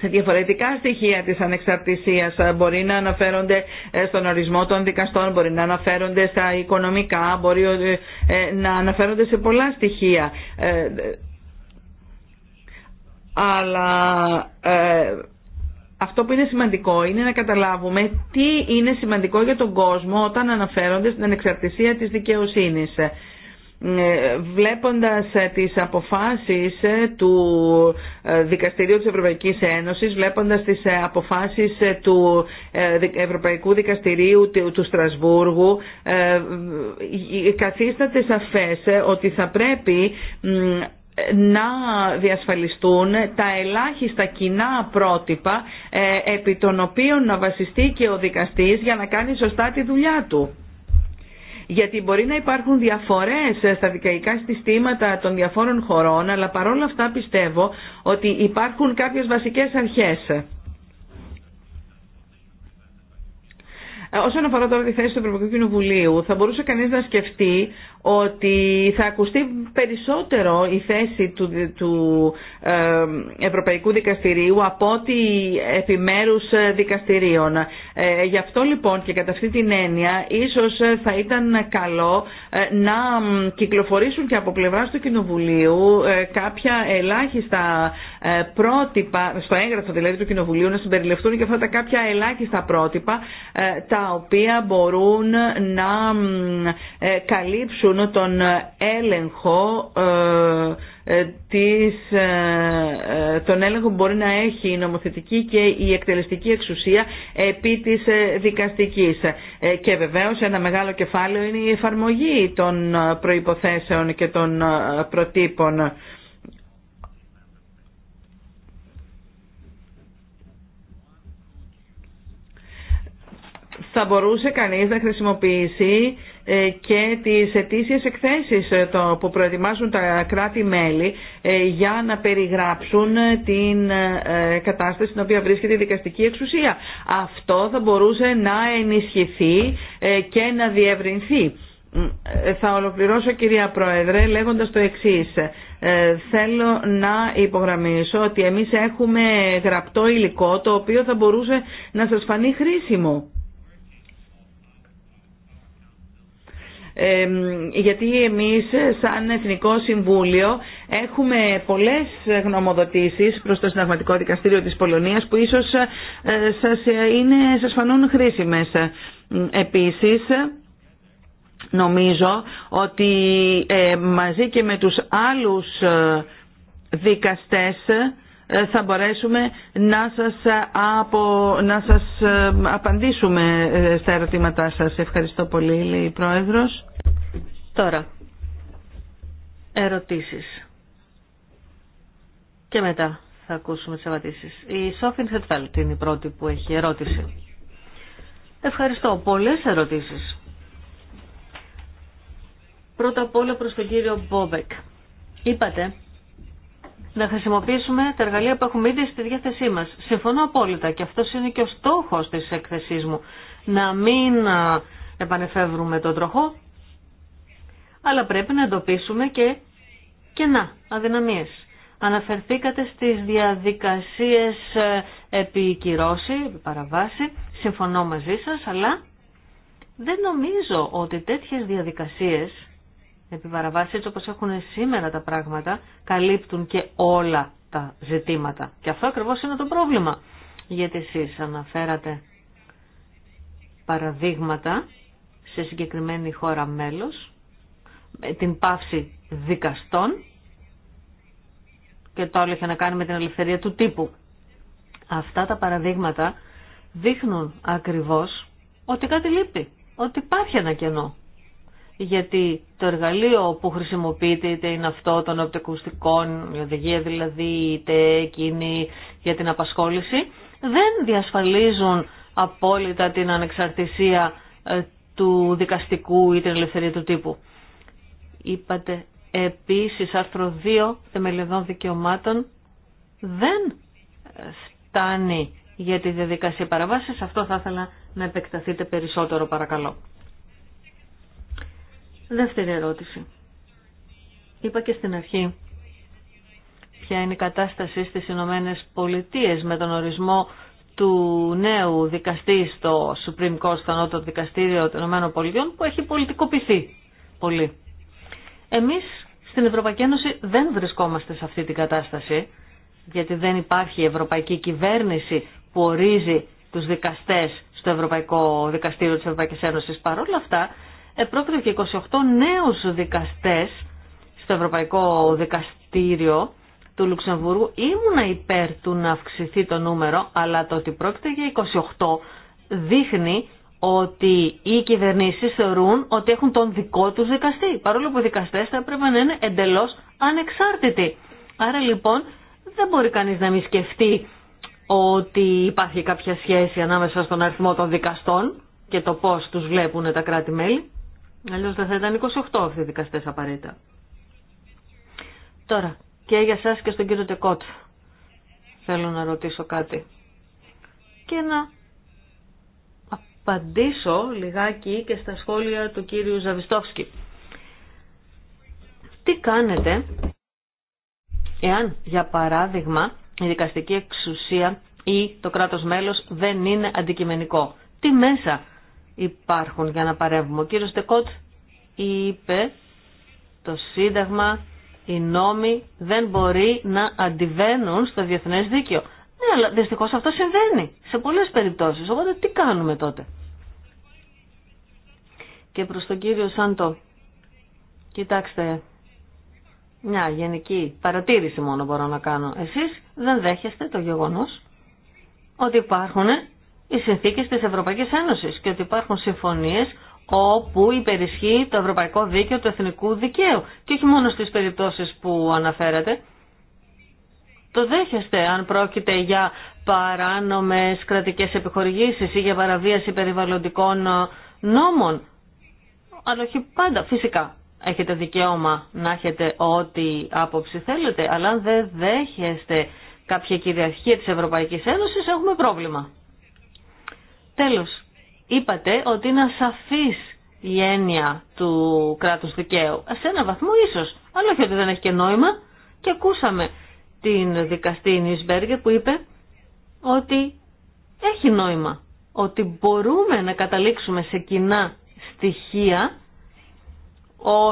σε διαφορετικά στοιχεία της ανεξαρτησίας μπορεί να αναφέρονται ε, στον ορισμό των δικαστών, μπορεί να αναφέρονται στα οικονομικά, μπορεί ε, να αναφέρονται σε πολλά στοιχεία. Αλλά αυτό που είναι σημαντικό είναι να καταλάβουμε τι είναι σημαντικό για τον κόσμο όταν αναφέρονται στην ανεξαρτησία της δικαιοσύνης βλέποντας ε, τις αποφάσεις ε, του ε, Δικαστηρίου της Ευρωπαϊκής Ένωσης, βλέποντας τις αποφάσεις του Ευρωπαϊκού Δικαστηρίου του Στρασβούργου, καθίσταται σαφές ότι θα πρέπει να διασφαλιστούν τα ελάχιστα κοινά πρότυπα επί των οποίων να βασιστεί και ο δικαστής για να κάνει σωστά τη δουλειά του γιατί μπορεί να υπάρχουν διαφορές ε, στα δικαϊκά συστήματα των διαφόρων χωρών, αλλά παρόλα αυτά πιστεύω ότι υπάρχουν κάποιες βασικές αρχές. Ε, όσον αφορά τώρα τη θέση του Ευρωπαϊκού Κοινοβουλίου, θα μπορούσε κανεί να σκεφτεί ότι θα ακουστεί περισσότερο η θέση του, του ε, Ευρωπαϊκού Δικαστηρίου από ότι επιμέρους δικαστηρίων. Ε, γι' αυτό λοιπόν και κατά αυτή την έννοια ίσως θα ήταν καλό ε, να κυκλοφορήσουν και από πλευράς του Κοινοβουλίου ε, κάποια ελάχιστα πρότυπα, στο έγγραφο δηλαδή του Κοινοβουλίου να συμπεριληφθούν και αυτά τα κάποια ελάχιστα πρότυπα τα οποία μπορούν να καλύψουν τον ε, έλεγχο ε, ε, της, τον έλεγχο που μπορεί να έχει η νομοθετική και η εκτελεστική εξουσία επί της δικαστικής. Και βεβαίως ένα μεγάλο κεφάλαιο είναι η εφαρμογή των προϋποθέσεων και των προτύπων. Θα μπορούσε κανείς να χρησιμοποιήσει ε, και τις ετήσιες εκθέσεις ε, που προετοιμάζουν τα κράτη-μέλη ε, για να περιγράψουν την κατάσταση στην οποία βρίσκεται η δικαστική εξουσία. Αυτό θα μπορούσε να ενισχυθεί και να διευρυνθεί. Θα ολοκληρώσω κυρία Πρόεδρε λέγοντας το εξής. θέλω να υπογραμμίσω ότι εμείς έχουμε γραπτό υλικό το οποίο θα μπορούσε να σας φανεί χρήσιμο. γιατί εμείς σαν Εθνικό Συμβούλιο έχουμε πολλές γνωμοδοτήσεις προς το Συνταγματικό Δικαστήριο της Πολωνίας που ίσως ε, σας, ε, είναι, σας φανούν χρήσιμες. Επίσης, νομίζω ότι ε, μαζί και με τους άλλους δικαστές ε, θα μπορέσουμε να σας, ε, απο, να σας ε, απαντήσουμε στα ερωτήματά σας. Ευχαριστώ πολύ, λέει η Πρόεδρος. Τώρα, ερωτήσεις. Και μετά θα ακούσουμε τις απαντήσεις. Η Σόφιν Χετφάλτ είναι η πρώτη που έχει ερώτηση. Ευχαριστώ. Πολλές ερωτήσεις. Πρώτα απ' όλα προς τον κύριο Μπόμπεκ. Είπατε να χρησιμοποιήσουμε τα εργαλεία που έχουμε ήδη στη διάθεσή μα. Συμφωνώ απόλυτα και αυτό είναι και ο στόχο της έκθεσή μου. Να μην επανεφεύρουμε τον τροχό, αλλά πρέπει να εντοπίσουμε και κενά, αδυναμίες. Αναφερθήκατε στις διαδικασίες ε, επί κυρώση, επί παραβάση, συμφωνώ μαζί σα, αλλά δεν νομίζω ότι τέτοιες διαδικασίες επιβαραβάσει έτσι όπως έχουν σήμερα τα πράγματα καλύπτουν και όλα τα ζητήματα. Και αυτό ακριβώς είναι το πρόβλημα. Γιατί εσείς αναφέρατε παραδείγματα σε συγκεκριμένη χώρα μέλος, με την πάυση δικαστών και το άλλο είχε να κάνει με την ελευθερία του τύπου. Αυτά τα παραδείγματα δείχνουν ακριβώς ότι κάτι λείπει, ότι υπάρχει ένα κενό γιατί το εργαλείο που χρησιμοποιείται είτε είναι αυτό των οπτικουστικών, η οδηγία δηλαδή, είτε εκείνη για την απασχόληση, δεν διασφαλίζουν απόλυτα την ανεξαρτησία ε, του δικαστικού ή την ελευθερία του τύπου. Είπατε επίσης άρθρο 2 θεμελιωδών δικαιωμάτων δεν ε, φτάνει για τη διαδικασία παραβάσης. Αυτό θα ήθελα να επεκταθείτε περισσότερο παρακαλώ. Δεύτερη ερώτηση. Είπα και στην αρχή ποια είναι η κατάσταση στις Ηνωμένε Πολιτείε με τον ορισμό του νέου δικαστή στο Supreme Court, στο Νότο Δικαστήριο των Ηνωμένων Πολιτείων, που έχει πολιτικοποιηθεί πολύ. Εμείς στην Ευρωπαϊκή Ένωση δεν βρισκόμαστε σε αυτή την κατάσταση, γιατί δεν υπάρχει ευρωπαϊκή κυβέρνηση που ορίζει τους δικαστές στο Ευρωπαϊκό Δικαστήριο της Ευρωπαϊκής Ένωσης. Παρ' αυτά, επρόκειτο για 28 νέους δικαστές στο Ευρωπαϊκό Δικαστήριο του Λουξεμβούργου. Ήμουνα υπέρ του να αυξηθεί το νούμερο, αλλά το ότι πρόκειται για 28 δείχνει ότι οι κυβερνήσεις θεωρούν ότι έχουν τον δικό τους δικαστή, παρόλο που οι δικαστές θα έπρεπε να είναι εντελώς ανεξάρτητοι. Άρα λοιπόν δεν μπορεί κανείς να μην σκεφτεί ότι υπάρχει κάποια σχέση ανάμεσα στον αριθμό των δικαστών και το πώς τους βλέπουν τα κράτη-μέλη. Αλλιώς δεν θα ήταν 28 αυτοί οι δικαστές απαραίτητα. Τώρα, και για σας και στον κύριο Τεκότ θέλω να ρωτήσω κάτι. Και να απαντήσω λιγάκι και στα σχόλια του κύριου Ζαβιστόφσκι. Τι κάνετε εάν, για παράδειγμα, η δικαστική εξουσία ή το κράτος μέλος δεν είναι αντικειμενικό. Τι μέσα υπάρχουν για να παρεύουμε. Ο κύριος Τεκότ είπε το Σύνταγμα, οι νόμοι δεν μπορεί να αντιβαίνουν στο διεθνές δίκαιο. Ναι, αλλά δυστυχώς αυτό συμβαίνει σε πολλές περιπτώσεις. Οπότε τι κάνουμε τότε. Και προς τον κύριο Σάντο, κοιτάξτε, μια γενική παρατήρηση μόνο μπορώ να κάνω. Εσείς δεν δέχεστε το γεγονός ότι υπάρχουν οι συνθήκε τη Ευρωπαϊκή Ένωση και ότι υπάρχουν συμφωνίες όπου υπερισχύει το ευρωπαϊκό δίκαιο του εθνικού δικαίου και όχι μόνο στις περιπτώσεις που αναφέρατε. Το δέχεστε αν πρόκειται για παράνομες κρατικές επιχορηγήσεις ή για παραβίαση περιβαλλοντικών ε, νόμων. Αλλά όχι πάντα φυσικά έχετε δικαίωμα να έχετε ό,τι άποψη θέλετε, αλλά αν δεν δέχεστε κάποια κυριαρχία της Ευρωπαϊκής Ένωσης έχουμε πρόβλημα. Τέλος, είπατε ότι είναι ασαφής η έννοια του κράτους δικαίου. Σε ένα βαθμό ίσως, αλλά όχι ότι δεν έχει και νόημα. Και ακούσαμε την δικαστή Νισμπέργκερ που είπε ότι έχει νόημα. Ότι μπορούμε να καταλήξουμε σε κοινά στοιχεία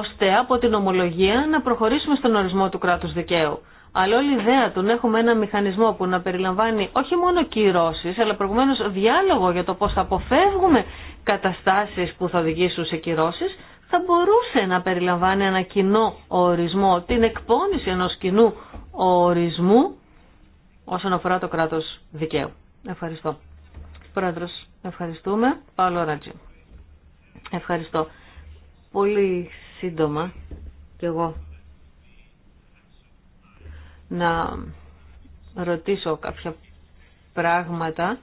ώστε από την ομολογία να προχωρήσουμε στον ορισμό του κράτους δικαίου. Αλλά όλη η ιδέα του να έχουμε ένα μηχανισμό που να περιλαμβάνει όχι μόνο κυρώσει, αλλά προηγουμένω διάλογο για το πώ θα αποφεύγουμε καταστάσει που θα οδηγήσουν σε κυρώσει, θα μπορούσε να περιλαμβάνει ένα κοινό ορισμό, την εκπόνηση ενό κοινού ορισμού όσον αφορά το κράτο δικαίου. Ευχαριστώ. Πρόεδρος, ευχαριστούμε. Παύλο Ράτζι. Ευχαριστώ. Πολύ σύντομα και εγώ να ρωτήσω κάποια πράγματα.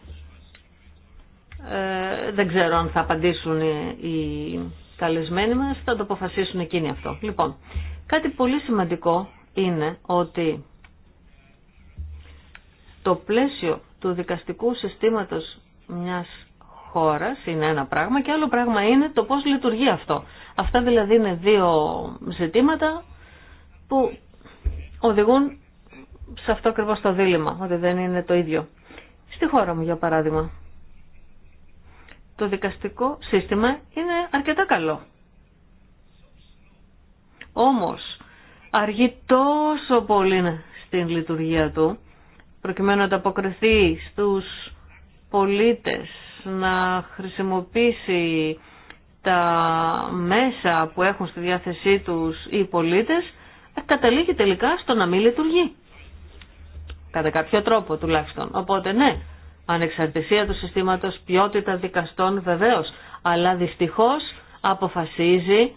Ε, δεν ξέρω αν θα απαντήσουν οι καλεσμένοι μας, θα το αποφασίσουν εκείνοι αυτό. Λοιπόν, κάτι πολύ σημαντικό είναι ότι το πλαίσιο του δικαστικού συστήματος μιας χώρας είναι ένα πράγμα και άλλο πράγμα είναι το πώς λειτουργεί αυτό. Αυτά δηλαδή είναι δύο ζητήματα που οδηγούν σε αυτό ακριβώ το δίλημα, ότι δεν είναι το ίδιο. Στη χώρα μου, για παράδειγμα, το δικαστικό σύστημα είναι αρκετά καλό. Όμως, αργεί τόσο πολύ στην λειτουργία του, προκειμένου να ανταποκριθεί στους πολίτες, να χρησιμοποιήσει τα μέσα που έχουν στη διάθεσή τους οι πολίτες, καταλήγει τελικά στο να μην λειτουργεί. Κατά κάποιο τρόπο τουλάχιστον. Οπότε ναι, ανεξαρτησία του συστήματος, ποιότητα δικαστών βεβαίως. Αλλά δυστυχώς αποφασίζει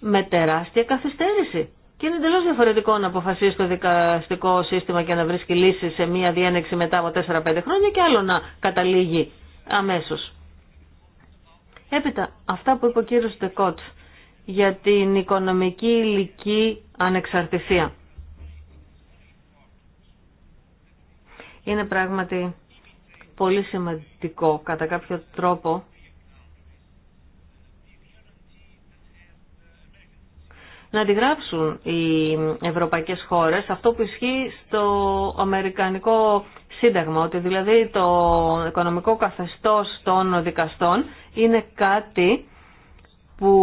με τεράστια καθυστέρηση. Και είναι εντελώ διαφορετικό να αποφασίσει το δικαστικό σύστημα και να βρίσκει λύσει σε μία διένεξη μετά από 4-5 χρόνια και άλλο να καταλήγει αμέσω. Έπειτα, αυτά που είπε ο κύριο Ντεκότ για την οικονομική ηλική ανεξαρτησία. είναι πράγματι πολύ σημαντικό κατά κάποιο τρόπο να αντιγράψουν οι ευρωπαϊκές χώρες αυτό που ισχύει στο Αμερικανικό Σύνταγμα, ότι δηλαδή το οικονομικό καθεστώς των δικαστών είναι κάτι που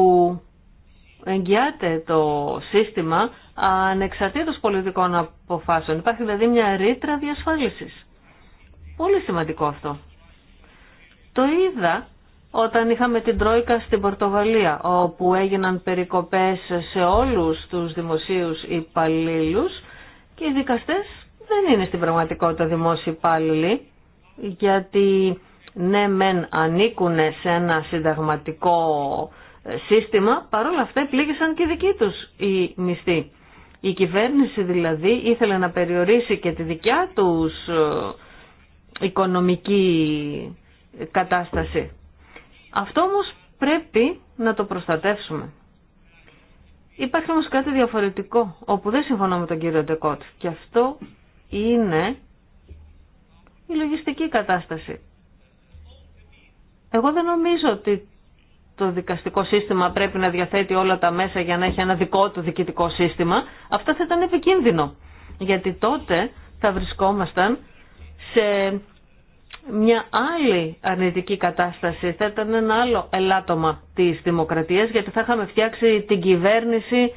εγγυάται το σύστημα ανεξαρτήτως πολιτικών αποφάσεων. Υπάρχει δηλαδή μια ρήτρα διασφάλισης. Πολύ σημαντικό αυτό. Το είδα όταν είχαμε την Τρόικα στην Πορτογαλία, όπου έγιναν περικοπές σε όλους τους δημοσίους υπαλλήλους και οι δικαστές δεν είναι στην πραγματικότητα δημόσιοι υπάλληλοι, γιατί ναι μεν ανήκουν σε ένα συνταγματικό σύστημα, παρόλα αυτά πλήγησαν και δικοί τους οι μισθοί. Η κυβέρνηση δηλαδή ήθελε να περιορίσει και τη δικιά τους ε, οικονομική κατάσταση. Αυτό όμως πρέπει να το προστατεύσουμε. Υπάρχει όμως κάτι διαφορετικό, όπου δεν συμφωνώ με τον κύριο Ντεκότ. Και αυτό είναι η λογιστική κατάσταση. Εγώ δεν νομίζω ότι το δικαστικό σύστημα πρέπει να διαθέτει όλα τα μέσα για να έχει ένα δικό του διοικητικό σύστημα, αυτό θα ήταν επικίνδυνο. Γιατί τότε θα βρισκόμασταν σε μια άλλη αρνητική κατάσταση. Θα ήταν ένα άλλο ελάττωμα της δημοκρατίας, γιατί θα είχαμε φτιάξει την κυβέρνηση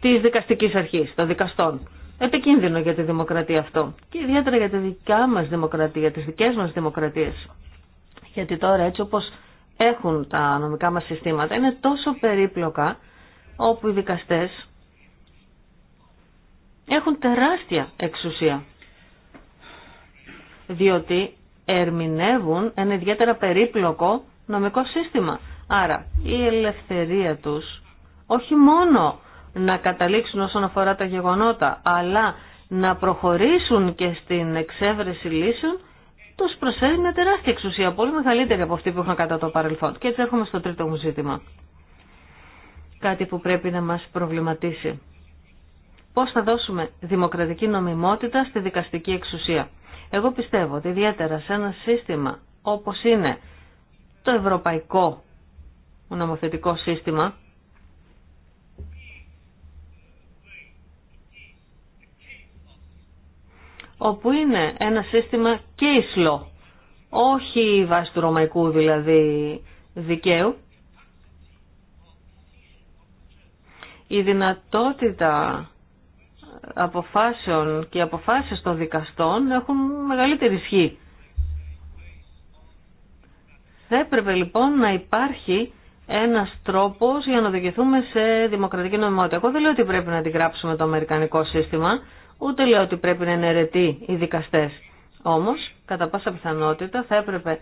της δικαστικής αρχής, των δικαστών. Επικίνδυνο για τη δημοκρατία αυτό. Και ιδιαίτερα για τη δικιά μας δημοκρατία, τις δικές μας δημοκρατίες. Γιατί τώρα έτσι όπως έχουν τα νομικά μας συστήματα είναι τόσο περίπλοκα όπου οι δικαστές έχουν τεράστια εξουσία διότι ερμηνεύουν ένα ιδιαίτερα περίπλοκο νομικό σύστημα. Άρα η ελευθερία τους όχι μόνο να καταλήξουν όσον αφορά τα γεγονότα αλλά να προχωρήσουν και στην εξέβρεση λύσεων του προσφέρει μια τεράστια εξουσία, πολύ μεγαλύτερη από αυτή που έχουν κατά το παρελθόν. Και έτσι έρχομαι στο τρίτο μου ζήτημα. Κάτι που πρέπει να μας προβληματίσει. Πώς θα δώσουμε δημοκρατική νομιμότητα στη δικαστική εξουσία. Εγώ πιστεύω ότι ιδιαίτερα σε ένα σύστημα όπως είναι το ευρωπαϊκό νομοθετικό σύστημα, όπου είναι ένα σύστημα και ισλό, όχι βάση του ρωμαϊκού δηλαδή δικαίου. Η δυνατότητα αποφάσεων και αποφάσεις των δικαστών έχουν μεγαλύτερη ισχύ. Θα έπρεπε λοιπόν να υπάρχει ένας τρόπος για να οδηγηθούμε σε δημοκρατική νομιμότητα. Εγώ δεν λέω ότι πρέπει να αντιγράψουμε το αμερικανικό σύστημα. Ούτε λέω ότι πρέπει να είναι αιρετοί οι δικαστές. Όμως, κατά πάσα πιθανότητα θα έπρεπε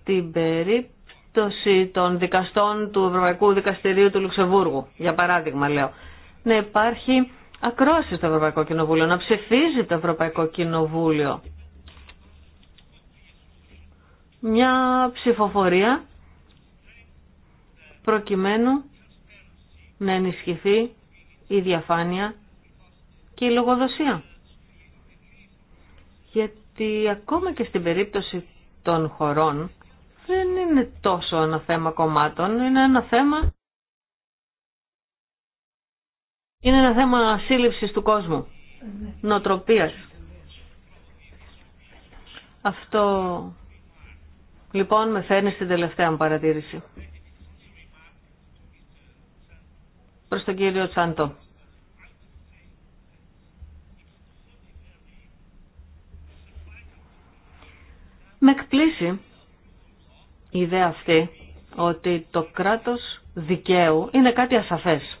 στην περίπτωση των δικαστών του Ευρωπαϊκού Δικαστηρίου του Λουξεμβούργου, για παράδειγμα λέω, να υπάρχει ακρόαση στο Ευρωπαϊκό Κοινοβούλιο, να ψηφίζει το Ευρωπαϊκό Κοινοβούλιο. Μια ψηφοφορία προκειμένου να ενισχυθεί η διαφάνεια και η λογοδοσία. Γιατί ακόμα και στην περίπτωση των χωρών δεν είναι τόσο ένα θέμα κομμάτων, είναι ένα θέμα... Είναι ένα θέμα σύλληψης του κόσμου, νοτροπίας. Αυτό λοιπόν με φέρνει στην τελευταία μου παρατήρηση. Προς τον κύριο Τσάντο. Με εκπλήσει η ιδέα αυτή ότι το κράτος δικαίου είναι κάτι ασαφές.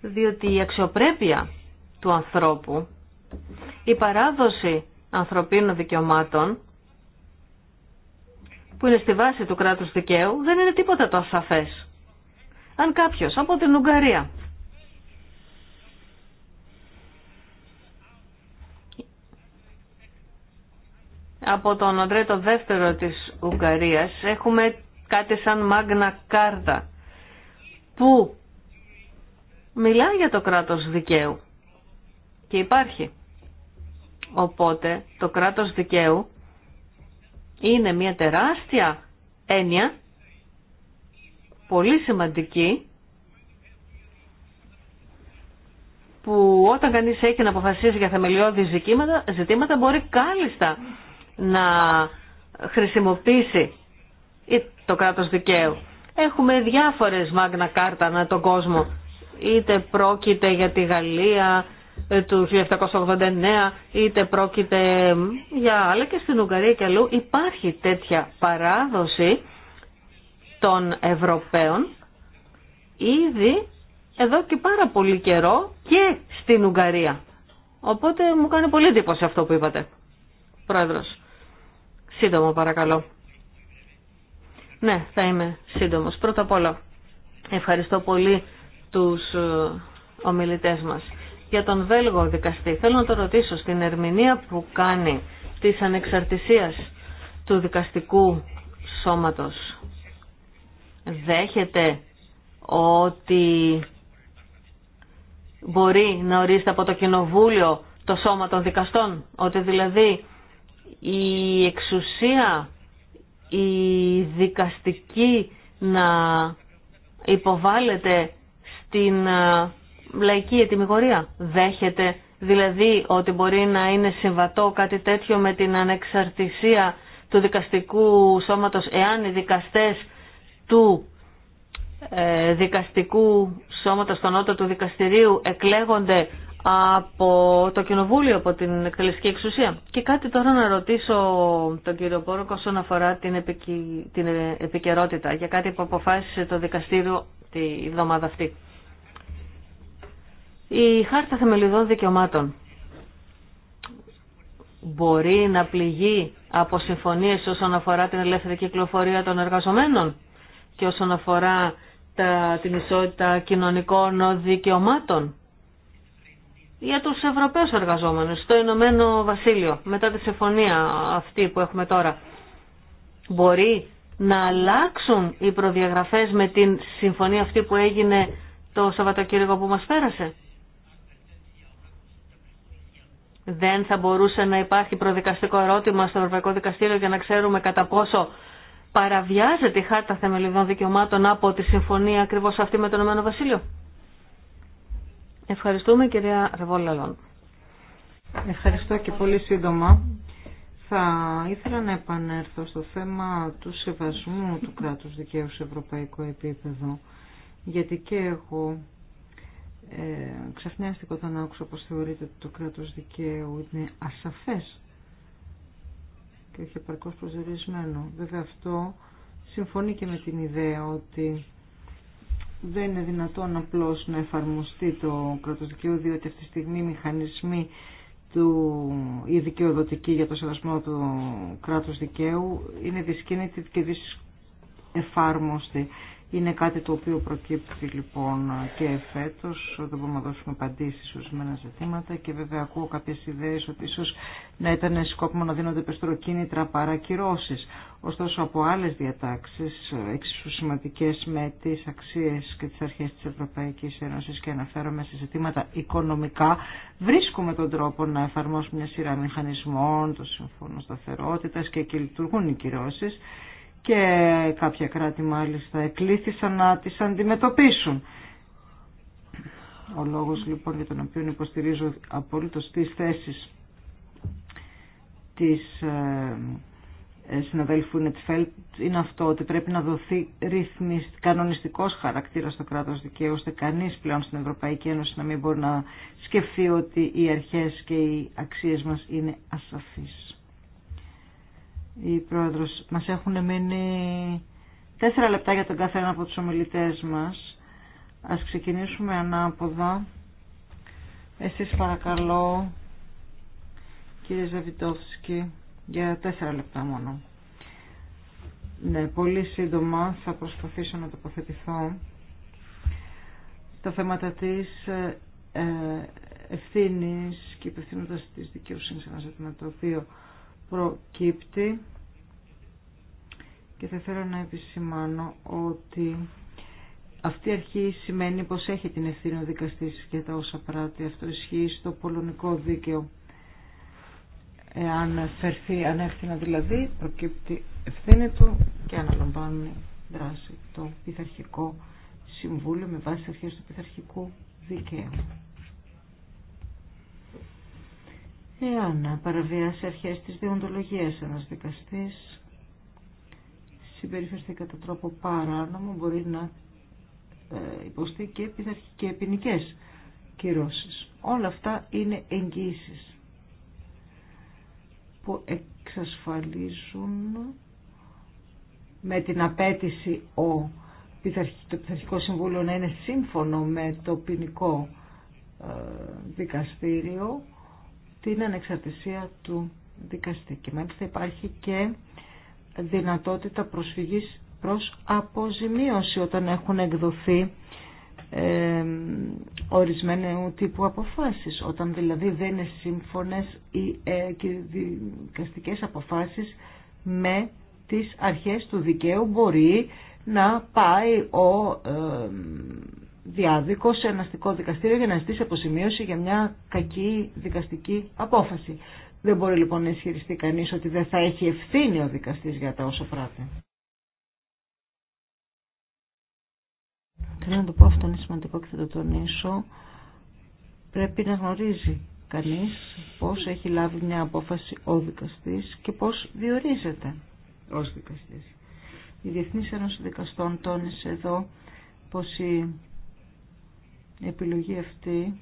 Διότι η αξιοπρέπεια του ανθρώπου, η παράδοση ανθρωπίνων δικαιωμάτων, που είναι στη βάση του κράτους δικαίου, δεν είναι τίποτα το ασαφές. Αν κάποιος από την Ουγγαρία από τον Αντρέτο δεύτερο της Ουγγαρίας έχουμε κάτι σαν μάγνα κάρτα που μιλά για το κράτος δικαίου και υπάρχει. Οπότε το κράτος δικαίου είναι μια τεράστια έννοια, πολύ σημαντική, που όταν κανείς έχει να αποφασίσει για θεμελιώδη ζητήματα, ζητήματα μπορεί κάλλιστα να χρησιμοποιήσει το κράτος δικαίου. Έχουμε διάφορες μάγνα κάρτα ανά τον κόσμο. Είτε πρόκειται για τη Γαλλία ε, του 1789, είτε πρόκειται για άλλα και στην Ουγγαρία και αλλού. Υπάρχει τέτοια παράδοση των Ευρωπαίων ήδη εδώ και πάρα πολύ καιρό και στην Ουγγαρία. Οπότε μου κάνει πολύ εντύπωση αυτό που είπατε. Πρόεδρος. Σύντομο παρακαλώ. Ναι, θα είμαι σύντομος. Πρώτα απ' όλα, ευχαριστώ πολύ τους ε, ομιλητές μας. Για τον Βέλγο δικαστή, θέλω να το ρωτήσω στην ερμηνεία που κάνει της ανεξαρτησίας του δικαστικού σώματος. Δέχεται ότι μπορεί να ορίσει από το κοινοβούλιο το σώμα των δικαστών, ότι δηλαδή η εξουσία η δικαστική να υποβάλλεται στην ε, λαϊκή ετοιμιγορία. Δέχεται δηλαδή ότι μπορεί να είναι συμβατό κάτι τέτοιο με την ανεξαρτησία του δικαστικού σώματος εάν οι δικαστές του ε, δικαστικού σώματος στον νότο του δικαστηρίου εκλέγονται από το Κοινοβούλιο, από την εκτελεστική εξουσία. Και κάτι τώρα να ρωτήσω τον κύριο Πόροκο όσον αφορά την, επικαιρότητα για κάτι που αποφάσισε το δικαστήριο τη εβδομάδα αυτή. Η Χάρτα Θεμελιδών Δικαιωμάτων μπορεί να πληγεί από συμφωνίες όσον αφορά την ελεύθερη κυκλοφορία των εργαζομένων και όσον αφορά τα, την ισότητα κοινωνικών δικαιωμάτων για τους Ευρωπαίους εργαζόμενους το Ηνωμένο Βασίλειο μετά τη συμφωνία αυτή που έχουμε τώρα. Μπορεί να αλλάξουν οι προδιαγραφές με την συμφωνία αυτή που έγινε το Σαββατοκύριακο που μας πέρασε. Δεν θα μπορούσε να υπάρχει προδικαστικό ερώτημα στο Ευρωπαϊκό Δικαστήριο για να ξέρουμε κατά πόσο παραβιάζεται η Χάρτα Θεμελιδών Δικαιωμάτων από τη συμφωνία ακριβώς αυτή με το Ηνωμένο Βασίλειο. Ευχαριστούμε κυρία Ρεβόλαλον. Ευχαριστώ και πολύ σύντομα. Θα ήθελα να επανέλθω στο θέμα του σεβασμού του κράτους δικαίου σε ευρωπαϊκό επίπεδο. Γιατί και εγώ ε, ξαφνιάστηκα όταν άκουσα πως θεωρείται ότι το κράτος δικαίου είναι ασαφές και έχει επαρκώς προσδιορισμένο. Βέβαια αυτό συμφωνεί και με την ιδέα ότι δεν είναι δυνατόν απλώς να εφαρμοστεί το κράτος δικαίου διότι αυτή τη στιγμή μηχανισμοί του, η δικαιοδοτική για το σεβασμό του κράτους δικαίου είναι δυσκίνητη και δυσεφάρμοστη. Είναι κάτι το οποίο προκύπτει λοιπόν και φέτος, όταν μπορούμε να δώσουμε απαντήσεις σε ορισμένα ζητήματα και βέβαια ακούω κάποιες ιδέες ότι ίσως να ήταν σκόπιμο να δίνονται πεστροκίνητρα παρά κυρώσεις. Ωστόσο από άλλες διατάξεις εξίσου σημαντικέ με τις αξίες και τις αρχές της Ευρωπαϊκής Ένωσης και αναφέρομαι σε ζητήματα οικονομικά, βρίσκουμε τον τρόπο να εφαρμόσουμε μια σειρά μηχανισμών, το Συμφώνο Σταθερότητας και εκεί λειτουργούν οι κυρώσεις και κάποια κράτη μάλιστα εκλήθησαν να τις αντιμετωπίσουν. Ο λόγος λοιπόν για τον οποίο υποστηρίζω απολύτως τις θέσεις της ε, ε, συναδέλφου Νετφέλτ είναι αυτό ότι πρέπει να δοθεί κανονιστικό κανονιστικός χαρακτήρας στο κράτος δικαίου ώστε κανείς πλέον στην Ευρωπαϊκή Ένωση να μην μπορεί να σκεφτεί ότι οι αρχές και οι αξίες μας είναι ασαφείς η πρόεδρο Μας έχουν μείνει τέσσερα λεπτά για τον κάθε ένα από τους ομιλητές μας. Ας ξεκινήσουμε ανάποδα. Εσείς παρακαλώ, κύριε Ζαβιτόφσκι, για τέσσερα λεπτά μόνο. Ναι, πολύ σύντομα θα προσπαθήσω να τοποθετηθώ τα θέματα της ε, ευθύνης και υπευθύνοντας της δικαιοσύνης ένα ζήτημα το οποίο προκύπτει και θα ήθελα να επισημάνω ότι αυτή η αρχή σημαίνει πως έχει την ευθύνη ο δικαστής για τα όσα πράττει. Αυτό ισχύει στο πολωνικό δίκαιο. Εάν φερθεί ανεύθυνα δηλαδή, προκύπτει ευθύνη του και αναλαμβάνει δράση το πειθαρχικό συμβούλιο με βάση αρχές του πειθαρχικού δικαίου. Εάν παραβιάσει αρχές της διοντολογίας ένας δικαστής, συμπεριφερθεί κατά τρόπο παράνομο, μπορεί να ε, υποστεί και, και ποινικές κυρώσεις. Όλα αυτά είναι εγγύησεις που εξασφαλίζουν με την απέτηση ο, το Πειθαρχικό Συμβούλιο να είναι σύμφωνο με το ποινικό ε, δικαστήριο την ανεξαρτησία του δικαστή. Και μάλιστα υπάρχει και δυνατότητα προσφυγής προς αποζημίωση όταν έχουν εκδοθεί ε, ορισμένου τύπου αποφάσεις. Όταν δηλαδή δεν είναι σύμφωνες ε, οι δικαστικές αποφάσεις με τις αρχές του δικαίου μπορεί να πάει ο διάδικο σε ένα αστικό δικαστήριο για να ζητήσει αποσημείωση για μια κακή δικαστική απόφαση. Δεν μπορεί λοιπόν να ισχυριστεί κανείς ότι δεν θα έχει ευθύνη ο δικαστής για τα όσα πράττει. Θέλω να το πω αυτό είναι σημαντικό και θα το τονίσω. Πρέπει να γνωρίζει κανείς πώς έχει λάβει μια απόφαση ο δικαστής και πώς διορίζεται ως δικαστής. Η Διεθνής Ένωση Δικαστών τόνισε εδώ πως η η επιλογή αυτή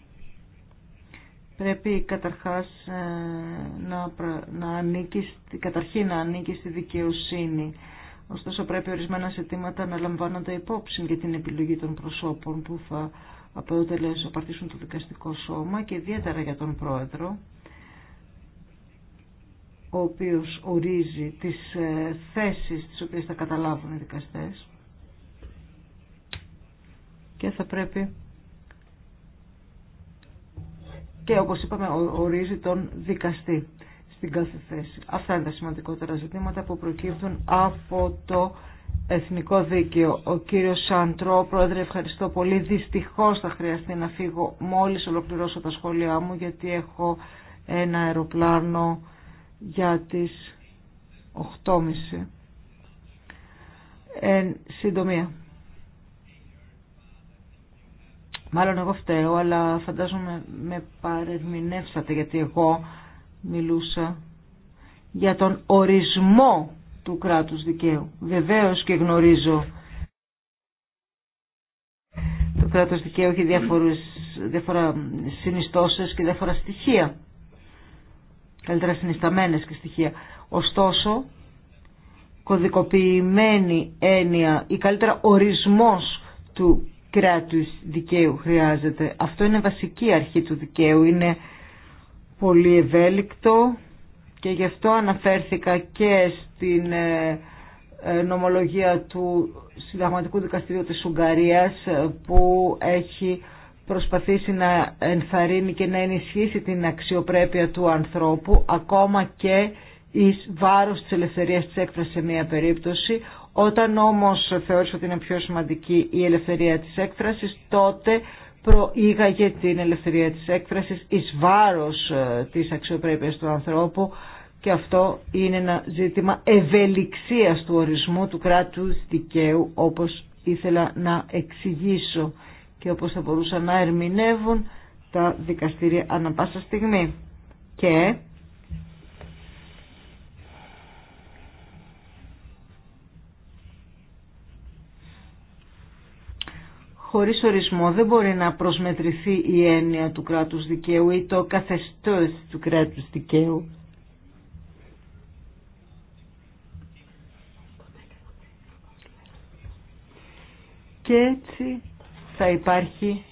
πρέπει καταρχάς ε, να, να ανήκει, καταρχήν να ανήκει στη δικαιοσύνη. Ωστόσο πρέπει ορισμένα ζητήματα να λαμβάνονται υπόψη για την επιλογή των προσώπων που θα απαρτήσουν το δικαστικό σώμα και ιδιαίτερα για τον πρόεδρο ο οποίος ορίζει τις ε, θέσεις τις οποίες θα καταλάβουν οι δικαστές και θα πρέπει και όπως είπαμε ορίζει τον δικαστή στην κάθε θέση. Αυτά είναι τα σημαντικότερα ζητήματα που προκύπτουν από το Εθνικό Δίκαιο. Ο κύριος Σαντρό, πρόεδρε ευχαριστώ πολύ. Δυστυχώς θα χρειαστεί να φύγω μόλις ολοκληρώσω τα σχόλιά μου γιατί έχω ένα αεροπλάνο για τις 8.30. Εν συντομία. Μάλλον εγώ φταίω, αλλά φαντάζομαι με παρερμηνεύσατε γιατί εγώ μιλούσα για τον ορισμό του κράτους δικαίου. Βεβαίως και γνωρίζω το κράτος δικαίου έχει διάφορες, διάφορα συνιστώσεις και διάφορα στοιχεία. Καλύτερα συνισταμένες και στοιχεία. Ωστόσο, κωδικοποιημένη έννοια ή καλύτερα ορισμός του κράτους δικαίου χρειάζεται. Αυτό είναι βασική αρχή του δικαίου, είναι πολύ ευέλικτο και γι' αυτό αναφέρθηκα και στην ε, ε, νομολογία του Συνταγματικού Δικαστηρίου της Ουγγαρίας ε, που έχει προσπαθήσει να ενθαρρύνει και να ενισχύσει την αξιοπρέπεια του ανθρώπου ακόμα και εις βάρος της ελευθερίας της έκφρασης σε μια περίπτωση όταν όμως θεώρησε ότι είναι πιο σημαντική η ελευθερία της έκφρασης, τότε προήγαγε την ελευθερία της έκφρασης εις βάρος ε, της αξιοπρέπειας του ανθρώπου και αυτό είναι ένα ζήτημα ευελιξίας του ορισμού του κράτους δικαίου όπως ήθελα να εξηγήσω και όπως θα μπορούσαν να ερμηνεύουν τα δικαστήρια ανα πάσα στιγμή. Και χωρίς ορισμό δεν μπορεί να προσμετρηθεί η έννοια του κράτους δικαίου ή το καθεστώς του κράτους δικαίου. Και έτσι θα υπάρχει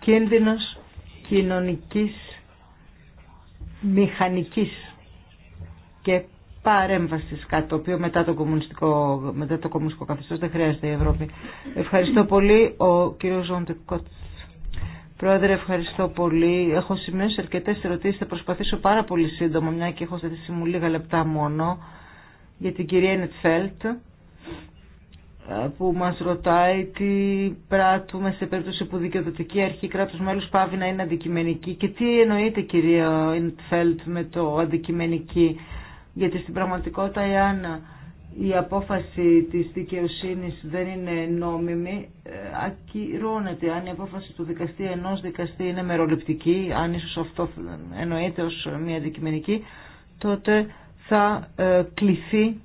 κίνδυνος κοινωνικής μηχανικής και Παρέμβαση κάτι το οποίο μετά το κομμουνιστικό, μετά το κομμουνιστικό καθεστώς δεν χρειάζεται η Ευρώπη. Ευχαριστώ πολύ ο κύριος Ζοντεκότς. Πρόεδρε, ευχαριστώ πολύ. Έχω σημειώσει αρκετέ ερωτήσει. Θα προσπαθήσω πάρα πολύ σύντομα, μια και έχω στεθεί μου λίγα λεπτά μόνο, για την κυρία Νετφέλτ που μας ρωτάει τι πράττουμε σε περίπτωση που δικαιοδοτική αρχή κράτους μέλους πάβει να είναι αντικειμενική και τι εννοείται κυρία Ιντφέλτ με το αντικειμενική γιατί στην πραγματικότητα εάν η απόφαση της δικαιοσύνης δεν είναι νόμιμη, ε, ακυρώνεται. Αν η απόφαση του δικαστή ενός δικαστή είναι μεροληπτική, αν ίσως αυτό εννοείται ως μια αντικειμενική, τότε θα ε, κληθεί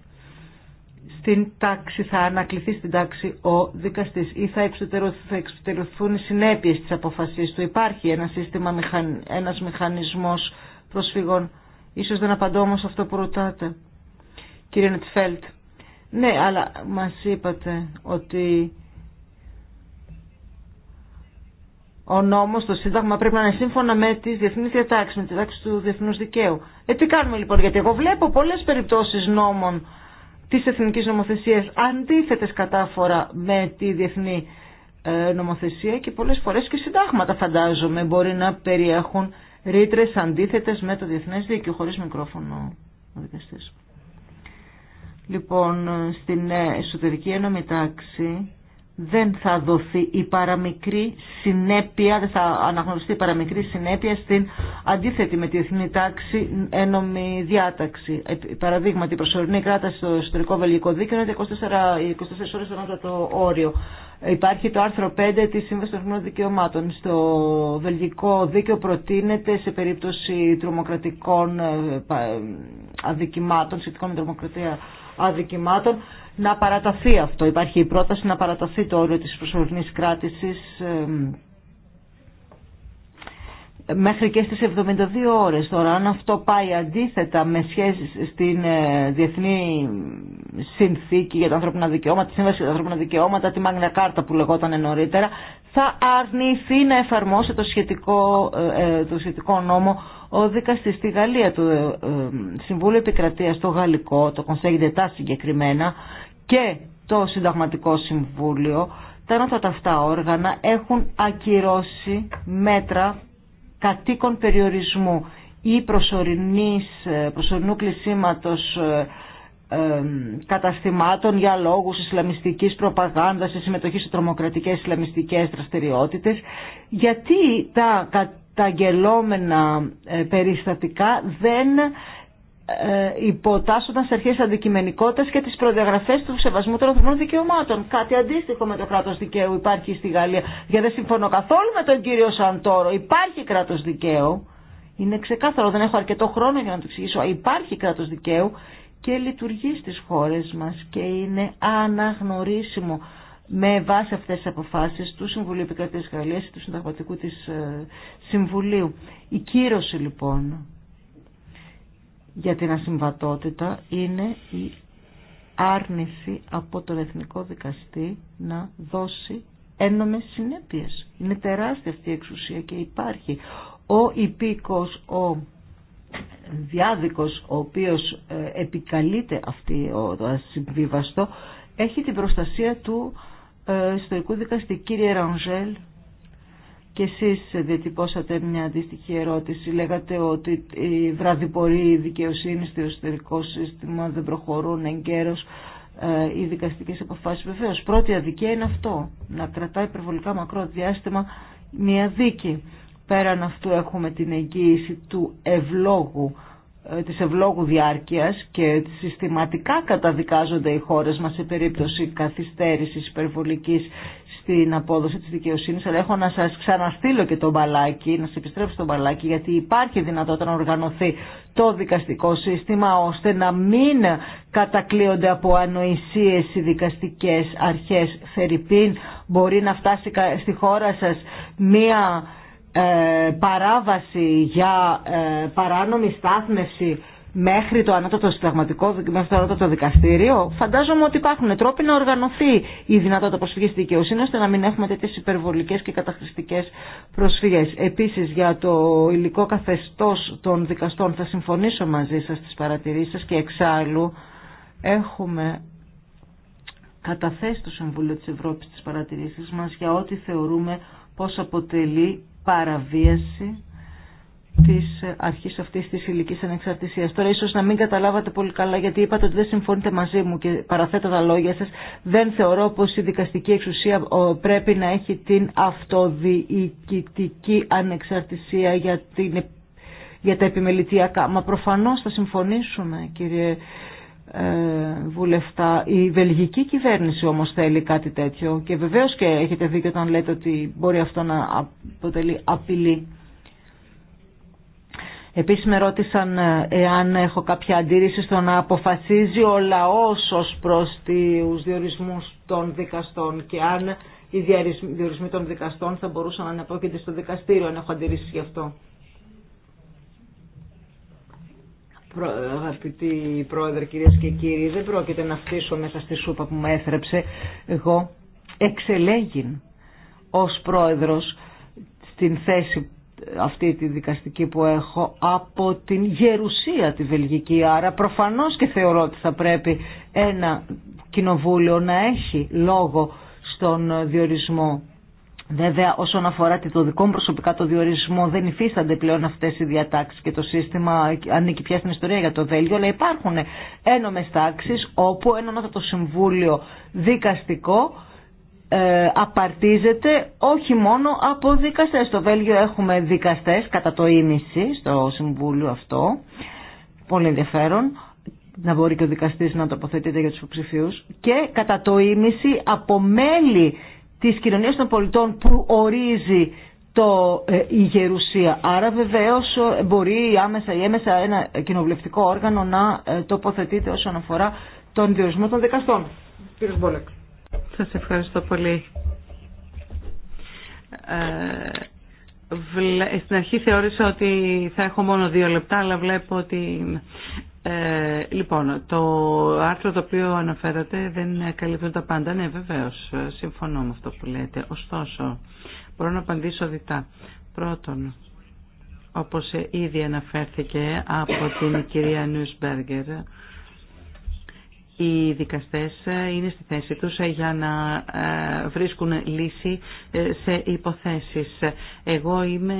στην τάξη, θα ανακληθεί στην τάξη ο δικαστής ή θα, θα εξωτερωθούν οι συνέπειες της αποφασής του. Υπάρχει ένα σύστημα, ένας μηχανισμός προσφυγών Ίσως δεν απαντώ όμως αυτό που ρωτάτε. Κύριε Νετφέλτ. Ναι, αλλά μας είπατε ότι ο νόμος, το Σύνταγμα πρέπει να είναι σύμφωνα με τις διεθνείς διατάξεις, με τις διατάξεις του διεθνούς δικαίου. Ε, τι κάνουμε λοιπόν, γιατί εγώ βλέπω πολλές περιπτώσεις νόμων της εθνικής νομοθεσίας αντίθετες κατάφορα με τη διεθνή ε, νομοθεσία και πολλές φορές και συντάγματα φαντάζομαι μπορεί να περιέχουν ρήτρε αντίθετε με το διεθνέ δίκαιο, χωρί μικρόφωνο ο δικαστή. Λοιπόν, στην ε, εσωτερική ένωμη τάξη δεν θα δοθεί η παραμικρή συνέπεια, δεν θα αναγνωριστεί η παραμικρή συνέπεια στην αντίθετη με τη διεθνή τάξη ένωμη διάταξη. Ε, παραδείγματι, η προσωρινή κράταση στο εσωτερικό βελγικό δίκαιο είναι 24, 24 ώρε ανά το όριο. Υπάρχει το άρθρο 5 της Σύμβασης των Δικαιωμάτων. Στο βελγικό δίκαιο προτείνεται σε περίπτωση τρομοκρατικών ε, ε, αδικημάτων, σχετικών με τρομοκρατία αδικημάτων, να παραταθεί αυτό. Υπάρχει η πρόταση να παραταθεί το όριο της προσωρινής κράτησης ε, μέχρι και στις 72 ώρες. Τώρα αν αυτό πάει αντίθετα με σχέση στην Διεθνή Συνθήκη για τα Ανθρώπινα Δικαιώματα, τη Σύμβαση για τα Ανθρώπινα Δικαιώματα, τη μάγνη Κάρτα που λεγόταν νωρίτερα, θα αρνηθεί να εφαρμόσει το σχετικό, το σχετικό νόμο ο δικαστής στη Γαλλία, το Συμβούλιο Επικρατείας, το Γαλλικό, το Conseil ΤΑ συγκεκριμένα και το Συνταγματικό Συμβούλιο, τα αυτά όργανα έχουν ακυρώσει μέτρα κατοίκων περιορισμού ή προσωρινής, ε, προσωρινού κλεισίματος ε, ε, καταστημάτων για λόγους ισλαμιστικής προπαγάνδας, η συμμετοχή σε τρομοκρατικές ισλαμιστικές δραστηριότητες, γιατί τα καταγγελόμενα περιστατικά δεν ε, υποτάσσονταν σε αρχές αντικειμενικότητα και τι προδιαγραφέ του σεβασμού των ανθρωπίνων δικαιωμάτων. Κάτι αντίστοιχο με το κράτο δικαίου υπάρχει στη Γαλλία. Για δεν συμφωνώ καθόλου με τον κύριο Σαντόρο. Υπάρχει κράτο δικαίου. Είναι ξεκάθαρο, δεν έχω αρκετό χρόνο για να το εξηγήσω. Υπάρχει κράτος δικαίου και λειτουργεί στις χώρε μα και είναι αναγνωρίσιμο με βάση αυτές τις αποφάσεις του Συμβουλίου Επικρατείας Γαλλίας και του Συνταγματικού της ε, Συμβουλίου. Η κύρωση λοιπόν για την ασυμβατότητα είναι η άρνηση από τον Εθνικό Δικαστή να δώσει έννομες συνέπειες. Είναι τεράστια αυτή η εξουσία και υπάρχει. Ο υπήκος, ο διάδικος ο οποίος ε, επικαλείται αυτή το ασυμβίβαστο έχει την προστασία του ε, ιστορικού δικαστή. Κύριε Ραντζέλ, και εσείς διατυπώσατε μια αντίστοιχη ερώτηση. Λέγατε ότι η βραδιποροί δικαιοσύνη στο εσωτερικό σύστημα δεν προχωρούν εγκαίρως ε, οι δικαστικές αποφάσεις. Βεβαίως, πρώτη αδικία είναι αυτό, να κρατάει υπερβολικά μακρό διάστημα μια δίκη. Πέραν αυτού έχουμε την εγγύηση του ευλόγου, ε, της ευλόγου διάρκειας και συστηματικά καταδικάζονται οι χώρες μας σε περίπτωση καθυστέρησης υπερβολικής στην απόδοση της δικαιοσύνης, αλλά έχω να σας ξαναστείλω και το μπαλάκι, να σας επιστρέψω το μπαλάκι, γιατί υπάρχει δυνατότητα να οργανωθεί το δικαστικό σύστημα, ώστε να μην κατακλείονται από ανοησίες οι δικαστικές αρχές. θεριπίν, μπορεί να φτάσει στη χώρα σας μία ε, παράβαση για ε, παράνομη στάθμευση μέχρι το ανώτατο συνταγματικό, το δικαστήριο. Φαντάζομαι ότι υπάρχουν τρόποι να οργανωθεί η δυνατότητα προσφυγή στη δικαιοσύνη ώστε να μην έχουμε τέτοιε υπερβολικέ και καταχρηστικέ προσφυγέ. Επίση, για το υλικό καθεστώ των δικαστών θα συμφωνήσω μαζί σα στι παρατηρήσει και εξάλλου έχουμε καταθέσει το Συμβούλιο της Ευρώπης τις παρατηρήσεις μας για ό,τι θεωρούμε πως αποτελεί παραβίαση της αρχής αυτής της ηλικής ανεξαρτησίας. Τώρα ίσως να μην καταλάβατε πολύ καλά γιατί είπατε ότι δεν συμφωνείτε μαζί μου και παραθέτω τα λόγια σας. Δεν θεωρώ πως η δικαστική εξουσία πρέπει να έχει την αυτοδιοικητική ανεξαρτησία για, την, για τα επιμελητιακά. Μα προφανώς θα συμφωνήσουμε κύριε ε, βουλευτά. Η βελγική κυβέρνηση όμως θέλει κάτι τέτοιο και βεβαίως και έχετε δίκιο όταν λέτε ότι μπορεί αυτό να αποτελεί απειλή. Επίσης με ρώτησαν ε, εάν έχω κάποια αντίρρηση στο να αποφασίζει ο λαός ως προς τους διορισμούς των δικαστών και αν οι διορισμοί των δικαστών θα μπορούσαν να αναπόκειται στο δικαστήριο αν έχω αντίρρηση γι' αυτό. Αγαπητοί πρόεδρε, κυρίες και κύριοι, δεν πρόκειται να φτύσω μέσα στη σούπα που με έθρεψε. Εγώ εξελέγην ως πρόεδρος στην θέση αυτή τη δικαστική που έχω από την γερουσία τη Βελγική. Άρα προφανώς και θεωρώ ότι θα πρέπει ένα κοινοβούλιο να έχει λόγο στον διορισμό. Βέβαια όσον αφορά το δικό μου προσωπικά το διορισμό δεν υφίστανται πλέον αυτές οι διατάξεις και το σύστημα ανήκει πια στην ιστορία για το Βέλγιο αλλά υπάρχουν ένομε τάξεις όπου ένα το συμβούλιο δικαστικό ε, απαρτίζεται όχι μόνο από δικαστές. Στο Βέλγιο έχουμε δικαστές κατά το ίμιση στο Συμβούλιο αυτό, πολύ ενδιαφέρον, να μπορεί και ο δικαστής να τοποθετείται για τους υποψηφίους και κατά το ίμιση από μέλη της κοινωνίας των πολιτών που ορίζει το, ε, η γερουσία. Άρα βεβαίως ε, μπορεί άμεσα ή έμεσα ένα κοινοβουλευτικό όργανο να ε, τοποθετείται όσον αφορά τον διορισμό των δικαστών. Σας ευχαριστώ πολύ. Ε, στην αρχή θεώρησα ότι θα έχω μόνο δύο λεπτά, αλλά βλέπω ότι... Ε, λοιπόν, το άρθρο το οποίο αναφέρατε δεν καλύπτουν τα πάντα. Ναι, βεβαίως, συμφωνώ με αυτό που λέτε. Ωστόσο, μπορώ να απαντήσω διτά. Πρώτον, όπως ήδη αναφέρθηκε από την κυρία Νιουσμπέργκερ, οι δικαστές είναι στη θέση τους για να ε, βρίσκουν λύση ε, σε υποθέσεις. Εγώ είμαι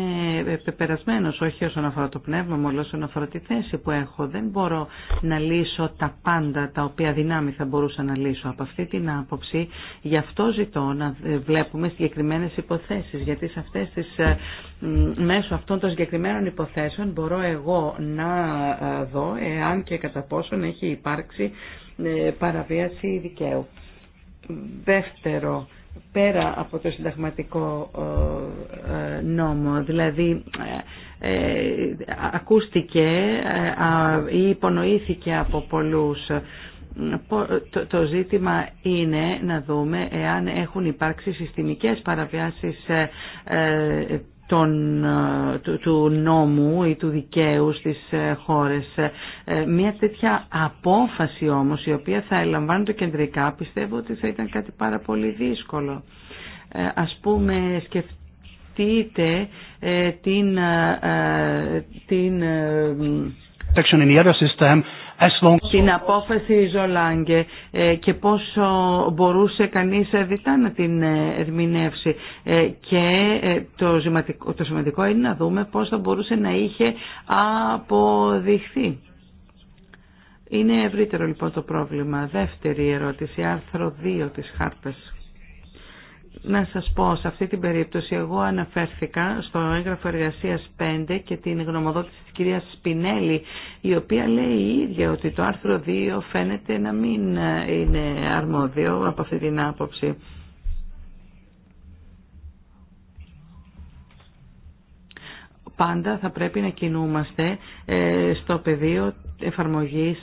πεπερασμένος, όχι όσον αφορά το πνεύμα μου, αλλά όσον αφορά τη θέση που έχω. Δεν μπορώ να λύσω τα πάντα τα οποία δυνάμει θα μπορούσα να λύσω από αυτή την άποψη. Γι' αυτό ζητώ να βλέπουμε συγκεκριμένε υποθέσεις, γιατί σε αυτές τις, ε, μέσω αυτών των συγκεκριμένων υποθέσεων μπορώ εγώ να δω εάν και κατά πόσον έχει υπάρξει ε, παραβίαση δικαίου. Δεύτερο, πέρα από το συνταγματικό ε, ε, νόμο, δηλαδή ακούστηκε ή υπονοήθηκε από πολλούς το ζήτημα είναι να δούμε εάν έχουν υπάρξει συστημικές παραβιάσεις ε, του, νόμου ή του δικαίου στις ε, χώρες. Ε, Μία τέτοια απόφαση όμως η οποία θα ελαμβάνεται κεντρικά πιστεύω ότι θα ήταν κάτι πάρα πολύ δύσκολο. Ας πούμε σκεφτείτε την... την την απόφαση Ζολάγκε ε, και πόσο μπορούσε κανείς ε, διτά να την ε, ερμηνεύσει. Και το σημαντικό, το είναι να δούμε πώς θα μπορούσε να είχε αποδειχθεί. Είναι ευρύτερο λοιπόν το πρόβλημα. Δεύτερη ερώτηση, άρθρο 2 της χάρτας να σας πω, σε αυτή την περίπτωση εγώ αναφέρθηκα στο έγγραφο εργασίας 5 και την γνωμοδότηση της κυρίας Σπινέλη, η οποία λέει η ίδια ότι το άρθρο 2 φαίνεται να μην ε, είναι αρμόδιο από αυτή την άποψη. Πάντα θα πρέπει να κινούμαστε ε, στο πεδίο εφαρμογής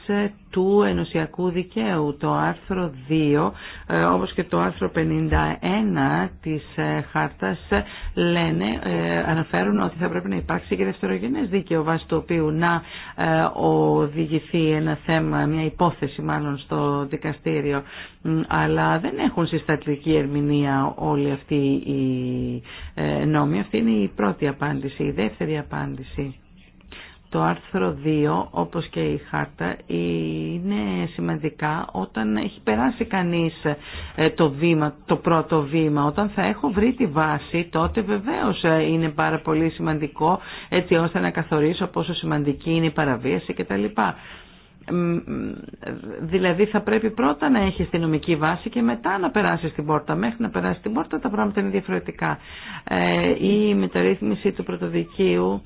του ενωσιακού δικαίου. Το άρθρο 2, ε, όπως και το άρθρο 51 της ε, χάρτας, ε, λένε, αναφέρουν ότι θα πρέπει να υπάρξει και δευτερογενές δίκαιο βάσει το οποίο να οδηγηθεί ένα θέμα, μια υπόθεση μάλλον στο δικαστήριο. Αλλά δεν έχουν συστατική ερμηνεία όλοι αυτοί οι νόμοι. Αυτή είναι η πρώτη απάντηση. Η δεύτερη απάντηση το άρθρο 2, όπως και η χάρτα, είναι σημαντικά όταν έχει περάσει κανείς ε, το, βήμα, το πρώτο βήμα. Όταν θα έχω βρει τη βάση, τότε βεβαίως ε, είναι πάρα πολύ σημαντικό έτσι ώστε να καθορίσω πόσο σημαντική είναι η παραβίαση κτλ. Δηλαδή θα πρέπει πρώτα να έχει τη νομική βάση και μετά να περάσει την πόρτα. Μέχρι να περάσει την πόρτα τα πράγματα είναι διαφορετικά. Ε, η μεταρρύθμιση του πρωτοδικείου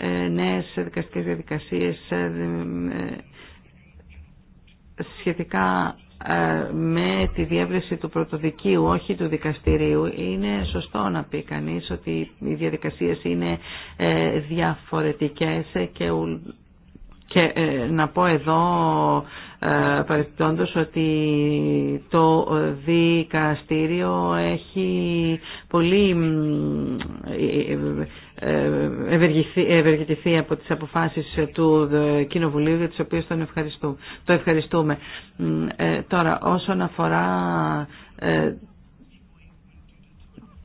ε, νέες δικαστικές διαδικασίες ε, ε, σχετικά με τη διεύρυνση του πρωτοδικίου, όχι του δικαστηρίου, είναι σωστό να πει κανείς ότι οι διαδικασίες είναι διαφορετικές και και να πω εδώ ε, παρεπιπτόντως ότι το δικαστήριο έχει πολύ ε, ε, ευεργητηθεί από τις αποφάσεις του Κοινοβουλίου για τις οποίες τον το ευχαριστούμε. Τώρα όσον αφορά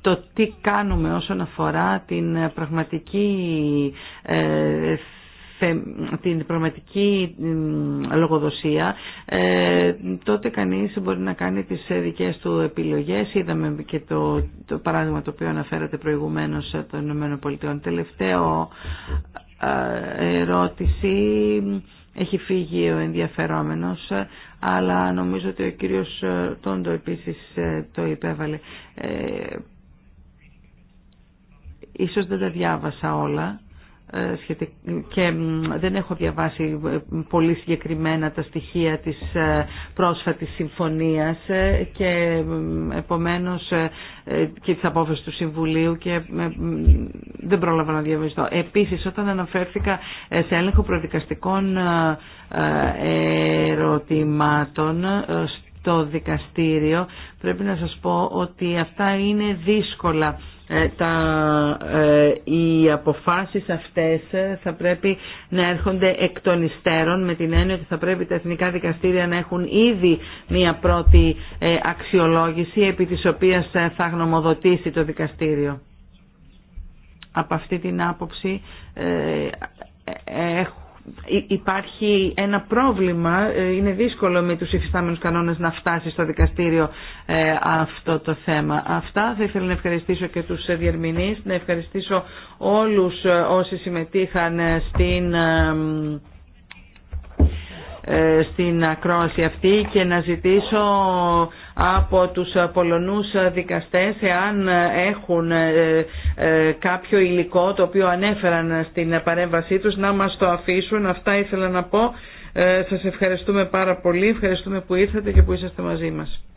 το τι κάνουμε όσον αφορά την πραγματική την πραγματική λογοδοσία, ε, τότε κανείς μπορεί να κάνει τις δικές του επιλογές. Είδαμε και το, το παράδειγμα το οποίο αναφέρατε προηγουμένως των ΗΠΑ. Τελευταίο ε, ερώτηση έχει φύγει ο ενδιαφερόμενος, αλλά νομίζω ότι ο κύριος ε, Τόντο επίσης το υπέβαλε. Ε, ίσως δεν τα διάβασα όλα, ε, και δεν έχω διαβάσει ε, πολύ συγκεκριμένα τα στοιχεία της ε, πρόσφατης συμφωνίας και επομένως και της απόφασης του Συμβουλίου και δεν πρόλαβα να διαβεστώ. Επίσης όταν αναφέρθηκα σε έλεγχο προδικαστικών ερωτημάτων στο δικαστήριο πρέπει να σας πω ότι αυτά είναι δύσκολα ε, τα, ε, οι αποφάσεις αυτές ε, θα πρέπει να έρχονται εκ των υστέρων με την έννοια ότι θα πρέπει τα εθνικά δικαστήρια να έχουν ήδη μια πρώτη αξιολόγηση επί της οποίας θα γνωμοδοτήσει το δικαστήριο. Από αυτή την άποψη έχω υπάρχει ένα πρόβλημα, ε, είναι δύσκολο με τους υφιστάμενους κανόνες να φτάσει στο δικαστήριο ε, αυτό το θέμα. Αυτά θα ήθελα να ευχαριστήσω και τους ε, διερμηνείς, να ευχαριστήσω όλους όσοι συμμετείχαν στην στην ακρόαση αυτή και να ζητήσω από τους ε, Πολωνούς ε, δικαστές εάν ε, έχουν κάποιο υλικό το οποίο ανέφεραν στην παρέμβασή τους να μας το αφήσουν. Αυτά ήθελα να πω. Σας ευχαριστούμε πάρα πολύ. Ευχαριστούμε που ήρθατε και που είσαστε μαζί μας.